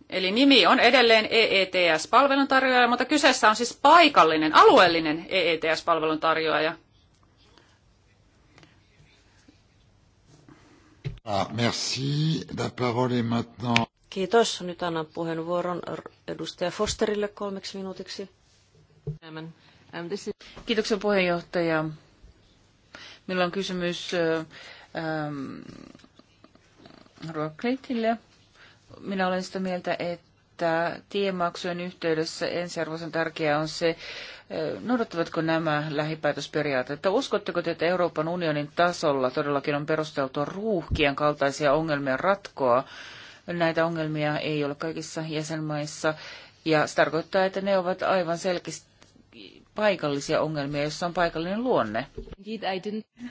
Eli nimi on edelleen EETS-palveluntarjoaja, mutta kyseessä on siis paikallinen, alueellinen EETS-palveluntarjoaja. Ah, merci. La parole est maintenant. Kiitos. Nyt annan puheenvuoron edustaja Fosterille kolmeksi minuutiksi. Kiitoksia puheenjohtaja. Minulla on kysymys ähm, Minä olen sitä mieltä, että tiemaksujen yhteydessä ensiarvoisen tärkeää on se, noudattavatko nämä lähipäätösperiaatteet? Uskotteko te, että Euroopan unionin tasolla todellakin on perusteltua ruuhkien kaltaisia ongelmia ratkoa? näitä ongelmia ei ole kaikissa jäsenmaissa. Ja se tarkoittaa, että ne ovat aivan selkeästi paikallisia ongelmia, joissa on paikallinen luonne.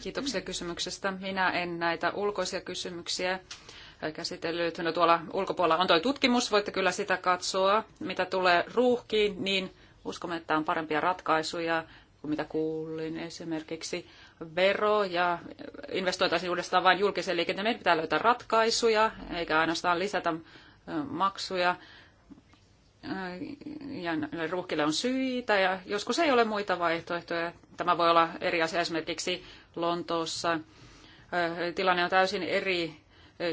Kiitoksia kysymyksestä. Minä en näitä ulkoisia kysymyksiä käsitellyt. No tuolla ulkopuolella on tuo tutkimus, voitte kyllä sitä katsoa. Mitä tulee ruuhkiin, niin uskomme, että on parempia ratkaisuja kuin mitä kuulin esimerkiksi vero ja investoitaisiin uudestaan vain julkiseen liikenteeseen. Meidän pitää löytää ratkaisuja, eikä ainoastaan lisätä maksuja. Ja ruuhkille on syitä ja joskus ei ole muita vaihtoehtoja. Tämä voi olla eri asia esimerkiksi Lontoossa. Tilanne on täysin eri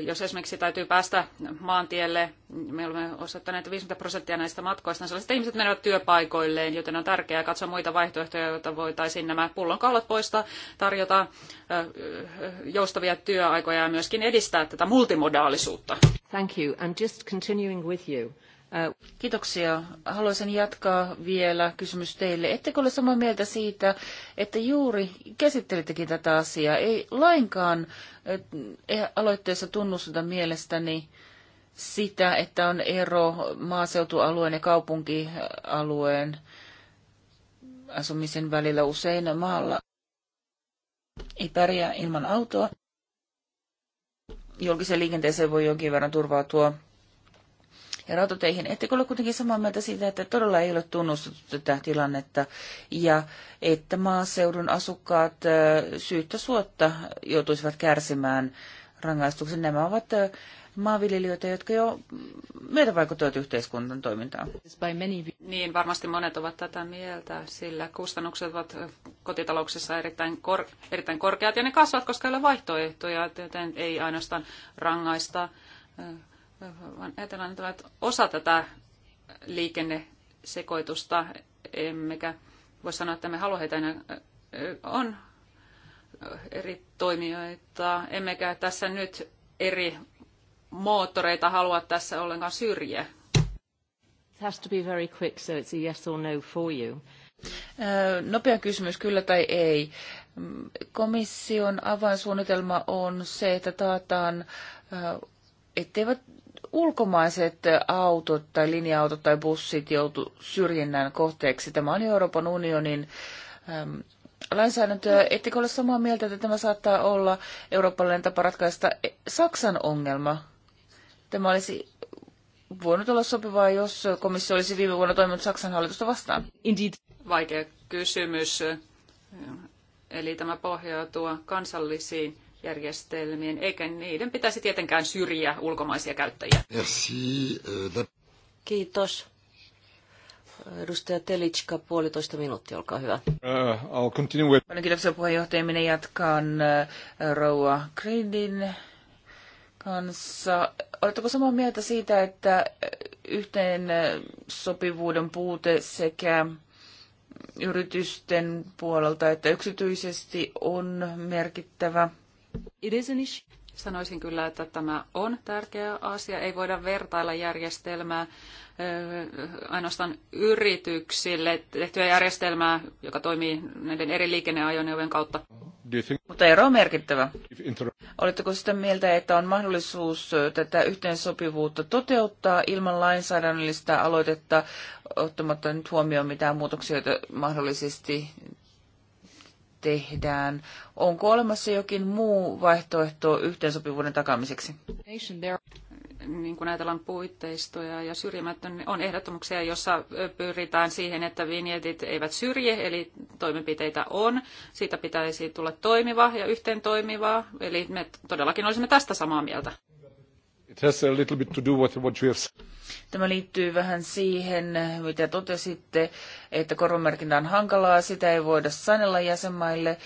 jos esimerkiksi täytyy päästä maantielle, me olemme osoittaneet, että 50 prosenttia näistä matkoista on sellaiset, ihmiset menevät työpaikoilleen, joten on tärkeää katsoa muita vaihtoehtoja, joita voitaisiin nämä pullonkaulat poistaa, tarjota joustavia työaikoja ja myöskin edistää tätä multimodaalisuutta. Thank you. I'm just continuing with you. Kiitoksia. Haluaisin jatkaa vielä kysymys teille. Ettekö ole samaa mieltä siitä, että juuri käsittelittekin tätä asiaa? Ei lainkaan eh, eh, aloitteessa tunnusteta mielestäni sitä, että on ero maaseutualueen ja kaupunkialueen asumisen välillä usein maalla. Ei pärjää ilman autoa. Julkisen liikenteeseen voi jonkin verran turvautua ja rautateihin. Ettekö ole kuitenkin samaa mieltä siitä, että todella ei ole tunnustettu tätä tilannetta ja että maaseudun asukkaat syyttä suotta joutuisivat kärsimään rangaistuksen? Nämä ovat maanviljelijöitä, jotka jo myötä vaikuttavat yhteiskunnan toimintaan. Niin, varmasti monet ovat tätä mieltä, sillä kustannukset ovat kotitalouksissa erittäin, kor- erittäin korkeat ja ne kasvavat, koska ei ole vaihtoehtoja, joten ei ainoastaan rangaista vaan ajatellaan, että osa tätä liikennesekoitusta, emmekä voi sanoa, että me haluamme heitä enää. On eri toimijoita, emmekä tässä nyt eri moottoreita halua tässä ollenkaan syrjiä. It has to be very quick, so it's a yes or no for you. Nopea kysymys, kyllä tai ei. Komission avainsuunnitelma on se, että taataan, etteivät ulkomaiset autot tai linja-autot tai bussit joutu syrjinnän kohteeksi. Tämä on Euroopan unionin äm, lainsäädäntöä. Ettekö ole samaa mieltä, että tämä saattaa olla eurooppalainen tapa ratkaista e, Saksan ongelma? Tämä olisi voinut olla sopivaa, jos komissio olisi viime vuonna toiminut Saksan hallitusta vastaan. Indeed. Vaikea kysymys. Eli tämä pohjautuu kansallisiin järjestelmien, eikä niiden pitäisi tietenkään syrjiä ulkomaisia käyttäjiä. Merci. Euh, Kiitos. Edustaja Telitska, puolitoista minuuttia, olkaa hyvä. Uh, I'll continue with... Paljon kiitoksia puheenjohtaja. Minä jatkan uh, Rouva Gridin kanssa. Oletteko samaa mieltä siitä, että uh, yhteen uh, sopivuuden puute sekä yritysten puolelta että yksityisesti on merkittävä It is an issue. Sanoisin kyllä, että tämä on tärkeä asia. Ei voida vertailla järjestelmää eh, ainoastaan yrityksille tehtyä järjestelmää, joka toimii näiden eri liikenneajoneuvojen kautta. Mutta ero on merkittävä. Oletteko sitä mieltä, että on mahdollisuus eh, tätä yhteensopivuutta toteuttaa ilman lainsäädännöllistä aloitetta, ottamatta nyt huomioon mitään muutoksia, joita mahdollisesti tehdään. Onko olemassa jokin muu vaihtoehto yhteensopivuuden takaamiseksi? Niin kuin ajatellaan puitteistoja ja syrjimätön, on ehdottomuksia, jossa pyritään siihen, että vinjetit eivät syrje, eli toimenpiteitä on. Siitä pitäisi tulla toimiva ja yhteen toimivaa, eli me todellakin olisimme tästä samaa mieltä. Tämä liittyy vähän siihen, mitä totesitte, että korvamerkintä on hankalaa, sitä ei voida sanella jäsenmaille.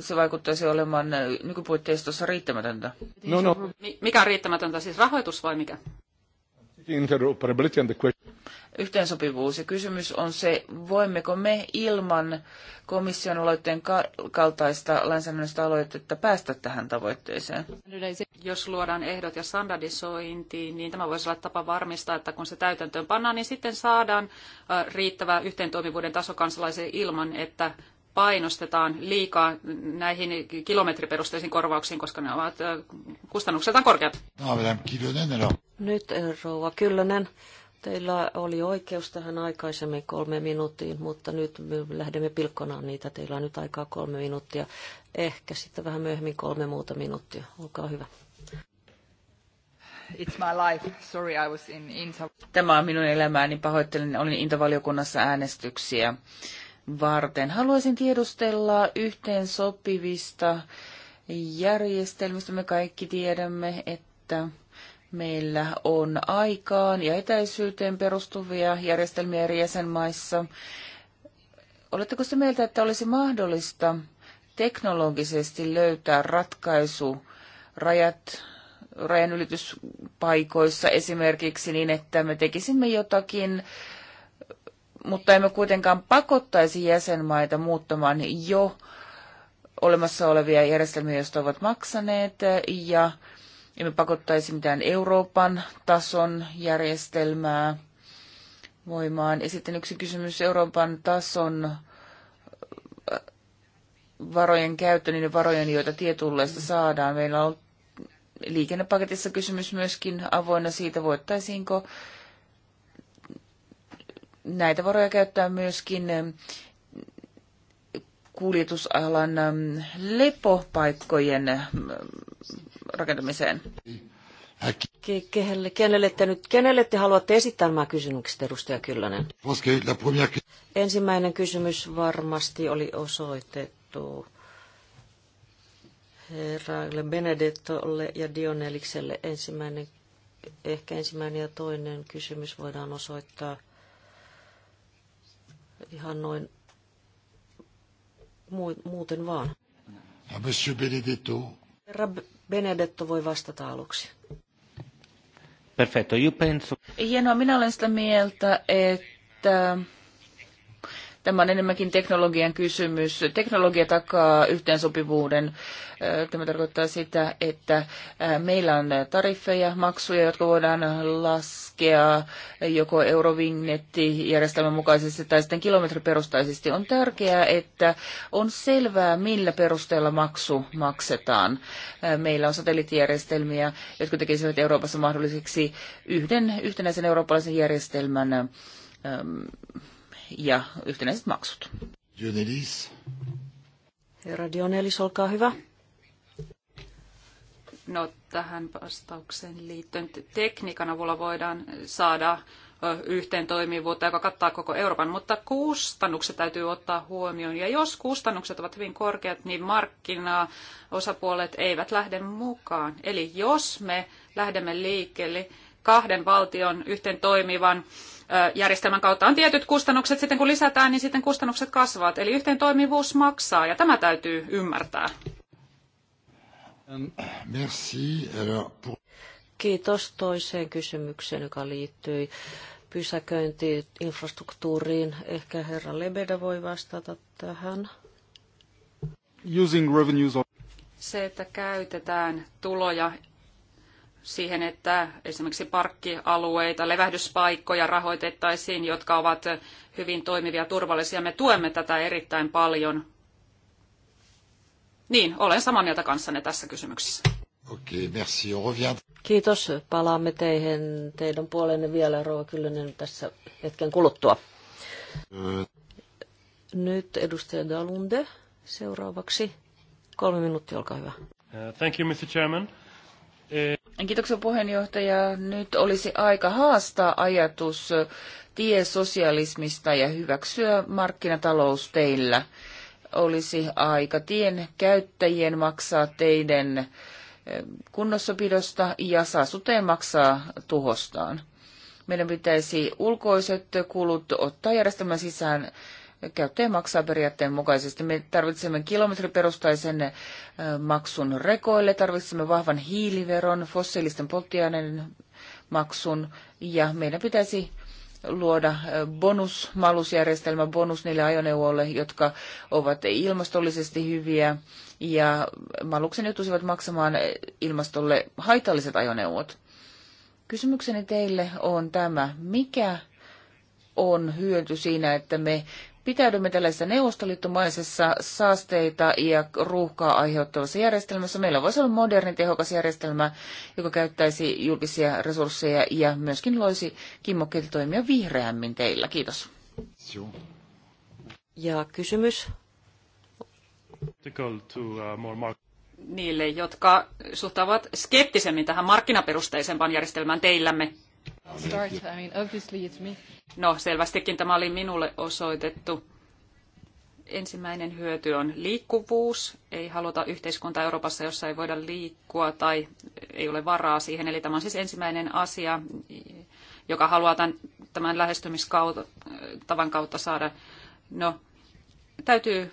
Se vaikuttaisi olemaan nykypuitteistossa riittämätöntä. No, no. Mikä on riittämätöntä, siis rahoitus vai mikä? interoperability and the question. Yhteensopivuus ja kysymys on se, voimmeko me ilman komission aloitteen kaltaista lainsäädännöstä aloitetta päästä tähän tavoitteeseen? Jos luodaan ehdot ja standardisointi, niin tämä voisi olla tapa varmistaa, että kun se täytäntöön pannaan, niin sitten saadaan äh, riittävä yhteentoimivuuden taso kansalaisille ilman, että painostetaan liikaa näihin kilometriperusteisiin korvauksiin, koska ne ovat kustannukseltaan korkeat. No, nyt rouva Kyllönen, teillä oli oikeus tähän aikaisemmin kolme minuuttiin, mutta nyt me lähdemme pilkkonaan niitä. Teillä on nyt aikaa kolme minuuttia, ehkä sitten vähän myöhemmin kolme muuta minuuttia. Olkaa hyvä. It's my life. Sorry, I was in Tämä on minun elämääni. Pahoittelen, olin Intavaliokunnassa äänestyksiä varten. Haluaisin tiedustella yhteen sopivista järjestelmistä. Me kaikki tiedämme, että meillä on aikaan ja etäisyyteen perustuvia järjestelmiä eri jäsenmaissa. Oletteko se mieltä, että olisi mahdollista teknologisesti löytää ratkaisu rajat rajanylityspaikoissa esimerkiksi niin, että me tekisimme jotakin mutta emme kuitenkaan pakottaisi jäsenmaita muuttamaan jo olemassa olevia järjestelmiä, joista ovat maksaneet, ja emme pakottaisi mitään Euroopan tason järjestelmää voimaan. Ja sitten yksi kysymys Euroopan tason äh, varojen käyttö, niiden varojen, joita tietulleista saadaan. Meillä on liikennepaketissa kysymys myöskin avoinna siitä, voittaisiinko näitä varoja käyttää myöskin eh, kuljetusalan eh, lepopaikkojen eh, rakentamiseen. Ke- kehelle, kenelle, te nyt, kenelle te haluatte esittää nämä kysymykset, edustaja Kyllönen? Ensimmäinen kysymys varmasti oli osoitettu herraille Benedettolle ja Dionelikselle. Ensimmäinen, ehkä ensimmäinen ja toinen kysymys voidaan osoittaa – ihan noin muuten vaan. Ah, Monsieur Benedetto. Herra Benedetto voi vastata aluksi. Perfetto, io penso. Hienoa, minä olen sitä mieltä, että Tämä on enemmänkin teknologian kysymys. Teknologia takaa yhteensopivuuden. Tämä tarkoittaa sitä, että meillä on tariffeja, maksuja, jotka voidaan laskea joko Eurovignetti-järjestelmän mukaisesti tai sitten kilometriperustaisesti. On tärkeää, että on selvää, millä perusteella maksu maksetaan. Meillä on satelliittijärjestelmiä, jotka tekisivät Euroopassa mahdolliseksi yhden yhtenäisen eurooppalaisen järjestelmän ja yhtenäiset maksut. Dionelis. Herra Dionelis, olkaa hyvä. No, tähän vastaukseen liittyen tekniikan avulla voidaan saada yhteen toimivuutta, joka kattaa koko Euroopan, mutta kustannukset täytyy ottaa huomioon. Ja jos kustannukset ovat hyvin korkeat, niin osapuolet eivät lähde mukaan. Eli jos me lähdemme liikkeelle kahden valtion yhteen toimivan järjestelmän kautta on tietyt kustannukset, sitten kun lisätään, niin sitten kustannukset kasvavat. Eli yhteen toimivuus maksaa, ja tämä täytyy ymmärtää. Ähm, Kiitos toiseen kysymykseen, joka liittyy pysäköintiinfrastruktuuriin. Ehkä herra Lebeda voi vastata tähän. Using revenues Se, että käytetään tuloja siihen, että esimerkiksi parkkialueita, levähdyspaikkoja rahoitettaisiin, jotka ovat hyvin toimivia ja turvallisia. Me tuemme tätä erittäin paljon. Niin, olen samaa mieltä kanssanne tässä kysymyksessä. Okei, merci. Kiitos. Palaamme teihin, teidän puolenne vielä, Rova Kyllönen, tässä hetken kuluttua. Nyt edustaja Dalunde seuraavaksi. Kolme minuuttia, olkaa hyvä. Uh, thank you, Mr. Chairman. Kiitoksia puheenjohtaja. Nyt olisi aika haastaa ajatus tie sosialismista ja hyväksyä markkinatalous teillä. Olisi aika tien käyttäjien maksaa teidän eh, kunnossapidosta ja saastuteen maksaa tuhostaan. Meidän pitäisi ulkoiset kulut ottaa järjestelmän sisään käyttäjä maksaa periaatteen mukaisesti. Me tarvitsemme kilometriperustaisen maksun rekoille, tarvitsemme vahvan hiiliveron, fossiilisten polttiaineiden maksun ja meidän pitäisi luoda bonusmalusjärjestelmä, bonus niille ajoneuvoille, jotka ovat ilmastollisesti hyviä ja maluksen joutuisivat maksamaan ilmastolle haitalliset ajoneuvot. Kysymykseni teille on tämä, mikä on hyöty siinä, että me pitäydymme tällaisessa neuvostoliittomaisessa saasteita ja ruuhkaa aiheuttavassa järjestelmässä. Meillä voisi olla moderni, tehokas järjestelmä, joka käyttäisi julkisia resursseja ja myöskin loisi kimmokkeita toimia vihreämmin teillä. Kiitos. Ja kysymys? Uh, Niille, jotka suhtautuvat skeptisemmin tähän markkinaperusteisempaan järjestelmään teillämme, Start, I mean, obviously it's me. No, selvästikin tämä oli minulle osoitettu. Ensimmäinen hyöty on liikkuvuus. Ei haluta yhteiskuntaa Euroopassa, jossa ei voida liikkua tai ei ole varaa siihen. Eli tämä on siis ensimmäinen asia, joka haluaa tämän, tämän lähestymistavan kautta saada. No, täytyy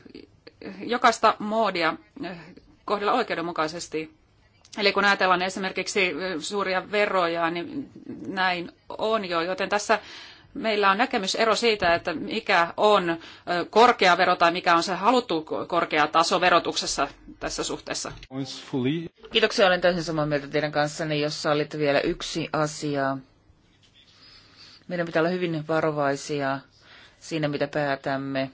jokaista moodia kohdella oikeudenmukaisesti. Eli kun ajatellaan esimerkiksi suuria veroja, niin näin on jo, joten tässä meillä on näkemysero siitä, että mikä on korkea vero tai mikä on se haluttu korkea taso verotuksessa tässä suhteessa. Kiitoksia, olen täysin samaa mieltä teidän kanssanne, jos sallitte vielä yksi asia. Meidän pitää olla hyvin varovaisia siinä, mitä päätämme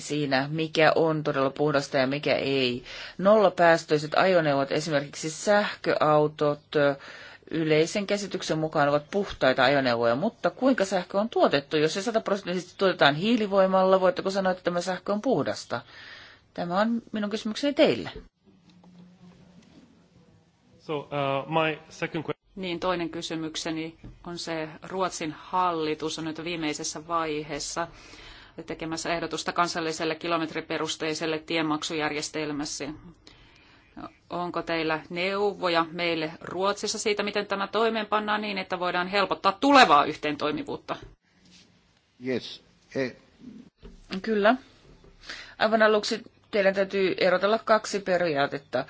siinä, mikä on todella puhdasta ja mikä ei. Nollapäästöiset ajoneuvot, esimerkiksi sähköautot, yleisen käsityksen mukaan ovat puhtaita ajoneuvoja, mutta kuinka sähkö on tuotettu? Jos se sataprosenttisesti tuotetaan hiilivoimalla, voitteko sanoa, että tämä sähkö on puhdasta? Tämä on minun kysymykseni teille. So, uh, my second question. Niin, toinen kysymykseni on se, Ruotsin hallitus on nyt viimeisessä vaiheessa tekemässä ehdotusta kansalliselle kilometriperusteiselle tiemaksujärjestelmässä. Onko teillä neuvoja meille Ruotsissa siitä, miten tämä toimeenpannaan niin, että voidaan helpottaa tulevaa yhteentoimivuutta? Yes. Eh. Kyllä. Aivan aluksi teidän täytyy erotella kaksi periaatetta.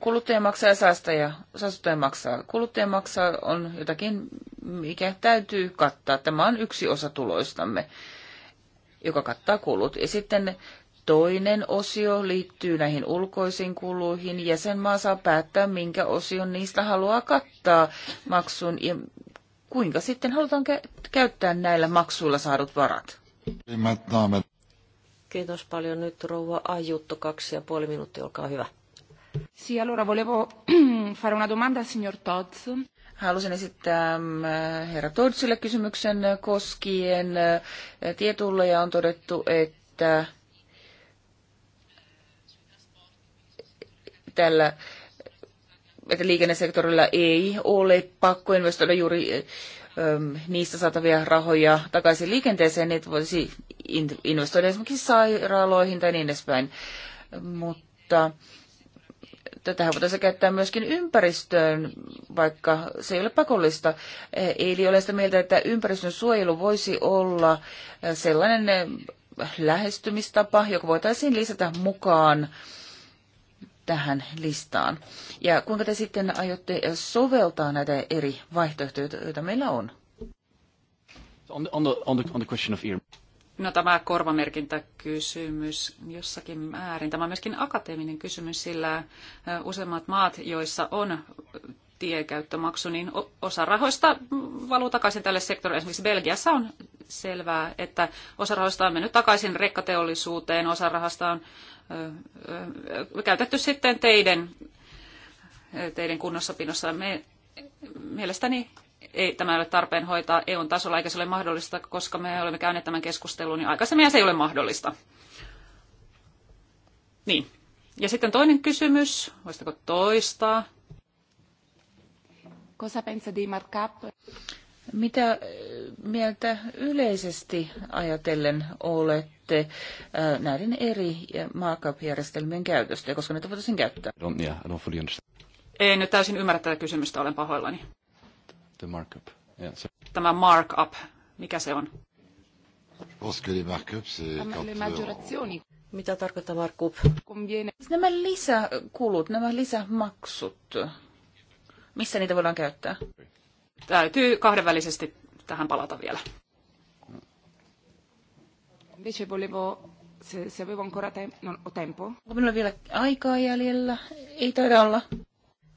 Kuluttaja maksaa ja säästäjä, saastuttaja maksaa. Kuluttaja maksaa on jotakin, mikä täytyy kattaa. Tämä on yksi osa tuloistamme joka kattaa kulut. Ja sitten toinen osio liittyy näihin ulkoisiin kuluihin. Jäsenmaa saa päättää, minkä osion niistä haluaa kattaa maksun ja kuinka sitten halutaan kä- käyttää näillä maksuilla saadut varat. Kiitos paljon. Nyt rouva Ajutto, kaksi ja puoli minuuttia, olkaa hyvä. Sì, allora volevo fare una domanda al signor Todds. Halusin esittää ähm, herra Todsille kysymyksen koskien äh, tietulleja. On todettu, että tällä että liikennesektorilla ei ole pakko investoida juuri äm, niistä saatavia rahoja takaisin liikenteeseen, niin että voisi investoida esimerkiksi sairaaloihin tai niin edespäin. Mutta tätä voitaisiin käyttää myöskin ympäristöön, vaikka se ei ole pakollista. Eli olen sitä mieltä, että ympäristön suojelu voisi olla sellainen lähestymistapa, joka voitaisiin lisätä mukaan tähän listaan. Ja kuinka te sitten aiotte soveltaa näitä eri vaihtoehtoja, joita meillä on? On the, on the, on the question of No tämä korvamerkintäkysymys jossakin määrin. Tämä on myöskin akateeminen kysymys, sillä useimmat maat, joissa on tiekäyttömaksu, niin osa rahoista valuu takaisin tälle sektorille. Esimerkiksi Belgiassa on selvää, että osa rahoista on mennyt takaisin rekkateollisuuteen, osa rahasta on käytetty sitten teiden, teiden kunnossapinossa. Me, mielestäni ei tämä ole tarpeen hoitaa EUn tasolla, eikä se ole mahdollista, koska me olemme käyneet tämän keskustelun niin aikaisemmin ja se ei ole mahdollista. Niin. Ja sitten toinen kysymys, voisitko toistaa? Cosa pensa di Mitä eh, mieltä yleisesti ajatellen olette eh, näiden eri eh, markup-järjestelmien käytöstä, koska niitä voitaisiin käyttää? No, ei nyt täysin ymmärrä tätä kysymystä, olen pahoillani. The markup. Yeah, so. Tämä markup, mikä se on? Mitä tarkoittaa markup? Siis nämä lisäkulut, nämä lisämaksut, missä niitä voidaan käyttää? Täytyy kahdenvälisesti tähän palata vielä. Invece volevo, se, se avevo ancora non ho tempo. Onko minulla vielä aikaa jäljellä? Ei taida olla.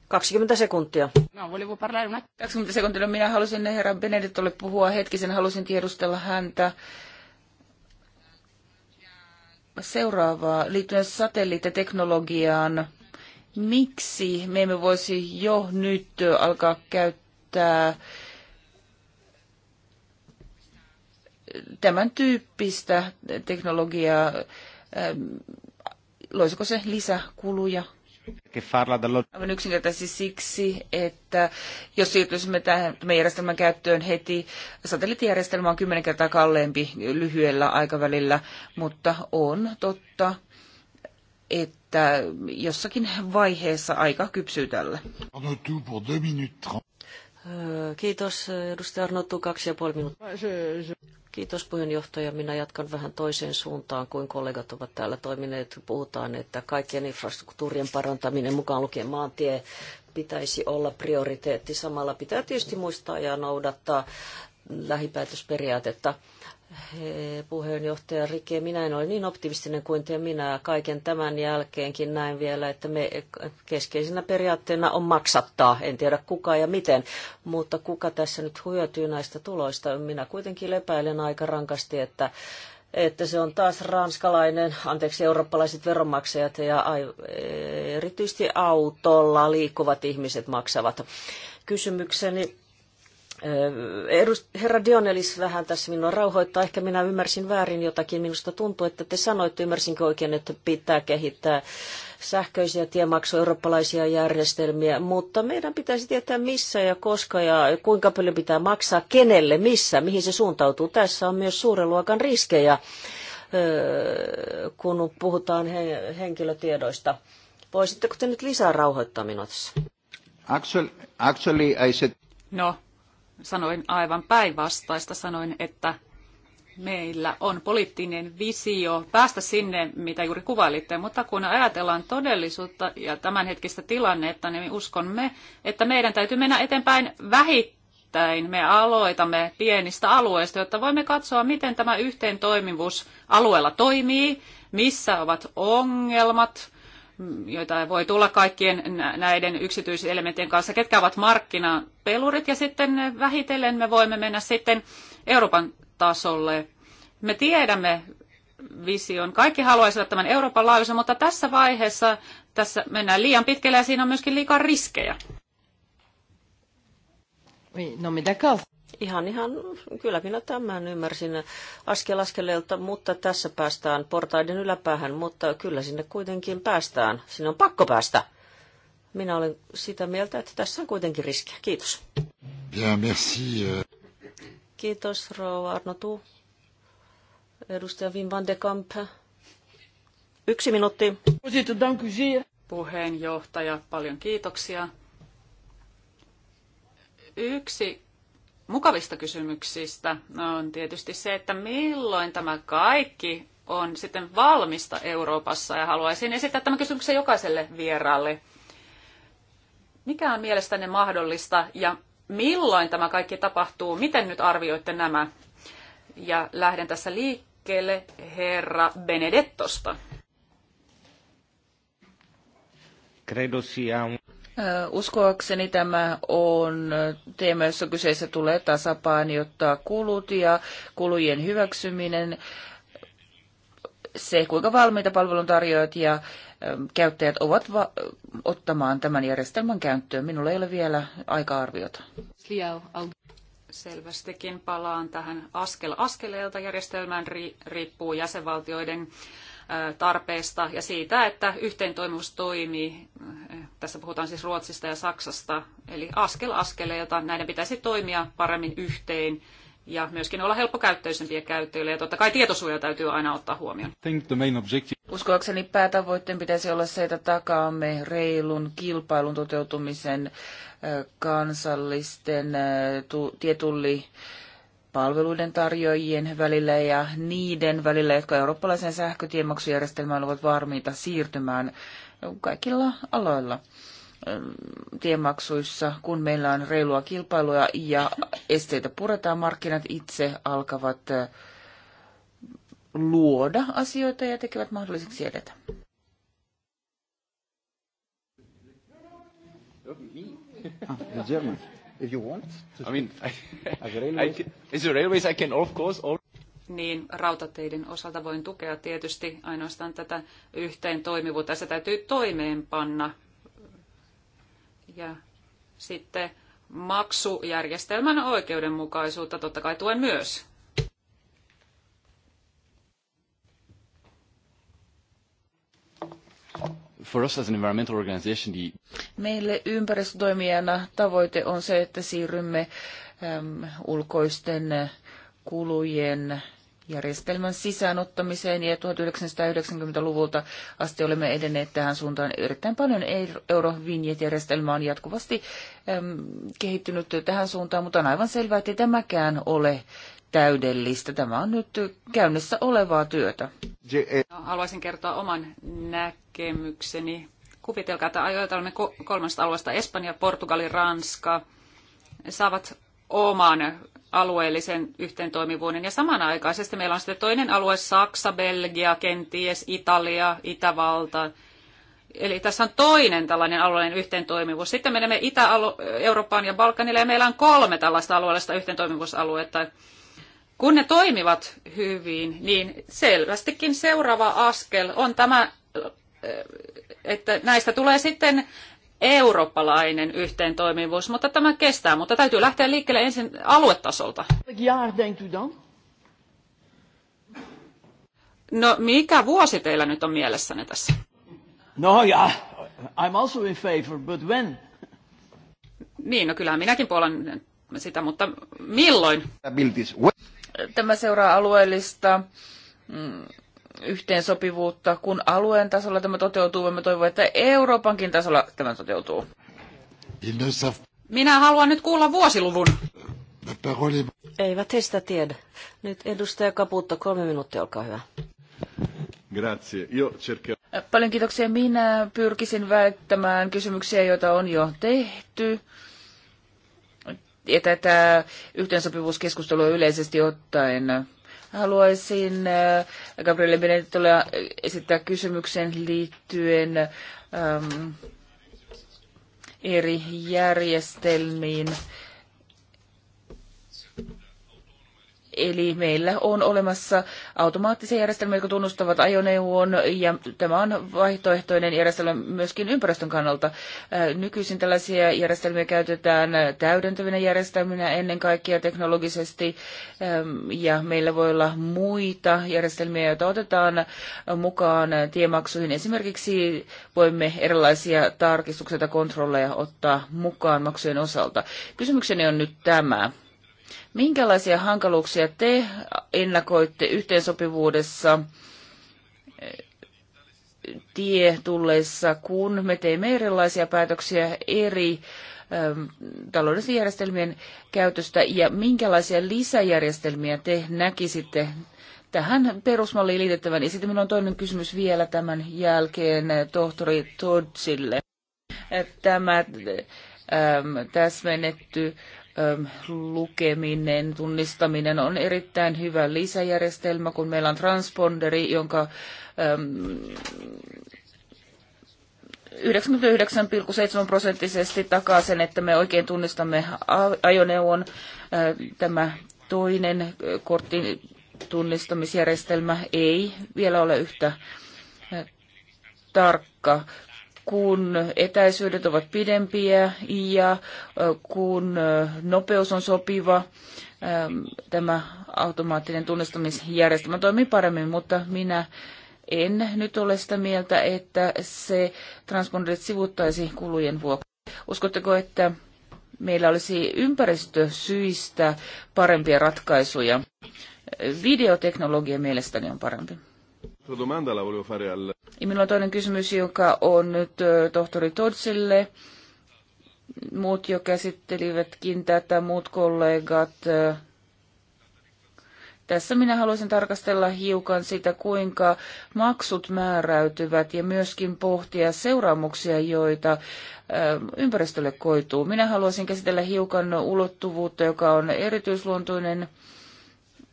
20 sekuntia. No, volevo parlare una... 20 sekuntia. Minä halusin eh, herra Benedettolle puhua hetkisen. Halusin tiedustella häntä seuraavaa liittyen satelliittiteknologiaan. Miksi me emme voisi jo nyt alkaa käyttää tämän tyyppistä teknologiaa? Loisiko se lisäkuluja Aivan yksinkertaisesti siksi, että jos siirtyisimme tähän tämän järjestelmän käyttöön heti, satelliittijärjestelmä on kymmenen kertaa kalleempi lyhyellä aikavälillä, mutta on totta, että jossakin vaiheessa aika kypsyy tälle. Kiitos, edustaja Arnottu, kaksi ja puoli minuuttia. Kiitos puheenjohtaja. Minä jatkan vähän toiseen suuntaan kuin kollegat ovat täällä toimineet. Puhutaan, että kaikkien infrastruktuurien parantaminen mukaan lukien maantie pitäisi olla prioriteetti. Samalla pitää tietysti muistaa ja noudattaa lähipäätösperiaatetta puheenjohtaja Rike, minä en ole niin optimistinen kuin te minä. Kaiken tämän jälkeenkin näin vielä, että me keskeisenä periaatteena on maksattaa. En tiedä kuka ja miten, mutta kuka tässä nyt hyötyy näistä tuloista. Minä kuitenkin lepäilen aika rankasti, että että se on taas ranskalainen, anteeksi, eurooppalaiset veronmaksajat ja erityisesti autolla liikkuvat ihmiset maksavat. Kysymykseni Äh, herra Dionelis vähän tässä minua rauhoittaa. Ehkä minä ymmärsin väärin jotakin. Minusta tuntuu, että te sanoitte, ymmärsinkö oikein, että pitää kehittää sähköisiä tiemaksuja, eurooppalaisia järjestelmiä, mutta meidän pitäisi tietää missä ja koska ja kuinka paljon pitää maksaa, kenelle, missä, mihin se suuntautuu. Tässä on myös suuren luokan riskejä, äh, kun puhutaan henkilötiedoista. Voisitteko te nyt lisää rauhoittaa minua tässä? Actually, actually I said... No, Sanoin aivan päinvastaista. Sanoin, että meillä on poliittinen visio päästä sinne, mitä juuri kuvailitte, mutta kun ajatellaan todellisuutta ja tämänhetkistä tilannetta, niin uskomme, että meidän täytyy mennä eteenpäin vähittäin. Me aloitamme pienistä alueista, jotta voimme katsoa, miten tämä yhteen toimivuus alueella toimii, missä ovat ongelmat, joita voi tulla kaikkien näiden yksityiselementtien kanssa, ketkä ovat markkinapelurit, ja sitten vähitellen me voimme mennä sitten Euroopan tasolle. Me tiedämme vision. Kaikki haluaisivat tämän Euroopan laajuisen, mutta tässä vaiheessa tässä mennään liian pitkälle ja siinä on myöskin liikaa riskejä. Oui, non, mais d'accord. Ihan, ihan, kyllä minä tämän ymmärsin askel askeleelta, mutta tässä päästään portaiden yläpäähän, mutta kyllä sinne kuitenkin päästään. Sinne on pakko päästä. Minä olen sitä mieltä, että tässä on kuitenkin riski. Kiitos. Bien, merci. Euh. Kiitos, rouva Arno Tuu. Edustaja Wim van de Kamp. Yksi minuutti. Puheenjohtaja, paljon kiitoksia. Yksi mukavista kysymyksistä no, on tietysti se, että milloin tämä kaikki on sitten valmista Euroopassa ja haluaisin esittää tämän kysymyksen jokaiselle vieraalle. Mikä on mielestäni mahdollista ja milloin tämä kaikki tapahtuu? Miten nyt arvioitte nämä? Ja lähden tässä liikkeelle herra Benedettosta. Credo sia un... Uskoakseni tämä on teema, jossa kyseessä tulee tasapainottaa kulut ja kulujen hyväksyminen, se kuinka valmiita palveluntarjoajat ja käyttäjät ovat ottamaan tämän järjestelmän käyttöön. Minulla ei ole vielä aika-arviota. Selvästikin palaan tähän askel askeleelta. Järjestelmään riippuu jäsenvaltioiden tarpeesta ja siitä, että yhteen toimii tässä puhutaan siis Ruotsista ja Saksasta, eli askel askeleelta näiden pitäisi toimia paremmin yhteen ja myöskin olla helppokäyttöisempiä käyttäjille. Ja totta kai tietosuoja täytyy aina ottaa huomioon. Uskoakseni päätavoitteen pitäisi olla se, että takaamme reilun kilpailun toteutumisen kansallisten tietulli palveluiden tarjoajien välillä ja niiden välillä, jotka eurooppalaisen sähkötiemaksujärjestelmään ovat varmiita siirtymään kaikilla aloilla tiemaksuissa, kun meillä on reilua kilpailua ja esteitä puretaan, markkinat itse alkavat luoda asioita ja tekevät mahdolliseksi edetä. Ah, German. If you want. I mean, I, I, I, as a railways I can of course all niin rautateiden osalta voin tukea tietysti ainoastaan tätä yhteen toimivuutta. Se täytyy toimeenpanna. Ja sitten maksujärjestelmän oikeudenmukaisuutta totta kai tuen myös. For us as an environmental organization, the... Meille ympäristötoimijana tavoite on se, että siirrymme äm, ulkoisten kulujen järjestelmän sisäänottamiseen ja 1990-luvulta asti olemme edenneet tähän suuntaan erittäin paljon. Eurovinjet-järjestelmä on jatkuvasti äm, kehittynyt tähän suuntaan, mutta on aivan selvää, että ei tämäkään ole täydellistä. Tämä on nyt käynnissä olevaa työtä. E- no, haluaisin kertoa oman näkemykseni. Kuvitelkaa, että ajoilta olemme kolmesta alueesta Espanja, Portugali, Ranska saavat oman alueellisen yhteentoimivuuden. Ja samanaikaisesti meillä on sitten toinen alue, Saksa, Belgia, kenties Italia, Itävalta. Eli tässä on toinen tällainen alueellinen yhteentoimivuus. Sitten menemme Itä-Eurooppaan ja Balkanille ja meillä on kolme tällaista alueellista yhteentoimivuusaluetta. Kun ne toimivat hyvin, niin selvästikin seuraava askel on tämä, että näistä tulee sitten eurooppalainen yhteentoimivuus, mutta tämä kestää. Mutta täytyy lähteä liikkeelle ensin aluetasolta. No, mikä vuosi teillä nyt on mielessänne tässä? No ja, I'm also in favor, but when? Niin, no kyllähän minäkin puolen sitä, mutta milloin? Tämä seuraa alueellista mm, yhteensopivuutta, kun alueen tasolla tämä toteutuu, vaan me toivon, että Euroopankin tasolla tämä toteutuu. Minä haluan nyt kuulla vuosiluvun. Eivät he sitä tiedä. Nyt edustaja Kaputta, kolme minuuttia, olkaa hyvä. Grazie. Io cercherò... Paljon kiitoksia. Minä pyrkisin välttämään kysymyksiä, joita on jo tehty. Ja tätä yhteensopivuuskeskustelua yleisesti ottaen Haluaisin äh, Gabriele Benetolle esittää kysymyksen liittyen ähm, eri järjestelmiin Eli meillä on olemassa automaattisia järjestelmiä, jotka tunnustavat ajoneuvon, ja tämä on vaihtoehtoinen järjestelmä myöskin ympäristön kannalta. Äh, nykyisin tällaisia järjestelmiä käytetään täydentävinä järjestelminä ennen kaikkea teknologisesti, ähm, ja meillä voi olla muita järjestelmiä, joita otetaan mukaan tiemaksuihin. Esimerkiksi voimme erilaisia tarkistuksia tai kontrolleja ottaa mukaan maksujen osalta. Kysymykseni on nyt tämä Minkälaisia hankaluuksia te ennakoitte yhteensopivuudessa tie tulleissa, kun me teemme erilaisia päätöksiä eri ähm, taloudellisten järjestelmien käytöstä ja minkälaisia lisäjärjestelmiä te näkisitte tähän perusmalliin liitettävän. Ja sitten minulla on toinen kysymys vielä tämän jälkeen äh, tohtori Todsille. Äh, tämä äm, äh, täsmennetty lukeminen, tunnistaminen on erittäin hyvä lisäjärjestelmä, kun meillä on transponderi, jonka 99,7 prosenttisesti takaa sen, että me oikein tunnistamme ajoneuvon. Tämä toinen kortin tunnistamisjärjestelmä ei vielä ole yhtä tarkka kun etäisyydet ovat pidempiä ja kun nopeus on sopiva, tämä automaattinen tunnistamisjärjestelmä toimii paremmin, mutta minä en nyt ole sitä mieltä, että se transponderit sivuttaisi kulujen vuoksi. Uskotteko, että meillä olisi ympäristösyistä parempia ratkaisuja? Videoteknologia mielestäni on parempi. Minulla on toinen kysymys, joka on nyt tohtori Todsille. Muut jo käsittelivätkin tätä, muut kollegat. Tässä minä haluaisin tarkastella hiukan sitä, kuinka maksut määräytyvät ja myöskin pohtia seuraamuksia, joita ympäristölle koituu. Minä haluaisin käsitellä hiukan ulottuvuutta, joka on erityisluontoinen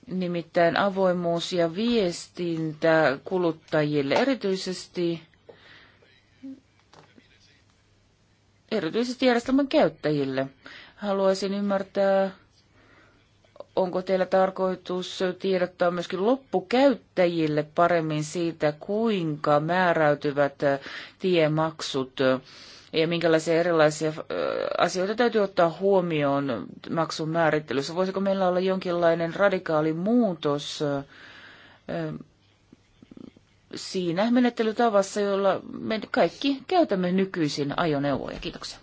nimittäin avoimuus ja viestintä kuluttajille, erityisesti, erityisesti järjestelmän käyttäjille. Haluaisin ymmärtää, onko teillä tarkoitus tiedottaa myöskin loppukäyttäjille paremmin siitä, kuinka määräytyvät tiemaksut ja minkälaisia erilaisia asioita täytyy ottaa huomioon maksun määrittelyssä. Voisiko meillä olla jonkinlainen radikaali muutos siinä menettelytavassa, jolla me kaikki käytämme nykyisin ajoneuvoja? Kiitoksia.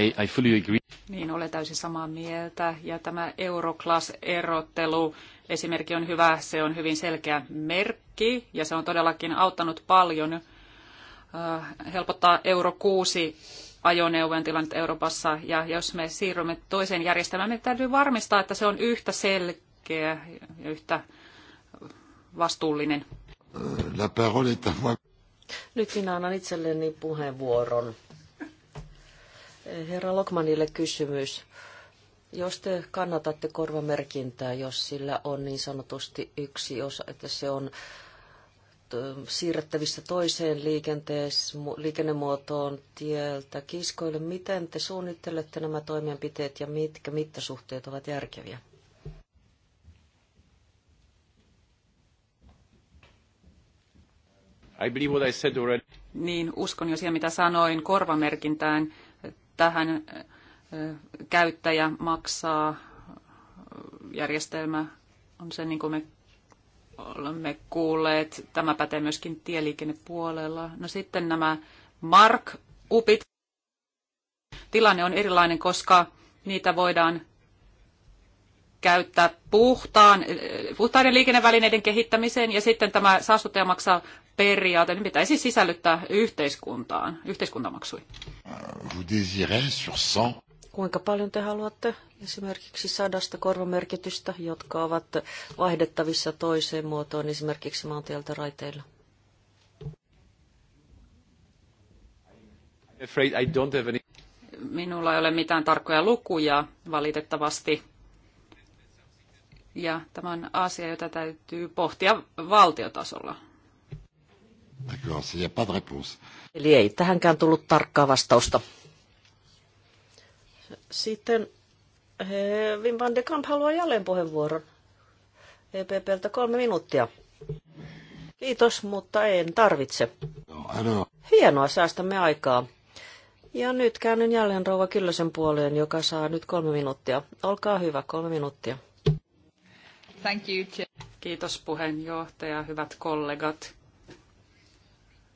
I, I fully agree. Niin, olen täysin samaa mieltä. Ja tämä Euroclass-erottelu esimerkki on hyvä, se on hyvin selkeä merkki ja se on todellakin auttanut paljon – Äh, helpottaa Euro 6 ajoneuvojen tilannetta Euroopassa. Ja jos me siirrymme toiseen järjestelmään, me täytyy varmistaa, että se on yhtä selkeä ja yhtä vastuullinen. La parole est moi. Nyt minä annan itselleni puheenvuoron. Herra Lokmanille kysymys. Jos te kannatatte korvamerkintää, jos sillä on niin sanotusti yksi osa, että se on siirrettävissä toiseen liikennemuotoon tieltä kiskoille. Miten te suunnittelette nämä toimenpiteet ja mitkä mittasuhteet ovat järkeviä? I believe what I said already. Niin, uskon jo siihen, mitä sanoin korvamerkintään. Tähän käyttäjä maksaa järjestelmä on se, niin kuin me olemme kuulleet. Tämä pätee myöskin tieliikennepuolella. No sitten nämä Mark-upit. Tilanne on erilainen, koska niitä voidaan käyttää puhtaan, puhtaiden liikennevälineiden kehittämiseen ja sitten tämä saastuttaja maksaa periaate, niin pitäisi sisällyttää yhteiskuntaan, yhteiskuntamaksui. Vous désirez sur 100? kuinka paljon te haluatte esimerkiksi sadasta korvamerkitystä, jotka ovat vaihdettavissa toiseen muotoon esimerkiksi maantieltä raiteilla? Minulla ei ole mitään tarkkoja lukuja valitettavasti. Ja tämä on asia, jota täytyy pohtia valtiotasolla. Eli ei tähänkään tullut tarkkaa vastausta. Sitten eh, Wim van de Kamp haluaa jälleen puheenvuoron. EPPltä kolme minuuttia. Kiitos, mutta en tarvitse. Hienoa, säästämme aikaa. Ja nyt käännyn jälleen Rouva Kyllösen puoleen, joka saa nyt kolme minuuttia. Olkaa hyvä, kolme minuuttia. Thank you. Kiitos puheenjohtaja, hyvät kollegat.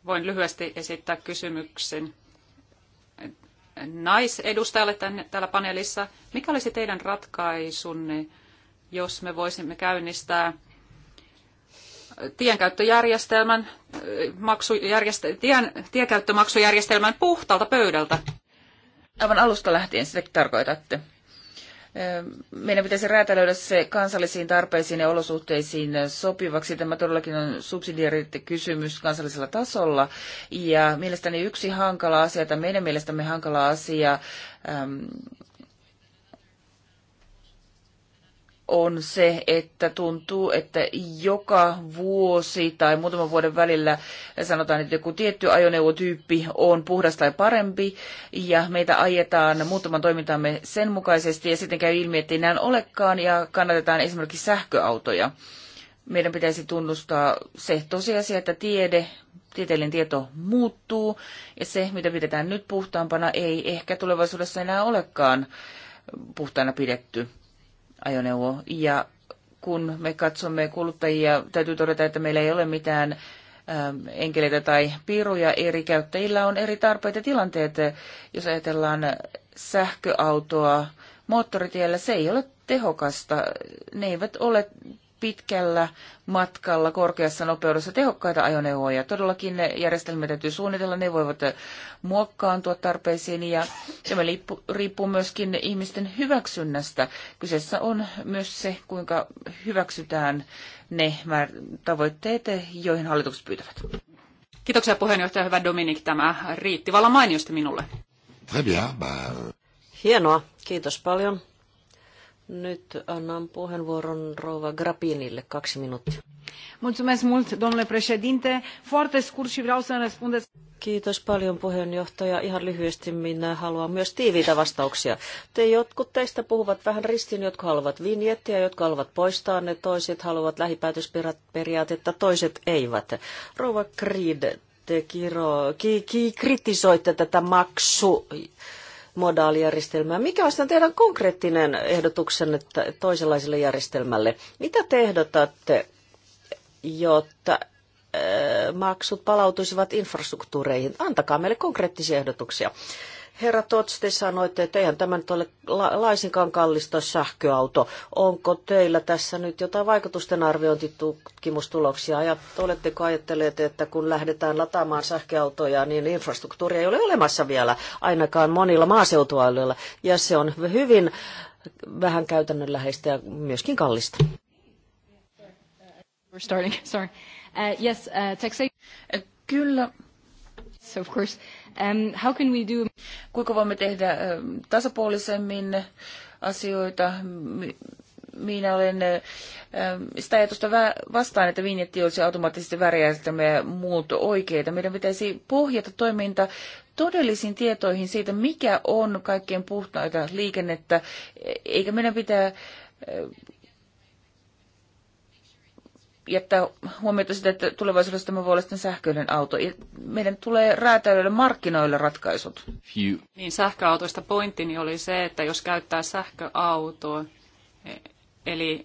Voin lyhyesti esittää kysymyksen naisedustajalle tänne, täällä paneelissa. Mikä olisi teidän ratkaisunne, jos me voisimme käynnistää tienkäyttöjärjestelmän, äh, maksujärjestel, tien, puhtaalta pöydältä? Aivan alusta lähtien sitä tarkoitatte meidän pitäisi räätälöidä se kansallisiin tarpeisiin ja olosuhteisiin sopivaksi. Tämä todellakin on subsidiariteettikysymys kansallisella tasolla. Ja mielestäni yksi hankala asia, tai meidän mielestämme hankala asia, on se, että tuntuu, että joka vuosi tai muutaman vuoden välillä sanotaan, että joku tietty ajoneuvotyyppi on puhdas tai parempi ja meitä ajetaan muutaman toimintamme sen mukaisesti ja sitten käy ilmi, että ei näin olekaan ja kannatetaan esimerkiksi sähköautoja. Meidän pitäisi tunnustaa se tosiasia, että tiede, tieteellinen tieto muuttuu ja se, mitä pidetään nyt puhtaampana, ei ehkä tulevaisuudessa enää olekaan puhtaana pidetty ajoneuvo. Ja kun me katsomme kuluttajia, täytyy todeta, että meillä ei ole mitään ähm, enkeleitä tai piiruja eri käyttäjillä on eri tarpeita, tilanteet. Jos ajatellaan sähköautoa moottoritiellä, se ei ole tehokasta. Ne eivät ole pitkällä matkalla korkeassa nopeudessa tehokkaita ajoneuvoja. Todellakin ne järjestelmät täytyy suunnitella, ne voivat muokkaantua tarpeisiin ja tämä riippuu myöskin ihmisten hyväksynnästä. Kyseessä on myös se, kuinka hyväksytään ne tavoitteet, joihin hallitukset pyytävät. Kiitoksia puheenjohtaja, hyvä Dominik. Tämä riitti vallan mainiosti minulle. bah... Hienoa, kiitos paljon. Nyt annan puheenvuoron rouva Grapinille kaksi minuuttia. Mulțumesc mult, domnule președinte. Foarte scurt și vreau să răspundeți. Kiitos paljon puheenjohtaja. Ihan lyhyesti minä haluan myös tiiviitä vastauksia. Te jotkut teistä puhuvat vähän ristiin, jotka haluavat vinjettiä, jotka haluavat poistaa ne, toiset haluavat lähipäätösperiaatetta, toiset eivät. Rouva Creed, te kiro, ki, ki, kritisoitte tätä maksu modaalijärjestelmää. Mikä olisi teidän konkreettinen ehdotuksenne toisenlaiselle järjestelmälle? Mitä te ehdotatte, jotta äh, maksut palautuisivat infrastruktuureihin? Antakaa meille konkreettisia ehdotuksia. Herra Tots, te sanoitte, että eihän tämä nyt ole laisinkaan kallista sähköauto. Onko teillä tässä nyt jotain vaikutusten arviointitutkimustuloksia? Ja oletteko ajatteleet, että kun lähdetään lataamaan sähköautoja, niin infrastruktuuria ei ole olemassa vielä ainakaan monilla maaseutualueilla. Ja se on hyvin vähän käytännönläheistä ja myöskin kallista. We're starting, sorry. Uh, yes, uh, Kyllä, of course. Um, how can we do... Kuinka voimme tehdä ähm, tasapuolisemmin asioita? Minä olen äh, ähm, sitä ajatusta vastaan, että vinjetti olisi automaattisesti väriäistämme ja muut oikeita. Meidän pitäisi pohjata toiminta todellisiin tietoihin siitä, mikä on kaikkein puhtaita liikennettä, e-, eikä meidän pitää äh, jättää huomiota sitä, että tulevaisuudessa tämä voi olla sitten sähköinen auto. Meidän tulee räätälöidä markkinoille ratkaisut. Phew. Niin sähköautoista pointtini oli se, että jos käyttää sähköautoa, e, eli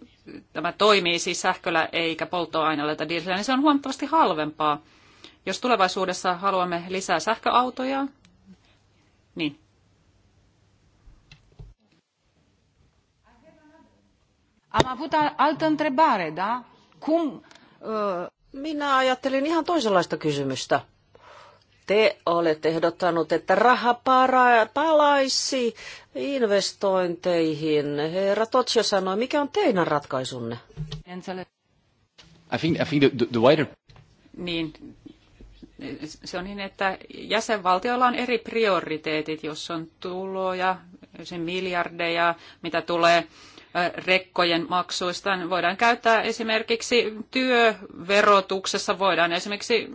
tämä toimii siis sähköllä eikä polttoaineella tai dieselillä, niin se on huomattavasti halvempaa. Jos tulevaisuudessa haluamme lisää sähköautoja, niin. Am avut altă întrebare, da? Kum, Minä ajattelin ihan toisenlaista kysymystä. Te olette ehdottanut, että raha para- palaisi investointeihin. Herra Totsio sanoi, mikä on teidän ratkaisunne? I think, I think the, the wider... Niin, se on niin, että jäsenvaltioilla on eri prioriteetit, jos on tuloja, sen miljardeja, mitä tulee rekkojen maksuista. Voidaan käyttää esimerkiksi työverotuksessa, voidaan esimerkiksi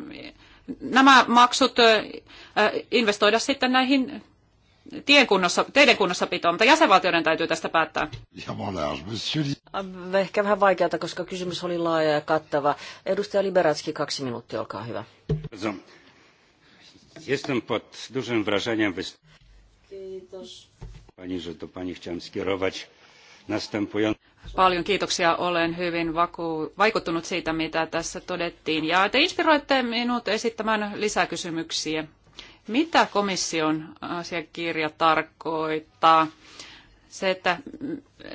nämä maksut investoida sitten näihin tien kunnossa, teiden kunnossapitoon, mutta jäsenvaltioiden täytyy tästä päättää. Äh, ehkä vähän vaikeata, koska kysymys oli laaja ja kattava. Edustaja Liberatski, kaksi minuuttia, olkaa hyvä. dużym wrażeniem Kiitos. Pani, że do pani chciałem skierować Paljon kiitoksia. Olen hyvin vaku- vaikuttunut siitä, mitä tässä todettiin. Ja te inspiroitte minut esittämään lisäkysymyksiä. Mitä komission asiakirja tarkoittaa? Se, että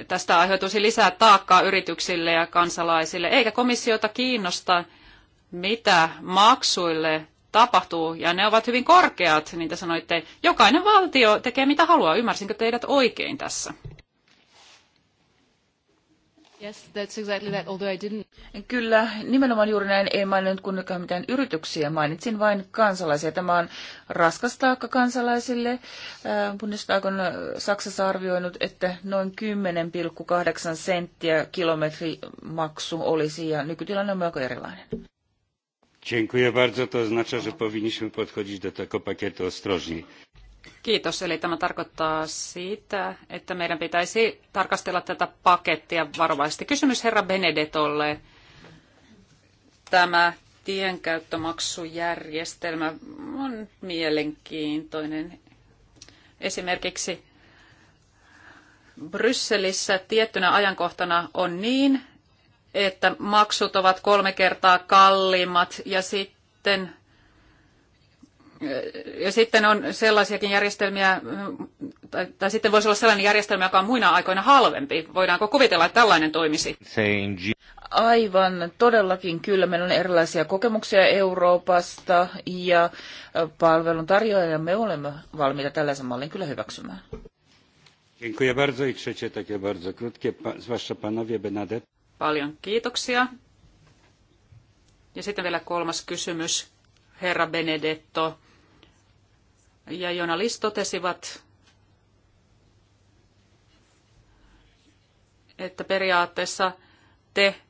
tästä aiheutuisi lisää taakkaa yrityksille ja kansalaisille, eikä komissiota kiinnosta, mitä maksuille tapahtuu, ja ne ovat hyvin korkeat, niin te sanoitte, jokainen valtio tekee mitä haluaa. Ymmärsinkö teidät oikein tässä? Yes, that's exactly that, although I didn't... Kyllä, nimenomaan juuri näin ei maininnut kunnioitkaan mitään yrityksiä, mainitsin vain kansalaisia. Tämä on raskas taakka kansalaisille. Bundestag äh, on äh, Saksassa arvioinut, että noin 10,8 senttiä kilometrimaksu olisi ja nykytilanne on melko erilainen. Dziękuję bardzo. To oznacza, że powinniśmy podchodzić do tego pakietu ostrożniej. Kiitos. Eli tämä tarkoittaa sitä, että meidän pitäisi tarkastella tätä pakettia varovaisesti. Kysymys herra Benedetolle. Tämä tienkäyttömaksujärjestelmä on mielenkiintoinen. Esimerkiksi Brysselissä tiettynä ajankohtana on niin, että maksut ovat kolme kertaa kalliimmat ja sitten ja sitten on sellaisiakin järjestelmiä, tai, tai sitten voisi olla sellainen järjestelmä, joka on muina aikoina halvempi. Voidaanko kuvitella, että tällainen toimisi? Aivan, todellakin kyllä. Meillä on erilaisia kokemuksia Euroopasta ja palvelun tarjoajia me olemme valmiita tällaisen mallin kyllä hyväksymään. Dziękuję bardzo i trzecie takie bardzo krótkie, zwłaszcza panowie Benadet. Paljon kiitoksia. Ja sitten vielä kolmas kysymys herra Benedetto ja Jonalis totesivat, että periaatteessa te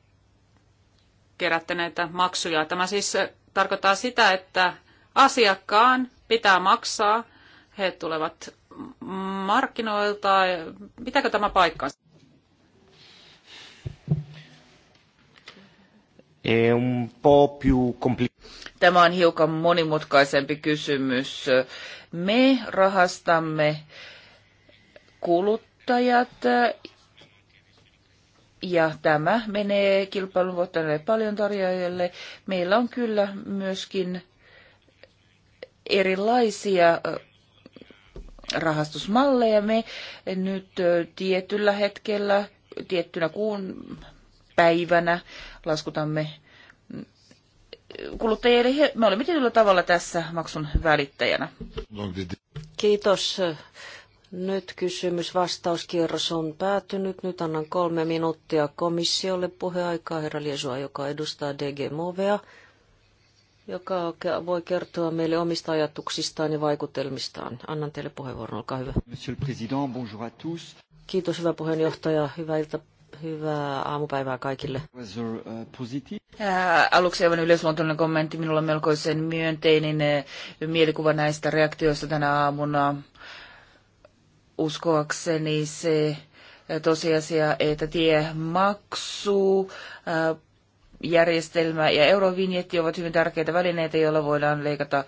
kerätte näitä maksuja. Tämä siis tarkoittaa sitä, että asiakkaan pitää maksaa. He tulevat markkinoilta. Pitääkö tämä paikkaansa? Um tämä on hiukan monimutkaisempi kysymys. Me rahastamme kuluttajat ja tämä menee kilpailun voittaneille paljon tarjoajille. Meillä on kyllä myöskin erilaisia rahastusmalleja. Me nyt tietyllä hetkellä, tiettynä kuun päivänä laskutamme kuluttajille. Me olemme tietyllä tavalla tässä maksun välittäjänä. Kiitos. Nyt kysymys-vastauskierros on päättynyt. Nyt annan kolme minuuttia komissiolle puheaikaa herra Liesua, joka edustaa DG Movea, joka voi kertoa meille omista ajatuksistaan ja vaikutelmistaan. Annan teille puheenvuoron, olkaa hyvä. Monsieur le Président, bonjour à tous. Kiitos hyvä puheenjohtaja, hyvää iltapäivää Hyvää aamupäivää kaikille. Uh, ää, aluksi aivan yleisluontoinen kommentti. Minulla on melkoisen myönteinen mielikuva näistä reaktioista tänä aamuna. Uskoakseni se tosiasia, että tie maksuu järjestelmä ja eurovinjetti ovat hyvin tärkeitä välineitä, joilla voidaan leikata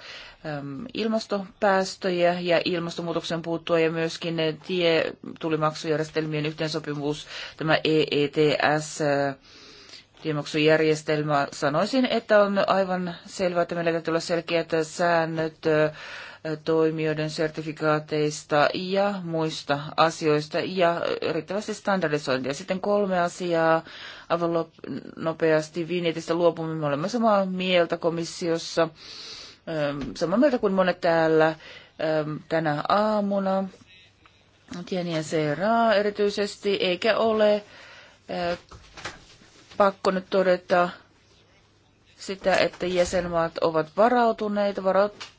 ilmastopäästöjä ja ilmastonmuutoksen puuttua ja myöskin tie tulimaksujärjestelmien yhteensopivuus, tämä EETS tiemaksujärjestelmä. Sanoisin, että on aivan selvää, että meillä täytyy olla selkeät säännöt toimijoiden sertifikaateista ja muista asioista ja riittävästi standardisointia. Sitten kolme asiaa aivan nopeasti. Viinietistä luopumme, me olemme samaa mieltä komissiossa, samaa mieltä kuin monet täällä tänä aamuna. Tieniä seuraa erityisesti, eikä ole pakko nyt todeta sitä, että jäsenmaat ovat varautuneita, varautuneita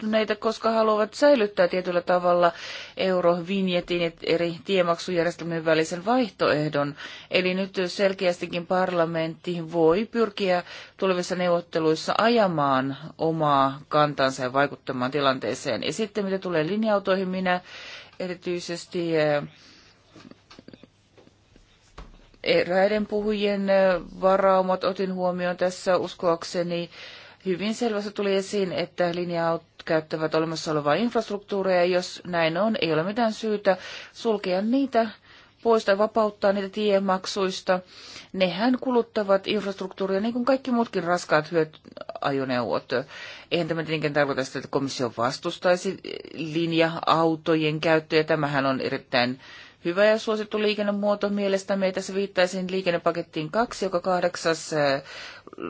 kiinnostuneita, koska haluavat säilyttää tietyllä tavalla eurovinjetin ja eri tiemaksujärjestelmien välisen vaihtoehdon. Eli nyt selkeästikin parlamentti voi pyrkiä tulevissa neuvotteluissa ajamaan omaa kantansa ja vaikuttamaan tilanteeseen. Ja sitten mitä tulee linja-autoihin, minä erityisesti eh, eräiden puhujien eh, varaumat otin huomioon tässä uskoakseni hyvin selvästi tuli esiin, että linja käyttävät olemassa olevaa infrastruktuuria. Jos näin on, ei ole mitään syytä sulkea niitä pois tai vapauttaa niitä tiemaksuista. Nehän kuluttavat infrastruktuuria niin kuin kaikki muutkin raskaat hyöt ajoneuvot. Eihän tämä tietenkään tarkoita sitä, että komissio vastustaisi linja-autojen käyttöä. Tämähän on erittäin hyvä ja suosittu liikennemuoto. Mielestämme tässä viittaisin liikennepakettiin 2, joka 8.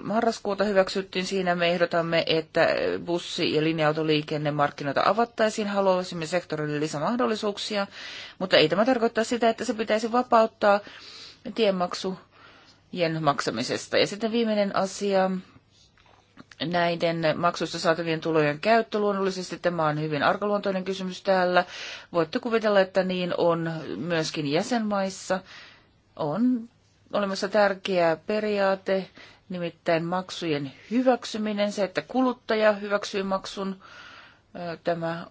marraskuuta hyväksyttiin. Siinä me ehdotamme, että bussi- ja linja-autoliikennemarkkinoita avattaisiin. Haluaisimme sektorille lisämahdollisuuksia, mutta ei tämä tarkoittaa sitä, että se pitäisi vapauttaa tienmaksujen maksamisesta. Ja sitten viimeinen asia, näiden maksuista saatavien tulojen käyttö. Luonnollisesti tämä on hyvin arkaluontoinen kysymys täällä. Voitte kuvitella, että niin on myöskin jäsenmaissa. On olemassa tärkeä periaate, nimittäin maksujen hyväksyminen, se, että kuluttaja hyväksyy maksun. Tämä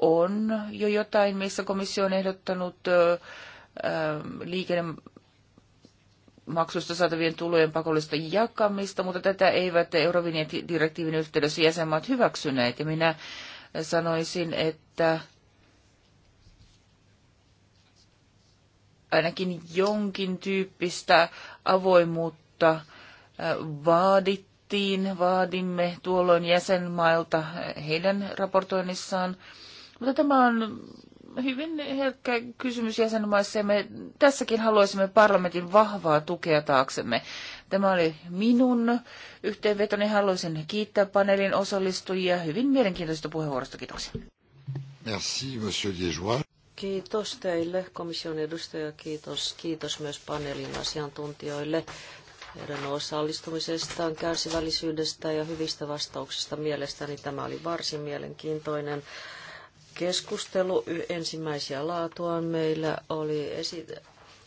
on jo jotain, missä komissio on ehdottanut liikenne maksusta saatavien tulojen pakollista jakamista, mutta tätä eivät Eurovinjet-direktiivin yhteydessä jäsenmaat hyväksyneet. Ja minä sanoisin, että ainakin jonkin tyyppistä avoimuutta äh, vaadittiin, vaadimme tuolloin jäsenmailta heidän raportoinnissaan. Mutta tämä on hyvin herkkä kysymys jäsenmaissa ja me tässäkin haluaisimme parlamentin vahvaa tukea taaksemme. Tämä oli minun yhteenvetoni. Haluaisin kiittää paneelin osallistujia hyvin mielenkiintoista puheenvuorosta. Kiitoksia. Merci, Kiitos teille, komission edustaja. Kiitos, kiitos myös paneelin asiantuntijoille heidän osallistumisestaan, kärsivällisyydestä ja hyvistä vastauksista. Mielestäni tämä oli varsin mielenkiintoinen keskustelu ensimmäisiä laatuaan. Meillä oli esi-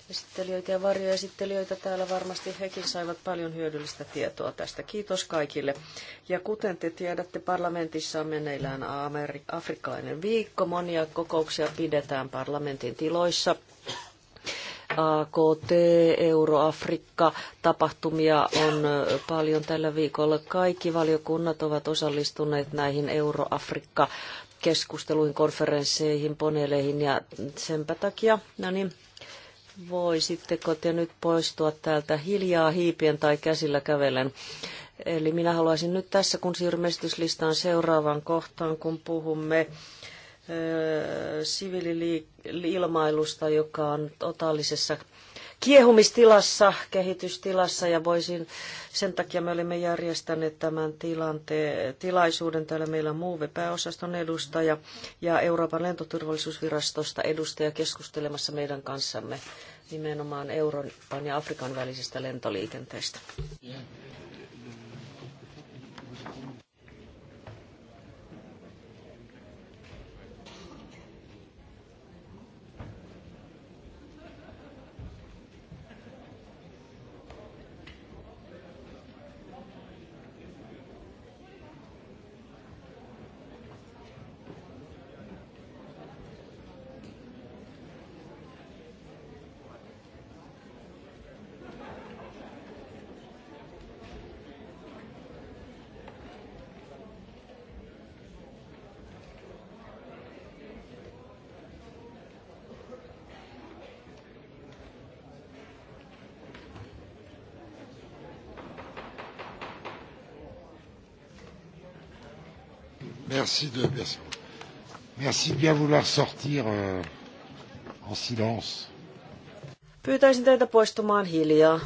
esittelijöitä ja varjoesittelijöitä täällä varmasti. Hekin saivat paljon hyödyllistä tietoa tästä. Kiitos kaikille. Ja kuten te tiedätte, parlamentissa on meneillään Ameri- afrikkalainen viikko. Monia kokouksia pidetään parlamentin tiloissa. AKT, Euroafrikka, tapahtumia on paljon tällä viikolla. Kaikki valiokunnat ovat osallistuneet näihin Euroafrikka keskusteluihin, konferensseihin, paneeleihin ja senpä takia, no niin, voisitteko te nyt poistua täältä hiljaa hiipien tai käsillä kävelen? Eli minä haluaisin nyt tässä, kun siirrymme esityslistaan seuraavaan kohtaan, kun puhumme siviililmailusta, joka on totaalisessa kiehumistilassa, kehitystilassa ja voisin, sen takia me olimme järjestäneet tämän tilanteen, tilaisuuden. Täällä meillä on muuve pääosaston edustaja ja Euroopan lentoturvallisuusvirastosta edustaja keskustelemassa meidän kanssamme nimenomaan Euroopan ja Afrikan välisestä lentoliikenteestä. Merci de, merci, merci de bien vouloir sortir euh, en silence. Pyytäisin teitä poistumaan hiljaa.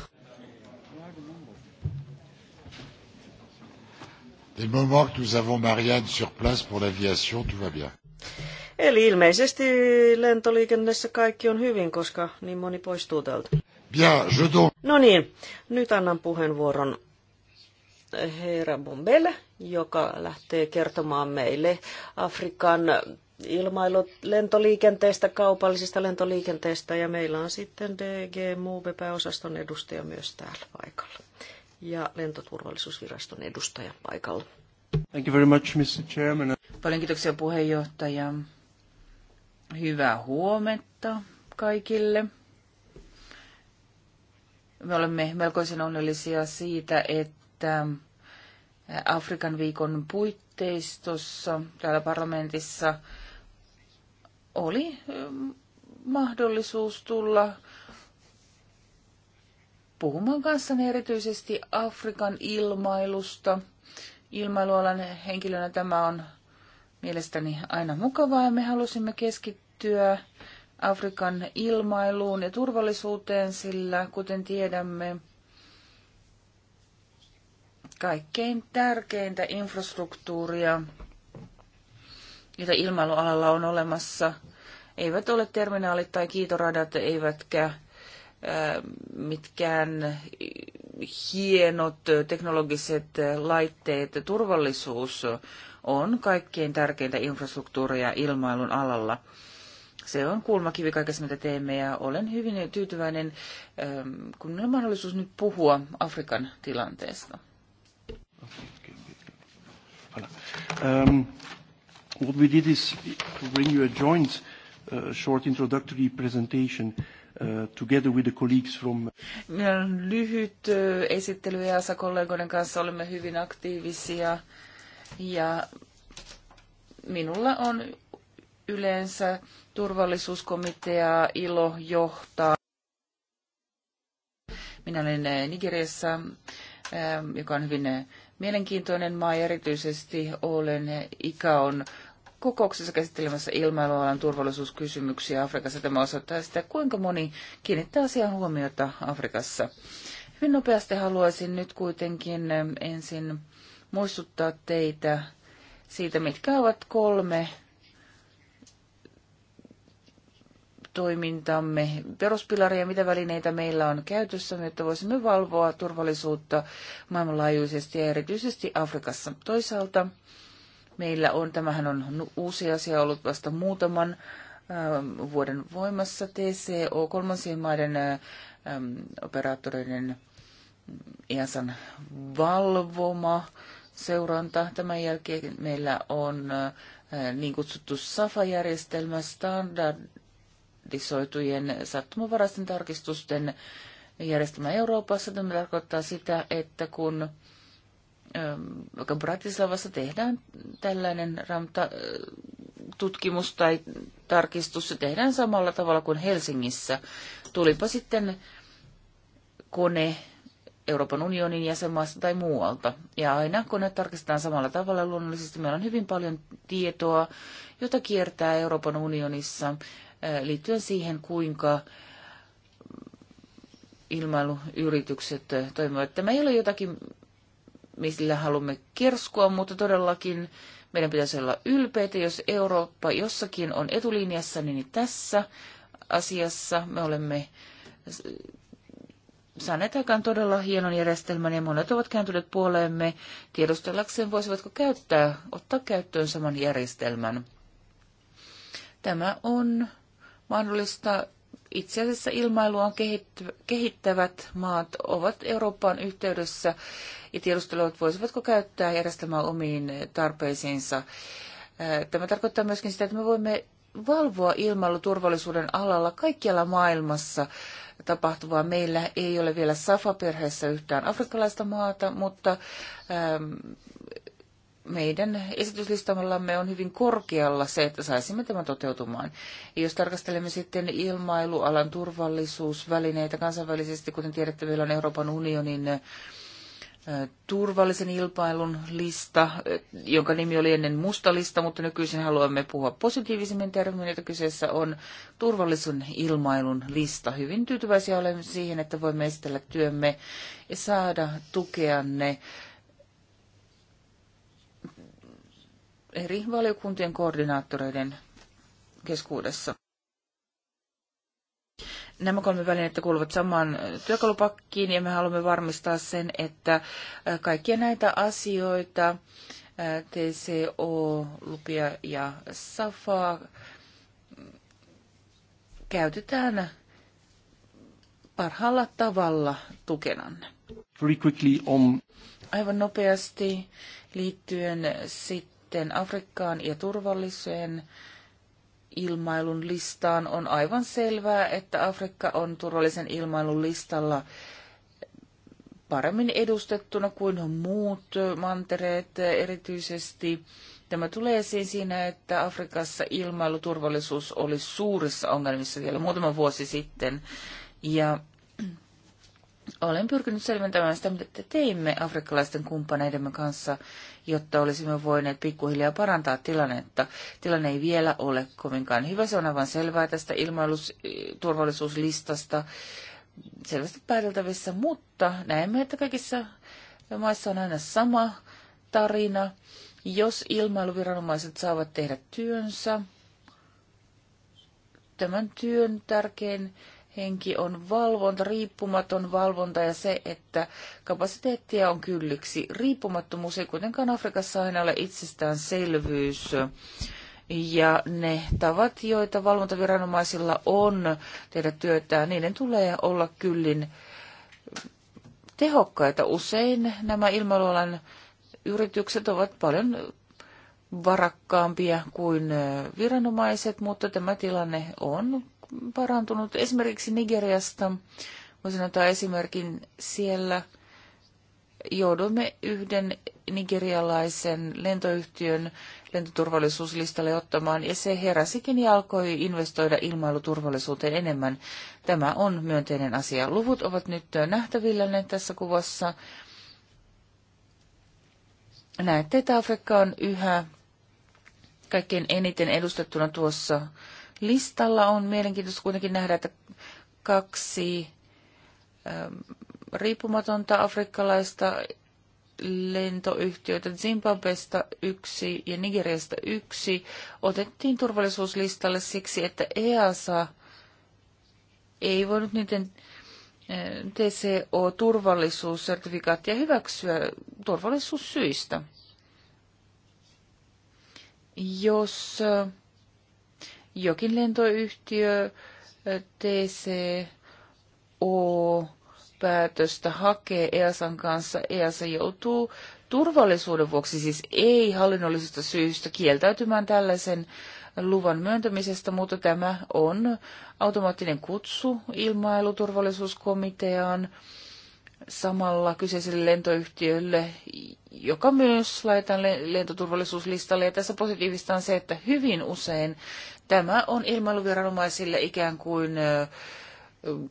Des moments que nous avons Marianne sur place pour l'aviation, tout va bien. Eli ilmeisesti lentoliikenteessä kaikki on hyvin, koska niin moni poistuu täältä. Bien, je don... No niin, nyt annan puheenvuoron herra Bombelle, joka lähtee kertomaan meille Afrikan ilmailulentoliikenteestä, lentoliikenteestä, kaupallisesta lentoliikenteestä ja meillä on sitten DG Move pääosaston edustaja myös täällä paikalla ja lentoturvallisuusviraston edustaja paikalla. Thank you very much, Mr. Chairman. Paljon kiitoksia puheenjohtaja. Hyvää huomenta kaikille. Me olemme melkoisen onnellisia siitä, että Afrikan viikon puitteistossa täällä parlamentissa oli mm, mahdollisuus tulla puhumaan kanssani erityisesti Afrikan ilmailusta. Ilmailualan henkilönä tämä on mielestäni aina mukavaa ja me halusimme keskittyä Afrikan ilmailuun ja turvallisuuteen, sillä kuten tiedämme, kaikkein tärkeintä infrastruktuuria, jota ilmailualalla on olemassa, eivät ole terminaalit tai kiitoradat, eivätkä mitkään hienot teknologiset laitteet. Turvallisuus on kaikkein tärkeintä infrastruktuuria ilmailun alalla. Se on kulmakivi kaikessa, mitä teemme, ja olen hyvin tyytyväinen, kun on mahdollisuus nyt puhua Afrikan tilanteesta. Voilà. Um, what we did is to bring you a joint uh, short introductory presentation uh, together with the colleagues from... Lyhyt esittely ja kollegoiden kanssa olemme hyvin aktiivisia ja minulla on yleensä turvallisuuskomitea ilo johtaa. Minä olen Nigeriassa, joka on hyvin mielenkiintoinen maa ja erityisesti olen on kokouksessa käsittelemässä ilmailualan turvallisuuskysymyksiä Afrikassa. Tämä osoittaa sitä, kuinka moni kiinnittää asiaan huomiota Afrikassa. Hyvin nopeasti haluaisin nyt kuitenkin eh, ensin muistuttaa teitä siitä, mitkä ovat kolme toimintamme peruspilaria, mitä välineitä meillä on käytössämme, jotta voisimme valvoa turvallisuutta maailmanlaajuisesti ja erityisesti Afrikassa. Toisaalta meillä on, tämähän on uusi asia ollut vasta muutaman ähm, vuoden voimassa TCO kolmansien maiden äh, ähm, operaattoreiden mm, IASan valvoma seuranta. Tämän jälkeen meillä on äh, niin kutsuttu SAFA-järjestelmä, standard, standardisoitujen sattumavaraisten tarkistusten järjestelmä Euroopassa. Tämä tarkoittaa sitä, että kun ähm, vaikka Bratislavassa tehdään tällainen tutkimus tai tarkistus, se tehdään samalla tavalla kuin Helsingissä. Tulipa sitten kone Euroopan unionin jäsenmaasta tai muualta. Ja aina kone tarkistetaan samalla tavalla luonnollisesti. Meillä on hyvin paljon tietoa, jota kiertää Euroopan unionissa Äh, liittyen siihen, kuinka ilmailuyritykset äh, toimivat. Tämä ei ole jotakin, millä haluamme kerskua, mutta todellakin meidän pitäisi olla ylpeitä, jos Eurooppa jossakin on etulinjassa, niin tässä asiassa me olemme saaneet aikaan todella hienon järjestelmän ja monet ovat kääntyneet puoleemme tiedustellakseen, voisivatko käyttää, ottaa käyttöön saman järjestelmän. Tämä on mahdollista. Itse asiassa ilmailuaan kehittävät maat ovat Eurooppaan yhteydessä ja tiedustelevat, voisivatko käyttää järjestelmää omiin tarpeisiinsa. Tämä tarkoittaa myöskin sitä, että me voimme valvoa ilmailuturvallisuuden alalla kaikkialla maailmassa tapahtuvaa. Meillä ei ole vielä Safa-perheessä yhtään afrikkalaista maata, mutta meidän esityslistamallamme on hyvin korkealla se, että saisimme tämän toteutumaan. Ja jos tarkastelemme sitten ilmailualan turvallisuusvälineitä kansainvälisesti, kuten tiedätte, meillä on Euroopan unionin turvallisen ilmailun lista, jonka nimi oli ennen musta lista, mutta nykyisin haluamme puhua positiivisemmin termin, että kyseessä on turvallisen ilmailun lista. Hyvin tyytyväisiä olemme siihen, että voimme esitellä työmme ja saada tukeanne ne eri valiokuntien koordinaattoreiden keskuudessa. Nämä kolme välinettä kuuluvat samaan työkalupakkiin ja me haluamme varmistaa sen, että kaikkia näitä asioita, TCO-lupia ja SAFAa, käytetään parhaalla tavalla tukenanne. Aivan nopeasti liittyen sit sitten Afrikkaan ja turvalliseen ilmailun listaan, on aivan selvää, että Afrikka on turvallisen ilmailun listalla paremmin edustettuna kuin muut mantereet erityisesti. Tämä tulee esiin siinä, että Afrikassa ilmailuturvallisuus oli suurissa ongelmissa vielä muutama vuosi sitten. Ja olen pyrkinyt selventämään sitä, mitä te teimme afrikkalaisten kumppaneidemme kanssa, jotta olisimme voineet pikkuhiljaa parantaa tilannetta. Tilanne ei vielä ole kovinkaan hyvä, se on aivan selvää tästä ilmailusturvallisuuslistasta selvästi pääteltävissä, mutta näemme, että kaikissa maissa on aina sama tarina. Jos ilmailuviranomaiset saavat tehdä työnsä, tämän työn tärkein henki on valvonta, riippumaton valvonta ja se, että kapasiteettia on kylliksi. Riippumattomuus ei kuitenkaan Afrikassa aina ole itsestäänselvyys. Ja ne tavat, joita valvontaviranomaisilla on tehdä työtään, niiden tulee olla kyllin tehokkaita. Usein nämä ilmailualan yritykset ovat paljon varakkaampia kuin viranomaiset, mutta tämä tilanne on parantunut. Esimerkiksi Nigeriasta voisin antaa esimerkin siellä. Joudumme yhden nigerialaisen lentoyhtiön lentoturvallisuuslistalle ottamaan, ja se heräsikin ja alkoi investoida ilmailuturvallisuuteen enemmän. Tämä on myönteinen asia. Luvut ovat nyt nähtävillä. ne tässä kuvassa. Näette, että Afrikka on yhä kaikkein eniten edustettuna tuossa listalla. On mielenkiintoista kuitenkin nähdä, että kaksi ähm, riippumatonta afrikkalaista lentoyhtiöitä Zimbabwesta yksi ja Nigeriasta yksi otettiin turvallisuuslistalle siksi, että EASA ei voinut niiden äh, TCO-turvallisuussertifikaattia hyväksyä turvallisuussyistä. Jos äh, jokin lentoyhtiö TCO päätöstä hakee EASan kanssa, EASA joutuu turvallisuuden vuoksi, siis ei hallinnollisista syistä kieltäytymään tällaisen luvan myöntämisestä, mutta tämä on automaattinen kutsu ilmailuturvallisuuskomiteaan samalla kyseiselle lentoyhtiölle, joka myös laitetaan lentoturvallisuuslistalle. Ja tässä positiivista on se, että hyvin usein tämä on ilmailuviranomaisille ikään kuin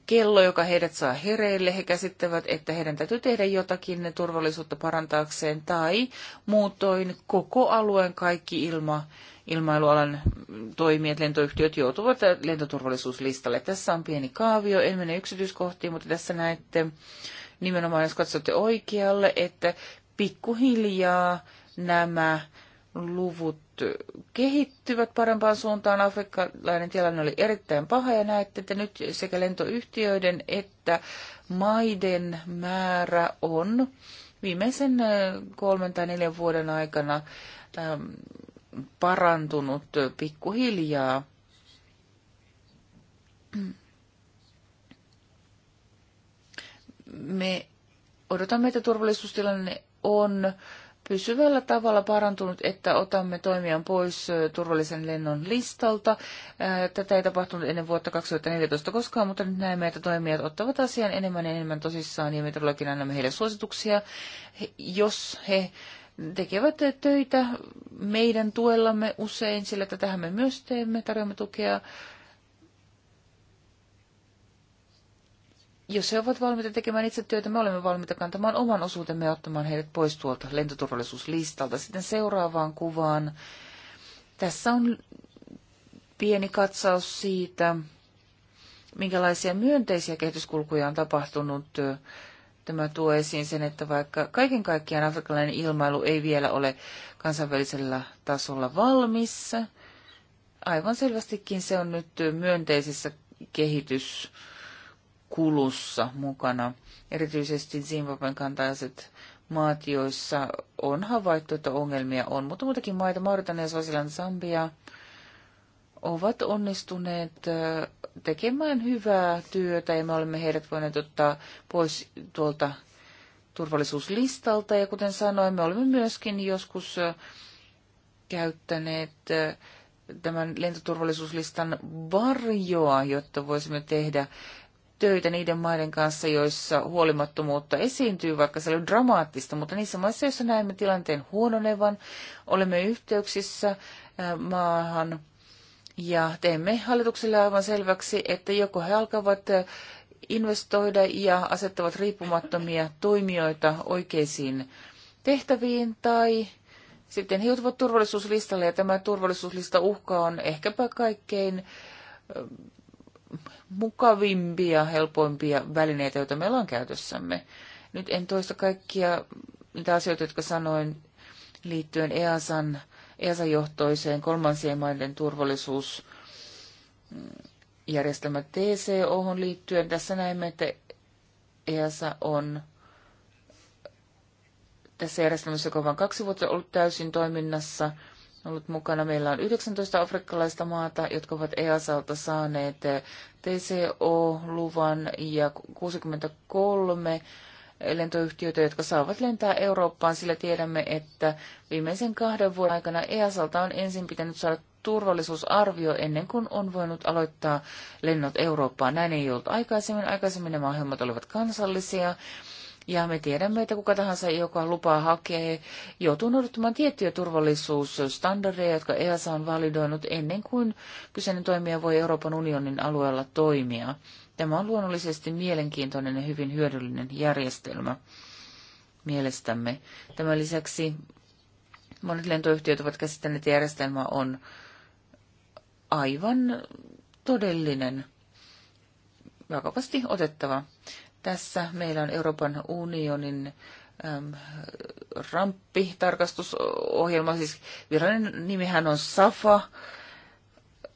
kello, joka heidät saa hereille. He käsittävät, että heidän täytyy tehdä jotakin turvallisuutta parantaakseen tai muutoin koko alueen kaikki ilma, ilmailualan toimijat, lentoyhtiöt joutuvat lentoturvallisuuslistalle. Tässä on pieni kaavio, en mene yksityiskohtiin, mutta tässä näette nimenomaan jos katsotte oikealle, että pikkuhiljaa nämä luvut kehittyvät parempaan suuntaan. Afrikkalainen tilanne oli erittäin paha ja näette, että nyt sekä lentoyhtiöiden että maiden määrä on viimeisen äh, kolmen tai neljän vuoden aikana ähm, parantunut pikkuhiljaa. Me odotamme, että turvallisuustilanne on pysyvällä tavalla parantunut, että otamme toimijan pois turvallisen lennon listalta. Tätä ei tapahtunut ennen vuotta 2014 koskaan, mutta nyt näemme, että toimijat ottavat asian enemmän ja enemmän tosissaan ja me todellakin annamme heille suosituksia. jos he tekevät töitä meidän tuellamme usein, sillä tätähän me myös teemme, tarjoamme tukea jos he ovat valmiita tekemään itse työtä, me olemme valmiita kantamaan oman osuutemme ja ottamaan heidät pois tuolta lentoturvallisuuslistalta. Sitten seuraavaan kuvaan. Tässä on pieni katsaus siitä, minkälaisia myönteisiä kehityskulkuja on tapahtunut. Tämä tuo esiin sen, että vaikka kaiken kaikkiaan afrikkalainen ilmailu ei vielä ole kansainvälisellä tasolla valmis, aivan selvästikin se on nyt myönteisessä kehitys kulussa mukana. Erityisesti Zimbabwen kantaiset maat, joissa on havaittu, että ongelmia on, mutta muutakin maita, Mauritania, Svasilan, Zambia, ovat onnistuneet tekemään hyvää työtä ja me olemme heidät voineet ottaa pois tuolta turvallisuuslistalta. Ja kuten sanoin, me olemme myöskin joskus käyttäneet tämän lentoturvallisuuslistan varjoa, jotta voisimme tehdä töitä niiden maiden kanssa, joissa huolimattomuutta esiintyy, vaikka se on dramaattista, mutta niissä maissa, joissa näemme tilanteen huononevan, olemme yhteyksissä maahan ja teemme hallitukselle aivan selväksi, että joko he alkavat investoida ja asettavat riippumattomia toimijoita oikeisiin tehtäviin tai sitten he joutuvat turvallisuuslistalle ja tämä turvallisuuslista uhka on ehkäpä kaikkein mukavimpia, helpoimpia välineitä, joita meillä on käytössämme. Nyt en toista kaikkia niitä asioita, jotka sanoin liittyen EASan, EASA-johtoiseen kolmansien maiden turvallisuusjärjestelmä mm, TCO liittyen. Tässä näemme, että EASA on tässä järjestelmässä, joka on vain kaksi vuotta ollut täysin toiminnassa – ollut mukana. Meillä on 19 afrikkalaista maata, jotka ovat EASalta saaneet TCO-luvan ja 63 lentoyhtiöitä, jotka saavat lentää Eurooppaan, sillä tiedämme, että viimeisen kahden vuoden aikana EASalta on ensin pitänyt saada turvallisuusarvio ennen kuin on voinut aloittaa lennot Eurooppaan. Näin ei ollut aikaisemmin. Aikaisemmin nämä ohjelmat olivat kansallisia ja me tiedämme, että kuka tahansa, joka lupaa hakee, joutuu noudattamaan tiettyjä turvallisuusstandardeja, jotka EASA on validoinut ennen kuin kyseinen toimija voi Euroopan unionin alueella toimia. Tämä on luonnollisesti mielenkiintoinen ja hyvin hyödyllinen järjestelmä mielestämme. Tämän lisäksi monet lentoyhtiöt ovat käsittäneet, että järjestelmä on aivan todellinen, vakavasti otettava. Tässä meillä on Euroopan unionin äm, ramppitarkastusohjelma, siis virallinen nimihän on SAFA,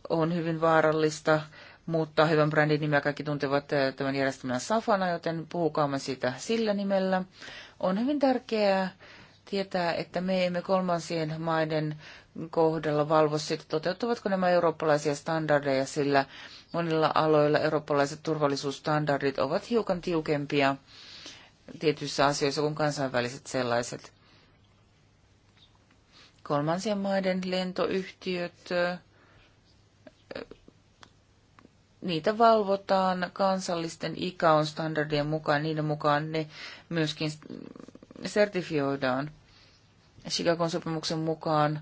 on hyvin vaarallista mutta hyvän brändin nimeä. Kaikki tuntevat tämän järjestelmän Safana, joten puhukaamme sitä sillä nimellä. On hyvin tärkeää tietää, että me emme kolmansien maiden kohdalla valvo sitä, toteuttavatko nämä eurooppalaisia standardeja, sillä monilla aloilla eurooppalaiset turvallisuusstandardit ovat hiukan tiukempia tietyissä asioissa kuin kansainväliset sellaiset. Kolmansien maiden lentoyhtiöt, niitä valvotaan kansallisten ICAON standardien mukaan, niiden mukaan ne myöskin sertifioidaan. Chicagon sopimuksen mukaan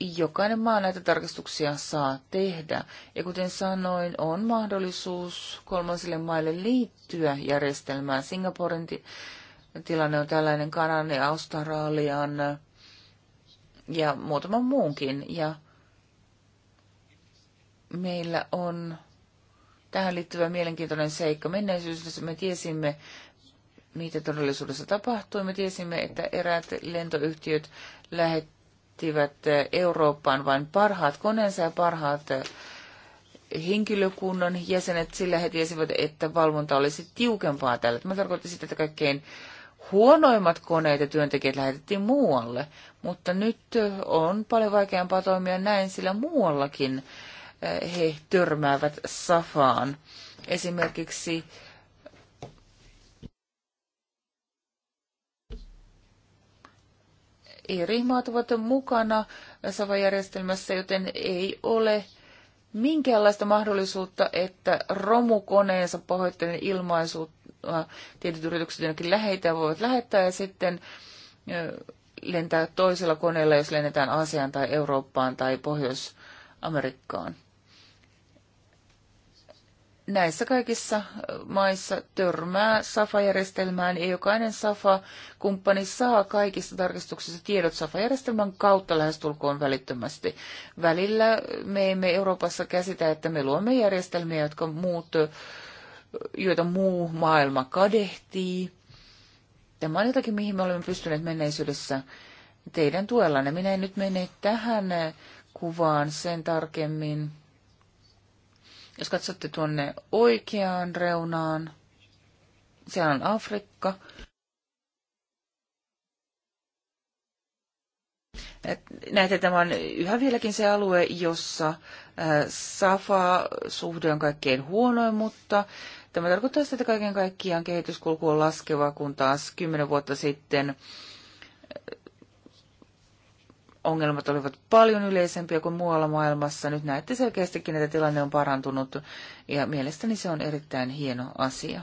jokainen maa näitä tarkastuksia saa tehdä. Ja kuten sanoin, on mahdollisuus kolmansille maille liittyä järjestelmään. Singaporen tilanne on tällainen Kanan ja Australian ja muutaman muunkin. Ja meillä on tähän liittyvä mielenkiintoinen seikka. Menneisyydessä me tiesimme, mitä todellisuudessa tapahtui. Me tiesimme, että eräät lentoyhtiöt lähet lähtivät Eurooppaan vain parhaat koneensa ja parhaat henkilökunnan jäsenet, sillä he tiesivät, että valvonta olisi tiukempaa tällä. Mä tarkoitti sitä, että kaikkein huonoimmat koneet ja työntekijät lähetettiin muualle, mutta nyt on paljon vaikeampaa toimia näin, sillä muuallakin eh, he törmäävät safaan. Esimerkiksi eri maat ovat mukana Sava-järjestelmässä, joten ei ole minkäänlaista mahdollisuutta, että romukoneensa pahoittelen ilmaisut tietyt yritykset jonnekin läheitä voivat lähettää ja sitten lentää toisella koneella, jos lennetään Aasiaan tai Eurooppaan tai Pohjois-Amerikkaan näissä kaikissa äh, maissa törmää SAFA-järjestelmään ja jokainen SAFA-kumppani saa kaikista tarkistuksista tiedot SAFA-järjestelmän kautta lähestulkoon välittömästi. Välillä me emme Euroopassa käsitä, että me luomme järjestelmiä, jotka muut, äh, joita muu maailma kadehtii. Tämä on jotakin, mihin me olemme pystyneet menneisyydessä teidän tuellanne. Minä en nyt mene tähän äh, kuvaan sen tarkemmin jos katsotte tuonne oikeaan reunaan, siellä on Afrikka. Näette, tämä on yhä vieläkin se alue, jossa SAFA-suhde on kaikkein huonoin, mutta tämä tarkoittaa sitä, että kaiken kaikkiaan kehityskulku on laskeva, kun taas kymmenen vuotta sitten ongelmat olivat paljon yleisempiä kuin muualla maailmassa. Nyt näette selkeästikin, että tilanne on parantunut ja mielestäni se on erittäin hieno asia.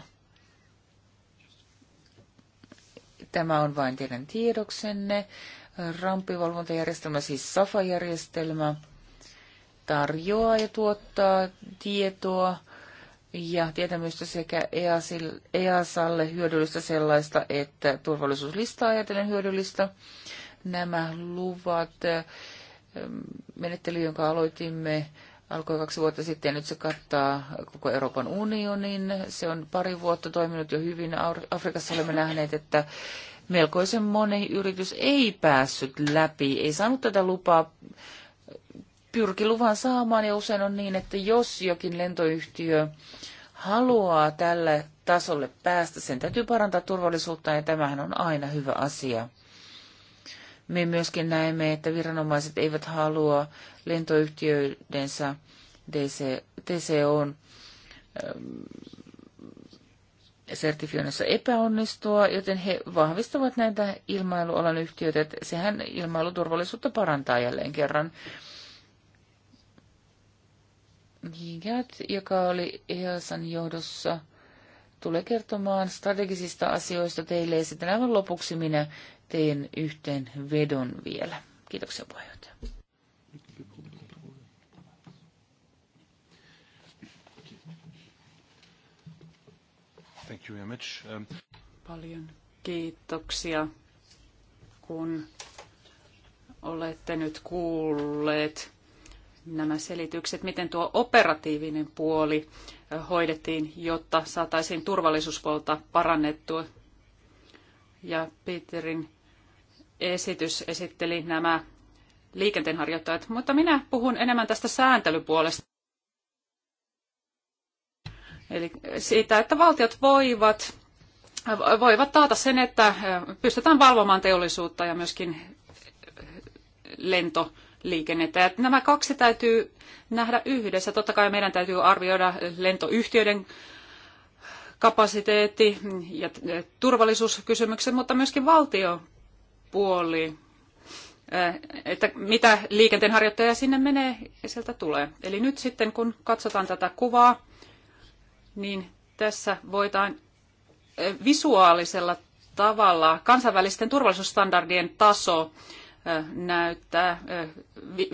Tämä on vain teidän tiedoksenne. Rampivalvontajärjestelmä, siis SAFA-järjestelmä, tarjoaa ja tuottaa tietoa ja tietämystä sekä EASalle e hyödyllistä sellaista, että turvallisuuslistaa ajatellen hyödyllistä nämä luvat. Menettely, jonka aloitimme, alkoi kaksi vuotta sitten ja nyt se kattaa koko Euroopan unionin. Se on pari vuotta toiminut jo hyvin. Afrikassa olemme nähneet, että melkoisen moni yritys ei päässyt läpi, ei saanut tätä lupaa, pyrki luvan saamaan ja usein on niin, että jos jokin lentoyhtiö haluaa tälle tasolle päästä, sen täytyy parantaa turvallisuutta ja tämähän on aina hyvä asia. Me myöskin näemme, että viranomaiset eivät halua lentoyhtiöidensä DC, TCOn ähm, sertifioinnissa epäonnistua, joten he vahvistavat näitä ilmailualan yhtiöitä, että sehän ilmailuturvallisuutta parantaa jälleen kerran. Hingat, joka oli EASan johdossa, tulee kertomaan strategisista asioista teille. Ja sitten aivan lopuksi minä teen yhteen vedon vielä. Kiitoksia puheenjohtaja. Thank you very much. Um... Paljon kiitoksia, kun olette nyt kuulleet nämä selitykset, miten tuo operatiivinen puoli eh, hoidettiin, jotta saataisiin turvallisuuspuolta parannettua. Ja Peterin esitys esitteli nämä liikenteenharjoittajat, mutta minä puhun enemmän tästä sääntelypuolesta. Eli siitä, että valtiot voivat, voivat taata sen, että pystytään valvomaan teollisuutta ja myöskin lentoliikennettä. Ja nämä kaksi täytyy nähdä yhdessä. Totta kai meidän täytyy arvioida lentoyhtiöiden kapasiteetti ja turvallisuuskysymykset, mutta myöskin valtio puoli, että mitä liikenteenharjoittajia sinne menee ja sieltä tulee. Eli nyt sitten kun katsotaan tätä kuvaa, niin tässä voidaan visuaalisella tavalla kansainvälisten turvallisuusstandardien taso näyttää.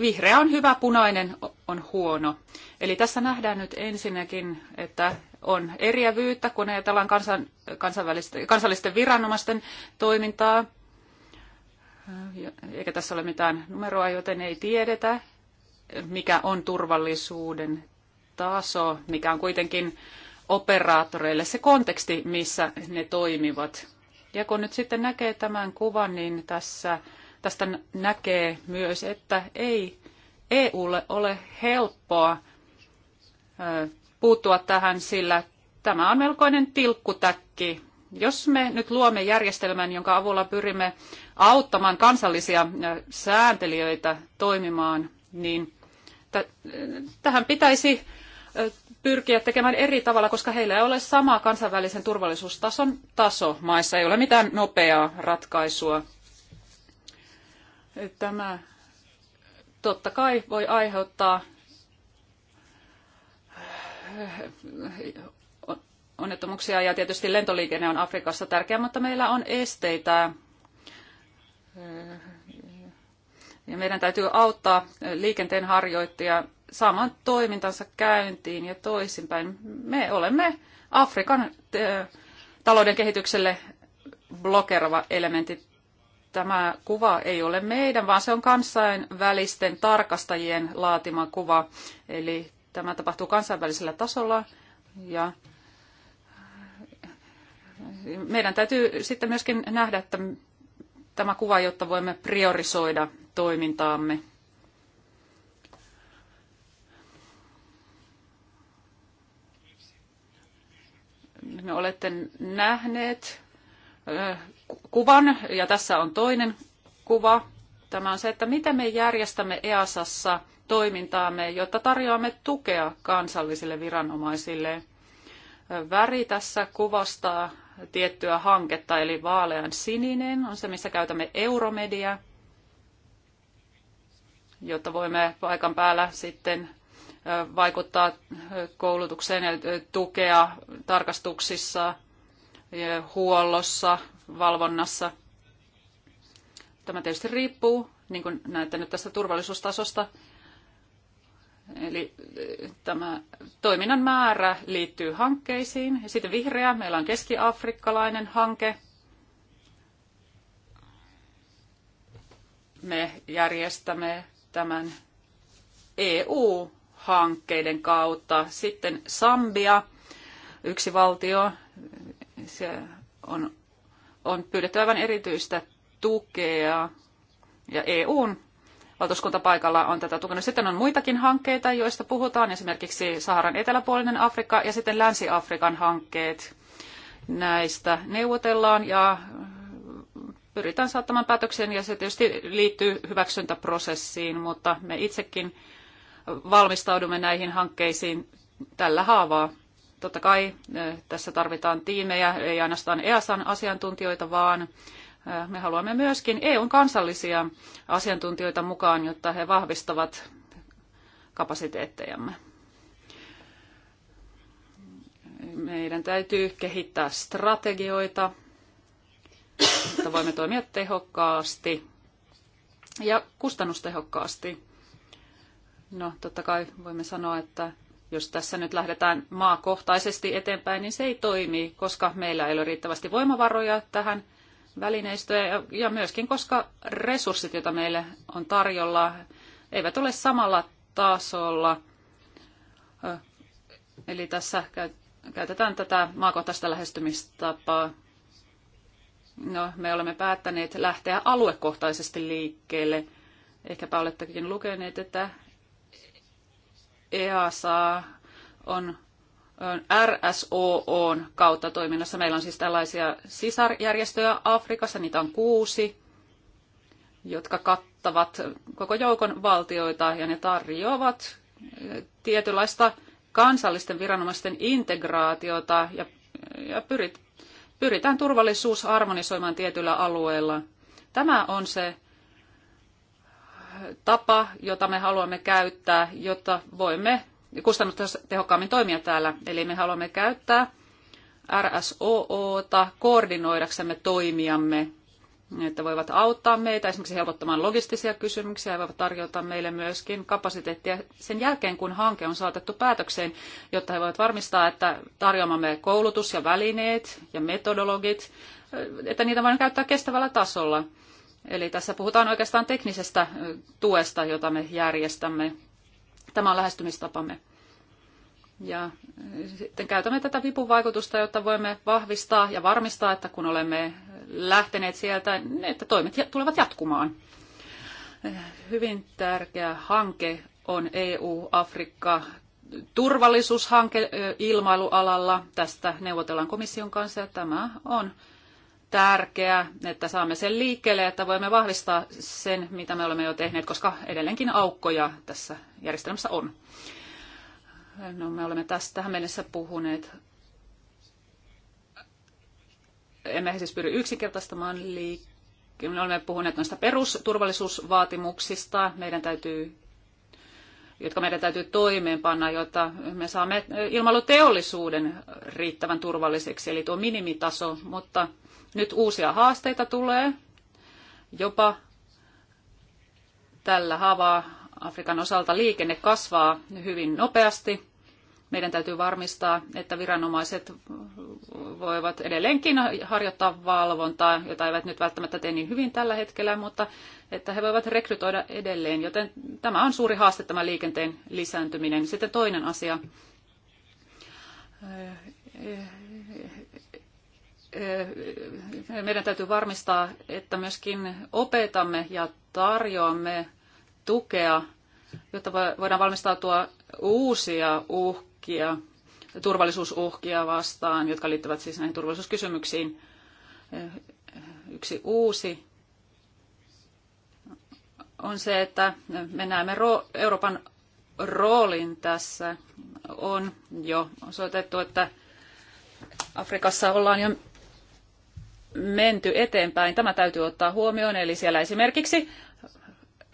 Vihreä on hyvä, punainen on huono. Eli tässä nähdään nyt ensinnäkin, että on eriävyyttä, kun ajatellaan kansan, kansallisten viranomaisten toimintaa eikä tässä ole mitään numeroa, joten ei tiedetä, mikä on turvallisuuden taso, mikä on kuitenkin operaattoreille se konteksti, missä ne toimivat. Ja kun nyt sitten näkee tämän kuvan, niin tässä, tästä näkee myös, että ei EUlle ole helppoa puuttua tähän, sillä tämä on melkoinen tilkkutäkki. Jos me nyt luomme järjestelmän, jonka avulla pyrimme auttamaan kansallisia äh, sääntelijöitä toimimaan, niin tähän pitäisi äh, pyrkiä tekemään eri tavalla, koska heillä ei ole sama kansainvälisen turvallisuustason taso maissa. Ei ole mitään nopeaa ratkaisua. Tämä totta kai voi aiheuttaa äh, onnettomuuksia ja tietysti lentoliikenne on Afrikassa tärkeä, mutta meillä on esteitä ja meidän täytyy auttaa liikenteen harjoittajia saamaan toimintansa käyntiin ja toisinpäin. Me olemme Afrikan talouden kehitykselle blokerava elementti. Tämä kuva ei ole meidän, vaan se on kansainvälisten tarkastajien laatima kuva. Eli tämä tapahtuu kansainvälisellä tasolla ja meidän täytyy sitten myöskin nähdä, että tämä kuva, jotta voimme priorisoida toimintaamme. Me olette nähneet kuvan, ja tässä on toinen kuva. Tämä on se, että miten me järjestämme EASassa toimintaamme, jotta tarjoamme tukea kansallisille viranomaisille. Väri tässä kuvastaa tiettyä hanketta, eli vaalean sininen on se, missä käytämme euromedia, jotta voimme paikan päällä sitten vaikuttaa koulutukseen ja tukea tarkastuksissa, huollossa, valvonnassa. Tämä tietysti riippuu, niin kuin näette nyt tästä turvallisuustasosta, Eli eh, tämä toiminnan määrä liittyy hankkeisiin. Ja sitten vihreä, meillä on keski-afrikkalainen hanke. Me järjestämme tämän EU-hankkeiden kautta. Sitten Sambia, yksi valtio, se on, on pyydetty aivan erityistä tukea. Ja EUn valtuuskunta paikalla on tätä tukenut. Sitten on muitakin hankkeita, joista puhutaan, esimerkiksi Saharan eteläpuolinen Afrikka ja sitten Länsi-Afrikan hankkeet. Näistä neuvotellaan ja pyritään saattamaan päätökseen ja se tietysti liittyy hyväksyntäprosessiin, mutta me itsekin valmistaudumme näihin hankkeisiin tällä haavaa. Totta kai eh, tässä tarvitaan tiimejä, ei ainoastaan EASan asiantuntijoita, vaan Äh, me haluamme myöskin EUn kansallisia asiantuntijoita mukaan, jotta he vahvistavat kapasiteettejamme. Meidän täytyy kehittää strategioita, että voimme toimia tehokkaasti ja kustannustehokkaasti. No, totta kai voimme sanoa, että jos tässä nyt lähdetään maakohtaisesti eteenpäin, niin se ei toimi, koska meillä ei ole riittävästi voimavaroja tähän välineistöjä ja myöskin koska resurssit, joita meille on tarjolla, eivät ole samalla tasolla. Eli tässä käytetään tätä maakohtaista lähestymistapaa. No, me olemme päättäneet lähteä aluekohtaisesti liikkeelle. Ehkäpä olettekin lukeneet, että EASA on RSOOn kautta toiminnassa. Meillä on siis tällaisia sisarjärjestöjä Afrikassa, niitä on kuusi, jotka kattavat koko joukon valtioita ja ne tarjoavat eh, tietynlaista kansallisten viranomaisten integraatiota ja, ja pyrit, pyritään turvallisuus harmonisoimaan tietyillä alueilla. Tämä on se tapa, jota me haluamme käyttää, jotta voimme kustannustehokkaammin toimia täällä. Eli me haluamme käyttää RSOOta koordinoidaksemme toimiamme, että voivat auttaa meitä esimerkiksi helpottamaan logistisia kysymyksiä ja voivat tarjota meille myöskin kapasiteettia sen jälkeen, kun hanke on saatettu päätökseen, jotta he voivat varmistaa, että tarjoamamme koulutus ja välineet ja metodologit, että niitä voidaan käyttää kestävällä tasolla. Eli tässä puhutaan oikeastaan teknisestä tuesta, jota me järjestämme Tämä on lähestymistapamme. Ja sitten käytämme tätä vaikutusta, jotta voimme vahvistaa ja varmistaa, että kun olemme lähteneet sieltä, niin että toimet tulevat jatkumaan. Hyvin tärkeä hanke on EU-Afrikka turvallisuushanke ilmailualalla. Tästä neuvotellaan komission kanssa ja tämä on tärkeää, että saamme sen liikkeelle, että voimme vahvistaa sen, mitä me olemme jo tehneet, koska edelleenkin aukkoja tässä järjestelmässä on. No, me olemme tästä tähän mennessä puhuneet. Emme siis pyri yksinkertaistamaan liikkeelle. Me olemme puhuneet noista perusturvallisuusvaatimuksista. Meidän täytyy jotka meidän täytyy toimeenpanna, jotta me saamme ilmailuteollisuuden riittävän turvalliseksi, eli tuo minimitaso, mutta nyt uusia haasteita tulee jopa tällä havaa Afrikan osalta liikenne kasvaa hyvin nopeasti. Meidän täytyy varmistaa, että viranomaiset voivat edelleenkin harjoittaa valvontaa, jota eivät nyt välttämättä tee niin hyvin tällä hetkellä, mutta että he voivat rekrytoida edelleen. Joten tämä on suuri haaste, tämä liikenteen lisääntyminen. Sitten toinen asia meidän täytyy varmistaa, että myöskin opetamme ja tarjoamme tukea, jotta voidaan valmistautua uusia uhkia, turvallisuusuhkia vastaan, jotka liittyvät siis näihin turvallisuuskysymyksiin. Yksi uusi on se, että me näemme Euroopan roolin tässä. On jo osoitettu, että Afrikassa ollaan jo menty eteenpäin. Tämä täytyy ottaa huomioon, eli siellä esimerkiksi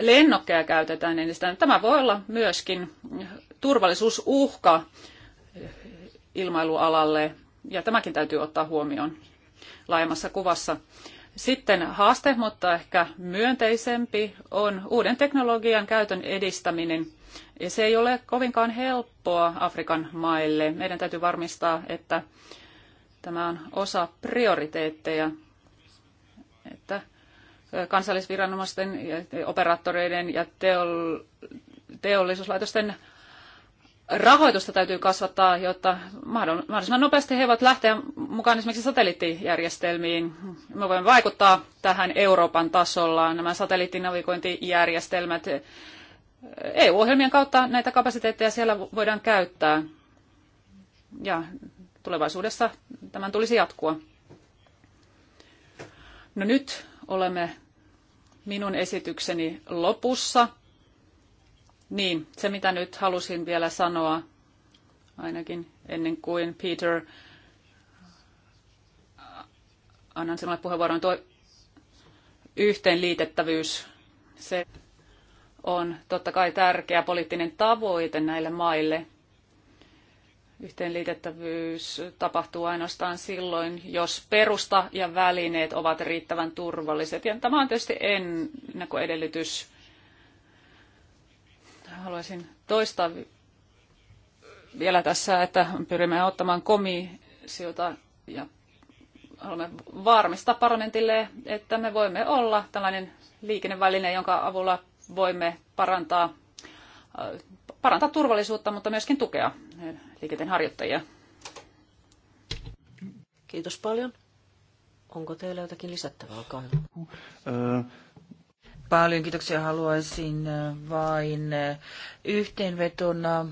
lennokkeja käytetään enistään. Tämä voi olla myöskin turvallisuusuhka ilmailualalle, ja tämäkin täytyy ottaa huomioon laajemmassa kuvassa. Sitten haaste, mutta ehkä myönteisempi, on uuden teknologian käytön edistäminen. Ja se ei ole kovinkaan helppoa Afrikan maille. Meidän täytyy varmistaa, että tämä on osa prioriteetteja, että kansallisviranomaisten, operaattoreiden ja teollisuuslaitosten rahoitusta täytyy kasvattaa, jotta mahdollisimman nopeasti he voivat lähteä mukaan esimerkiksi satelliittijärjestelmiin. Me voimme vaikuttaa tähän Euroopan tasolla. Nämä satelliittinavigointijärjestelmät, EU-ohjelmien kautta näitä kapasiteetteja siellä voidaan käyttää. Ja tulevaisuudessa tämän tulisi jatkua. No nyt olemme minun esitykseni lopussa. Niin, se mitä nyt halusin vielä sanoa, ainakin ennen kuin Peter annan sinulle puheenvuoron, tuo yhteenliitettävyys, se on totta kai tärkeä poliittinen tavoite näille maille – yhteenliitettävyys tapahtuu ainoastaan silloin, jos perusta ja välineet ovat riittävän turvalliset. Ja tämä on tietysti ennakkoedellytys. Haluaisin toistaa vielä tässä, että pyrimme ottamaan komissiota ja haluamme varmistaa parlamentille, että me voimme olla tällainen liikenneväline, jonka avulla voimme parantaa, parantaa turvallisuutta, mutta myöskin tukea liikenteen harjoittajia. Kiitos paljon. Onko teillä jotakin lisättävää? Olkaa hyvä. Paljon kiitoksia. Haluaisin vain yhteenvetona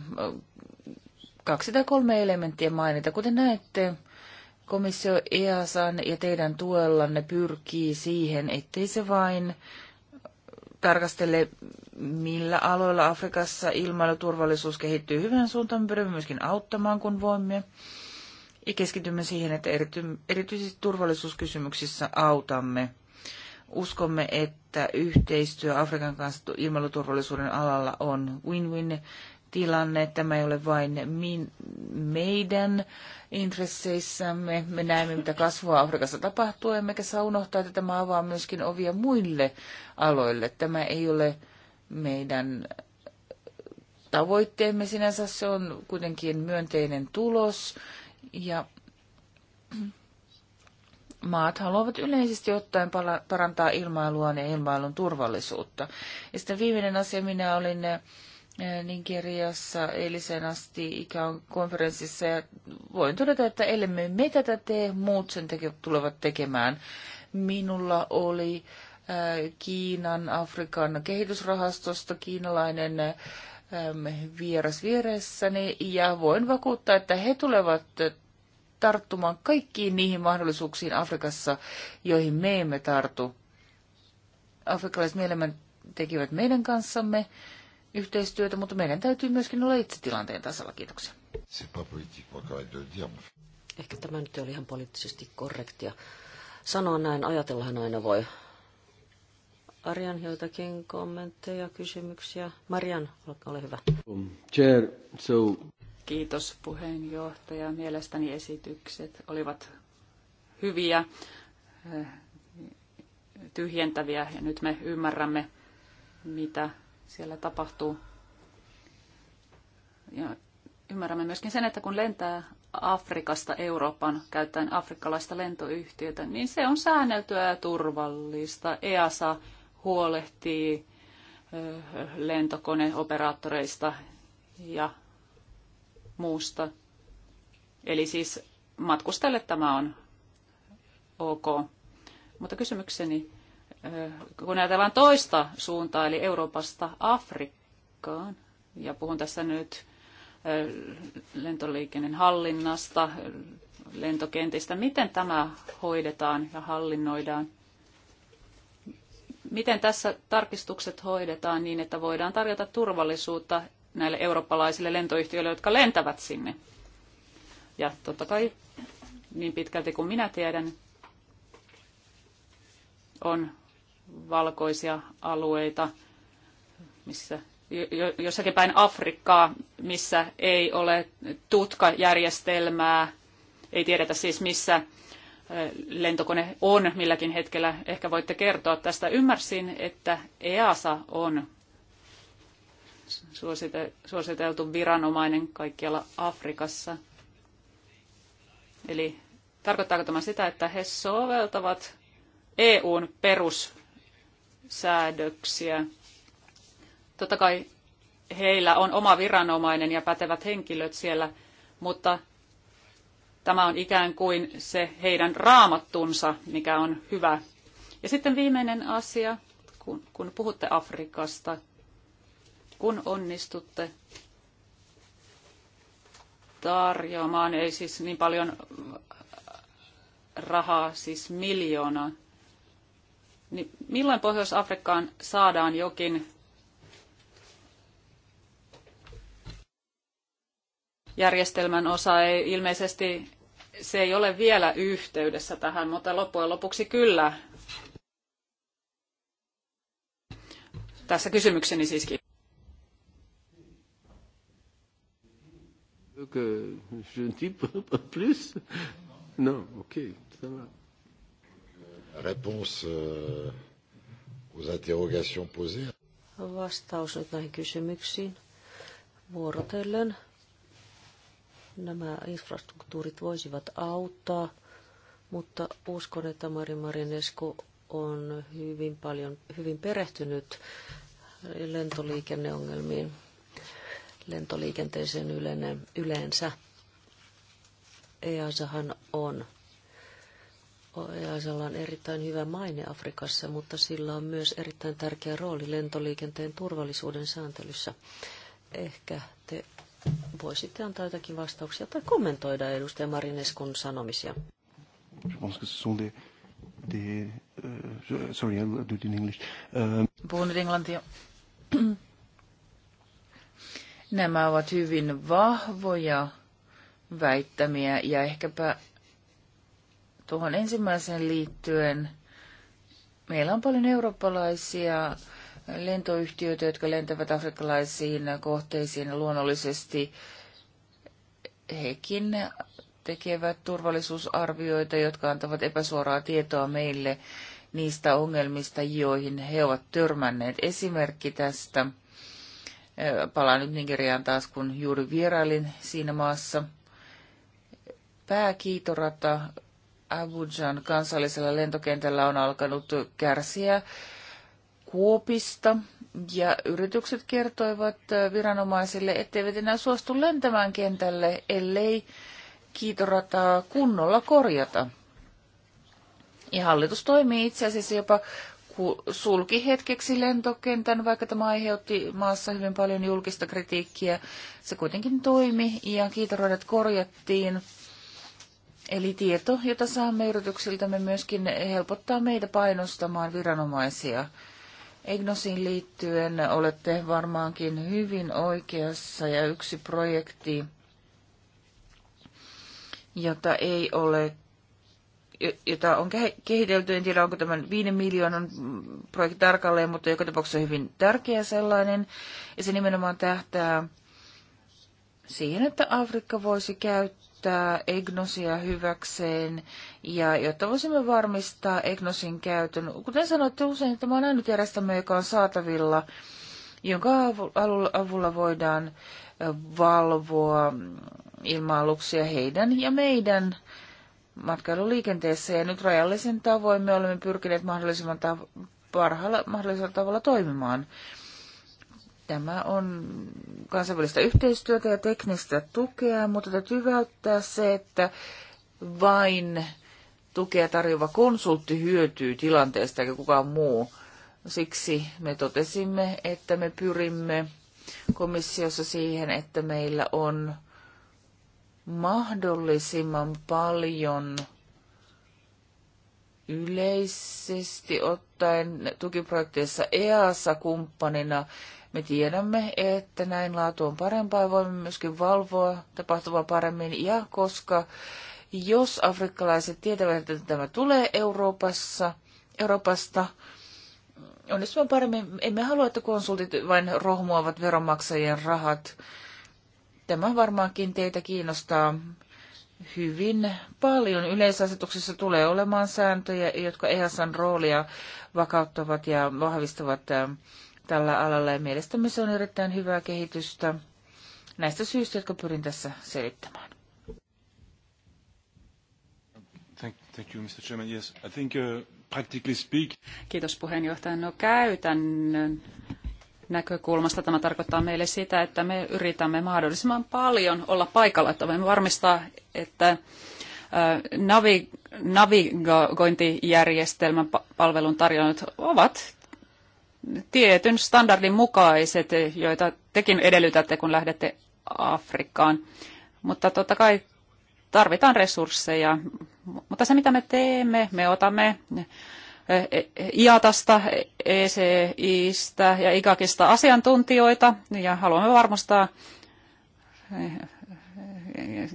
kaksi tai kolme elementtiä mainita. Kuten näette, komissio EASan ja teidän tuellanne pyrkii siihen, ettei se vain tarkastele millä aloilla Afrikassa ilmailuturvallisuus kehittyy hyvän suuntaan, me pyrimme myöskin auttamaan, kun voimme. Ja keskitymme siihen, että erity, erityisesti turvallisuuskysymyksissä autamme. Uskomme, että yhteistyö Afrikan kanssa ilmailuturvallisuuden alalla on win-win tilanne. Tämä ei ole vain min, meidän intresseissämme. Me näemme, mitä kasvua Afrikassa tapahtuu, emmekä saa unohtaa, että tämä avaa myöskin ovia muille aloille. Tämä ei ole meidän tavoitteemme sinänsä. Se on kuitenkin myönteinen tulos ja maat haluavat yleisesti ottaen parantaa ilmailua ja ilmailun turvallisuutta. Ja sitten viimeinen asia, minä olin eh, Nigeriassa eilisen asti ikään konferenssissa ja voin todeta, että ellei me tätä tee, muut sen tekevät tulevat tekemään. Minulla oli äh, Kiinan, Afrikan kehitysrahastosta, kiinalainen vieras vieressäni ja voin vakuuttaa, että he tulevat tarttumaan kaikkiin niihin mahdollisuuksiin Afrikassa, joihin me emme tartu. Afrikkalaiset mielemmän tekivät meidän kanssamme yhteistyötä, mutta meidän täytyy myöskin olla itse tilanteen tasalla. Kiitoksia. Ehkä tämä nyt oli ihan poliittisesti korrektia. Sanoa näin, ajatellahan aina voi, Arjan joitakin kommentteja, kysymyksiä. Marian, ole hyvä. Um, chair, so... Kiitos puheenjohtaja. Mielestäni esitykset olivat hyviä, eh, tyhjentäviä ja nyt me ymmärrämme, mitä siellä tapahtuu. Ja ymmärrämme myöskin sen, että kun lentää Afrikasta Euroopan käyttäen afrikkalaista lentoyhtiötä, niin se on säänneltyä ja turvallista. EASA huolehtii lentokoneoperaattoreista ja muusta. Eli siis matkustajalle tämä on ok. Mutta kysymykseni, kun ajatellaan toista suuntaa, eli Euroopasta Afrikkaan, ja puhun tässä nyt lentoliikenteen hallinnasta, lentokentistä, miten tämä hoidetaan ja hallinnoidaan? Miten tässä tarkistukset hoidetaan niin, että voidaan tarjota turvallisuutta näille eurooppalaisille lentoyhtiöille, jotka lentävät sinne? Ja totta kai niin pitkälti kuin minä tiedän, on valkoisia alueita, missä jossakin päin Afrikkaa, missä ei ole tutkajärjestelmää, ei tiedetä siis missä lentokone on milläkin hetkellä. Ehkä voitte kertoa tästä. Ymmärsin, että EASA on suositeltu viranomainen kaikkialla Afrikassa. Eli tarkoittaako tämä sitä, että he soveltavat EUn perussäädöksiä? Totta kai heillä on oma viranomainen ja pätevät henkilöt siellä, mutta Tämä on ikään kuin se heidän raamattunsa, mikä on hyvä. Ja sitten viimeinen asia, kun, kun puhutte Afrikasta, kun onnistutte tarjoamaan, ei siis niin paljon rahaa, siis miljoonaa, niin milloin Pohjois-Afrikkaan saadaan jokin järjestelmän osa ei ilmeisesti se ei ole vielä yhteydessä tähän, mutta loppujen lopuksi kyllä. Tässä kysymykseni siiskin. que je ne dis pas plus. Non, ok, ça va. Réponse euh, aux interrogations posées. Vastaus näihin kysymyksiin vuorotellen nämä infrastruktuurit voisivat auttaa, mutta uskon, että Mari Marinesku on hyvin paljon, hyvin perehtynyt lentoliikenneongelmiin, lentoliikenteeseen yleensä. EASahan on EASalla on erittäin hyvä maine Afrikassa, mutta sillä on myös erittäin tärkeä rooli lentoliikenteen turvallisuuden sääntelyssä. Ehkä te Voisitte antaa jotakin vastauksia tai kommentoida edustaja Marineskun sanomisia. Äh, ähm, Puhun nyt englantia. Nämä ovat hyvin vahvoja väittämiä ja ehkäpä tuohon ensimmäiseen liittyen meillä on paljon eurooppalaisia lentoyhtiöitä, jotka lentävät afrikkalaisiin kohteisiin luonnollisesti, hekin tekevät turvallisuusarvioita, jotka antavat epäsuoraa tietoa meille niistä ongelmista, joihin he ovat törmänneet. Esimerkki tästä, palaan nyt Nigeriaan taas, kun juuri vierailin siinä maassa. Pääkiitorata Abujan kansallisella lentokentällä on alkanut kärsiä Kuopista ja yritykset kertoivat äh, viranomaisille, etteivät enää suostu lentämään kentälle, ellei kiitorataa kunnolla korjata. Ja hallitus toimii itse asiassa jopa sulki hetkeksi lentokentän, vaikka tämä aiheutti maassa hyvin paljon julkista kritiikkiä. Se kuitenkin toimi ja kiitoradat korjattiin. Eli tieto, jota saamme yrityksiltämme myöskin helpottaa meitä painostamaan viranomaisia. Egnosiin liittyen olette varmaankin hyvin oikeassa ja yksi projekti, jota ei ole jota on kehitelty, en tiedä onko tämän 5 miljoonan projekti tarkalleen, mutta joka tapauksessa hyvin tärkeä sellainen. Ja se nimenomaan tähtää siihen, että Afrikka voisi käyttää käyttää EGNOSia hyväkseen ja jotta voisimme varmistaa EGNOSin käytön. Kuten sanoitte usein, tämä on ainut järjestelmä, joka on saatavilla, jonka avulla voidaan valvoa mm, ilma-aluksia heidän ja meidän matkailuliikenteessä. Ja nyt rajallisen tavoin me olemme pyrkineet mahdollisimman ta- parhaalla mahdollisella tavalla toimimaan. Tämä on kansainvälistä yhteistyötä ja teknistä tukea, mutta täytyy välttää se, että vain tukea tarjoava konsultti hyötyy tilanteesta eikä kukaan muu. Siksi me totesimme, että me pyrimme komissiossa siihen, että meillä on mahdollisimman paljon yleisesti ottaen tukiprojekteissa EASA-kumppanina me tiedämme, että näin laatu on parempaa ja voimme myöskin valvoa tapahtuvaa paremmin. Ja koska jos afrikkalaiset tietävät, että tämä tulee Euroopassa, Euroopasta, onnistumme paremmin. Emme halua, että konsultit vain rohmuavat veronmaksajien rahat. Tämä varmaankin teitä kiinnostaa hyvin paljon. Yleisasetuksessa tulee olemaan sääntöjä, jotka EASan roolia vakauttavat ja vahvistavat tällä alalla ja mielestämme se on erittäin hyvää kehitystä näistä syistä, jotka pyrin tässä selittämään. Thank, you, Mr. Chairman. Yes, I think, uh, practically speak... Kiitos puheenjohtaja. No käytännön näkökulmasta tämä tarkoittaa meille sitä, että me yritämme mahdollisimman paljon olla paikalla, että voimme varmistaa, että navigointijärjestelmän palvelun tarjonnat ovat tietyn standardin mukaiset, joita tekin edellytätte, kun lähdette Afrikkaan. Mutta totta kai tarvitaan resursseja. Mutta se, mitä me teemme, me otamme e, e, IATasta, ECIstä ja IGAKista asiantuntijoita ja haluamme varmistaa e,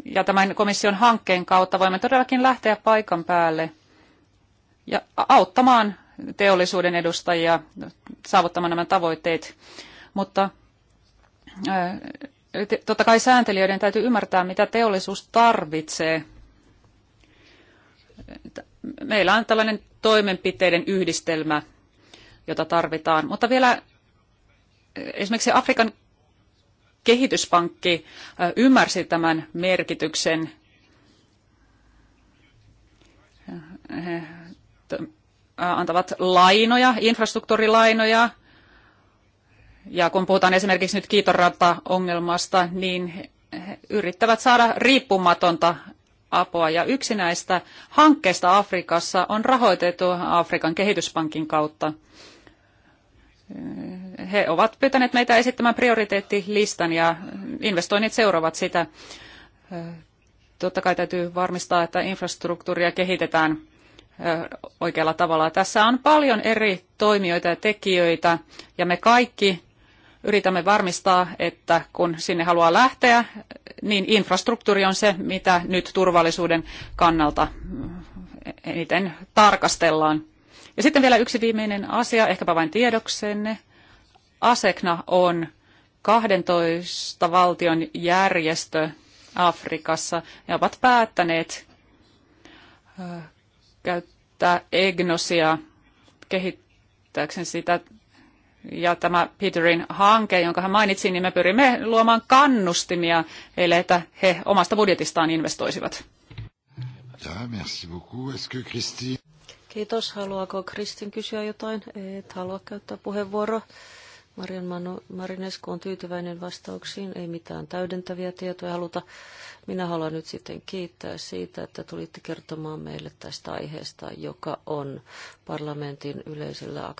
ja tämän komission hankkeen kautta voimme todellakin lähteä paikan päälle ja auttamaan teollisuuden edustajia saavuttamaan nämä tavoitteet, mutta totta kai sääntelijöiden täytyy ymmärtää, mitä teollisuus tarvitsee. Meillä on tällainen toimenpiteiden yhdistelmä, jota tarvitaan. Mutta vielä esimerkiksi Afrikan kehityspankki ymmärsi tämän merkityksen antavat lainoja, infrastruktuurilainoja. Ja kun puhutaan esimerkiksi nyt kiitoranta-ongelmasta, niin he yrittävät saada riippumatonta apua. Ja yksi näistä hankkeista Afrikassa on rahoitettu Afrikan kehityspankin kautta. He ovat pyytäneet meitä esittämään prioriteettilistan ja investoinnit seuraavat sitä. Totta kai täytyy varmistaa, että infrastruktuuria kehitetään – oikealla tavalla. Tässä on paljon eri toimijoita ja tekijöitä, ja me kaikki yritämme varmistaa, että kun sinne haluaa lähteä, niin infrastruktuuri on se, mitä nyt turvallisuuden kannalta mm, eniten tarkastellaan. Ja sitten vielä yksi viimeinen asia, ehkäpä vain tiedoksenne. ASEKNA on 12 valtion järjestö Afrikassa ja ovat päättäneet käyttää Egnosia kehittääkseen sitä. Ja tämä Peterin hanke, jonka hän mainitsi, niin me pyrimme luomaan kannustimia heille, että he omasta budjetistaan investoisivat. Kiitos. Haluaako Kristin kysyä jotain? Et halua käyttää puheenvuoroa. Marian Marinesku on tyytyväinen vastauksiin, ei mitään täydentäviä tietoja haluta. Minä haluan nyt sitten kiittää siitä, että tulitte kertomaan meille tästä aiheesta, joka on parlamentin yleisellä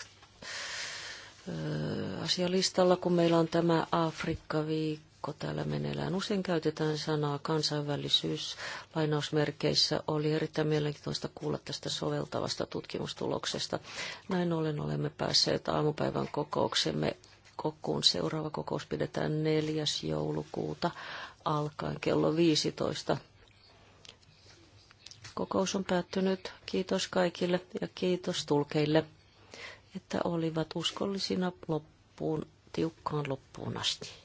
asialistalla, kun meillä on tämä Afrikka-viikko kiikko täällä meneillään. Usein käytetään sanaa kansainvälisyys lainausmerkeissä. Oli erittäin mielenkiintoista kuulla tästä soveltavasta tutkimustuloksesta. Näin ollen olemme päässeet aamupäivän kokouksemme kokoon. Seuraava kokous pidetään 4. joulukuuta alkaen kello 15. Kokous on päättynyt. Kiitos kaikille ja kiitos tulkeille, että olivat uskollisina loppuun, tiukkaan loppuun asti.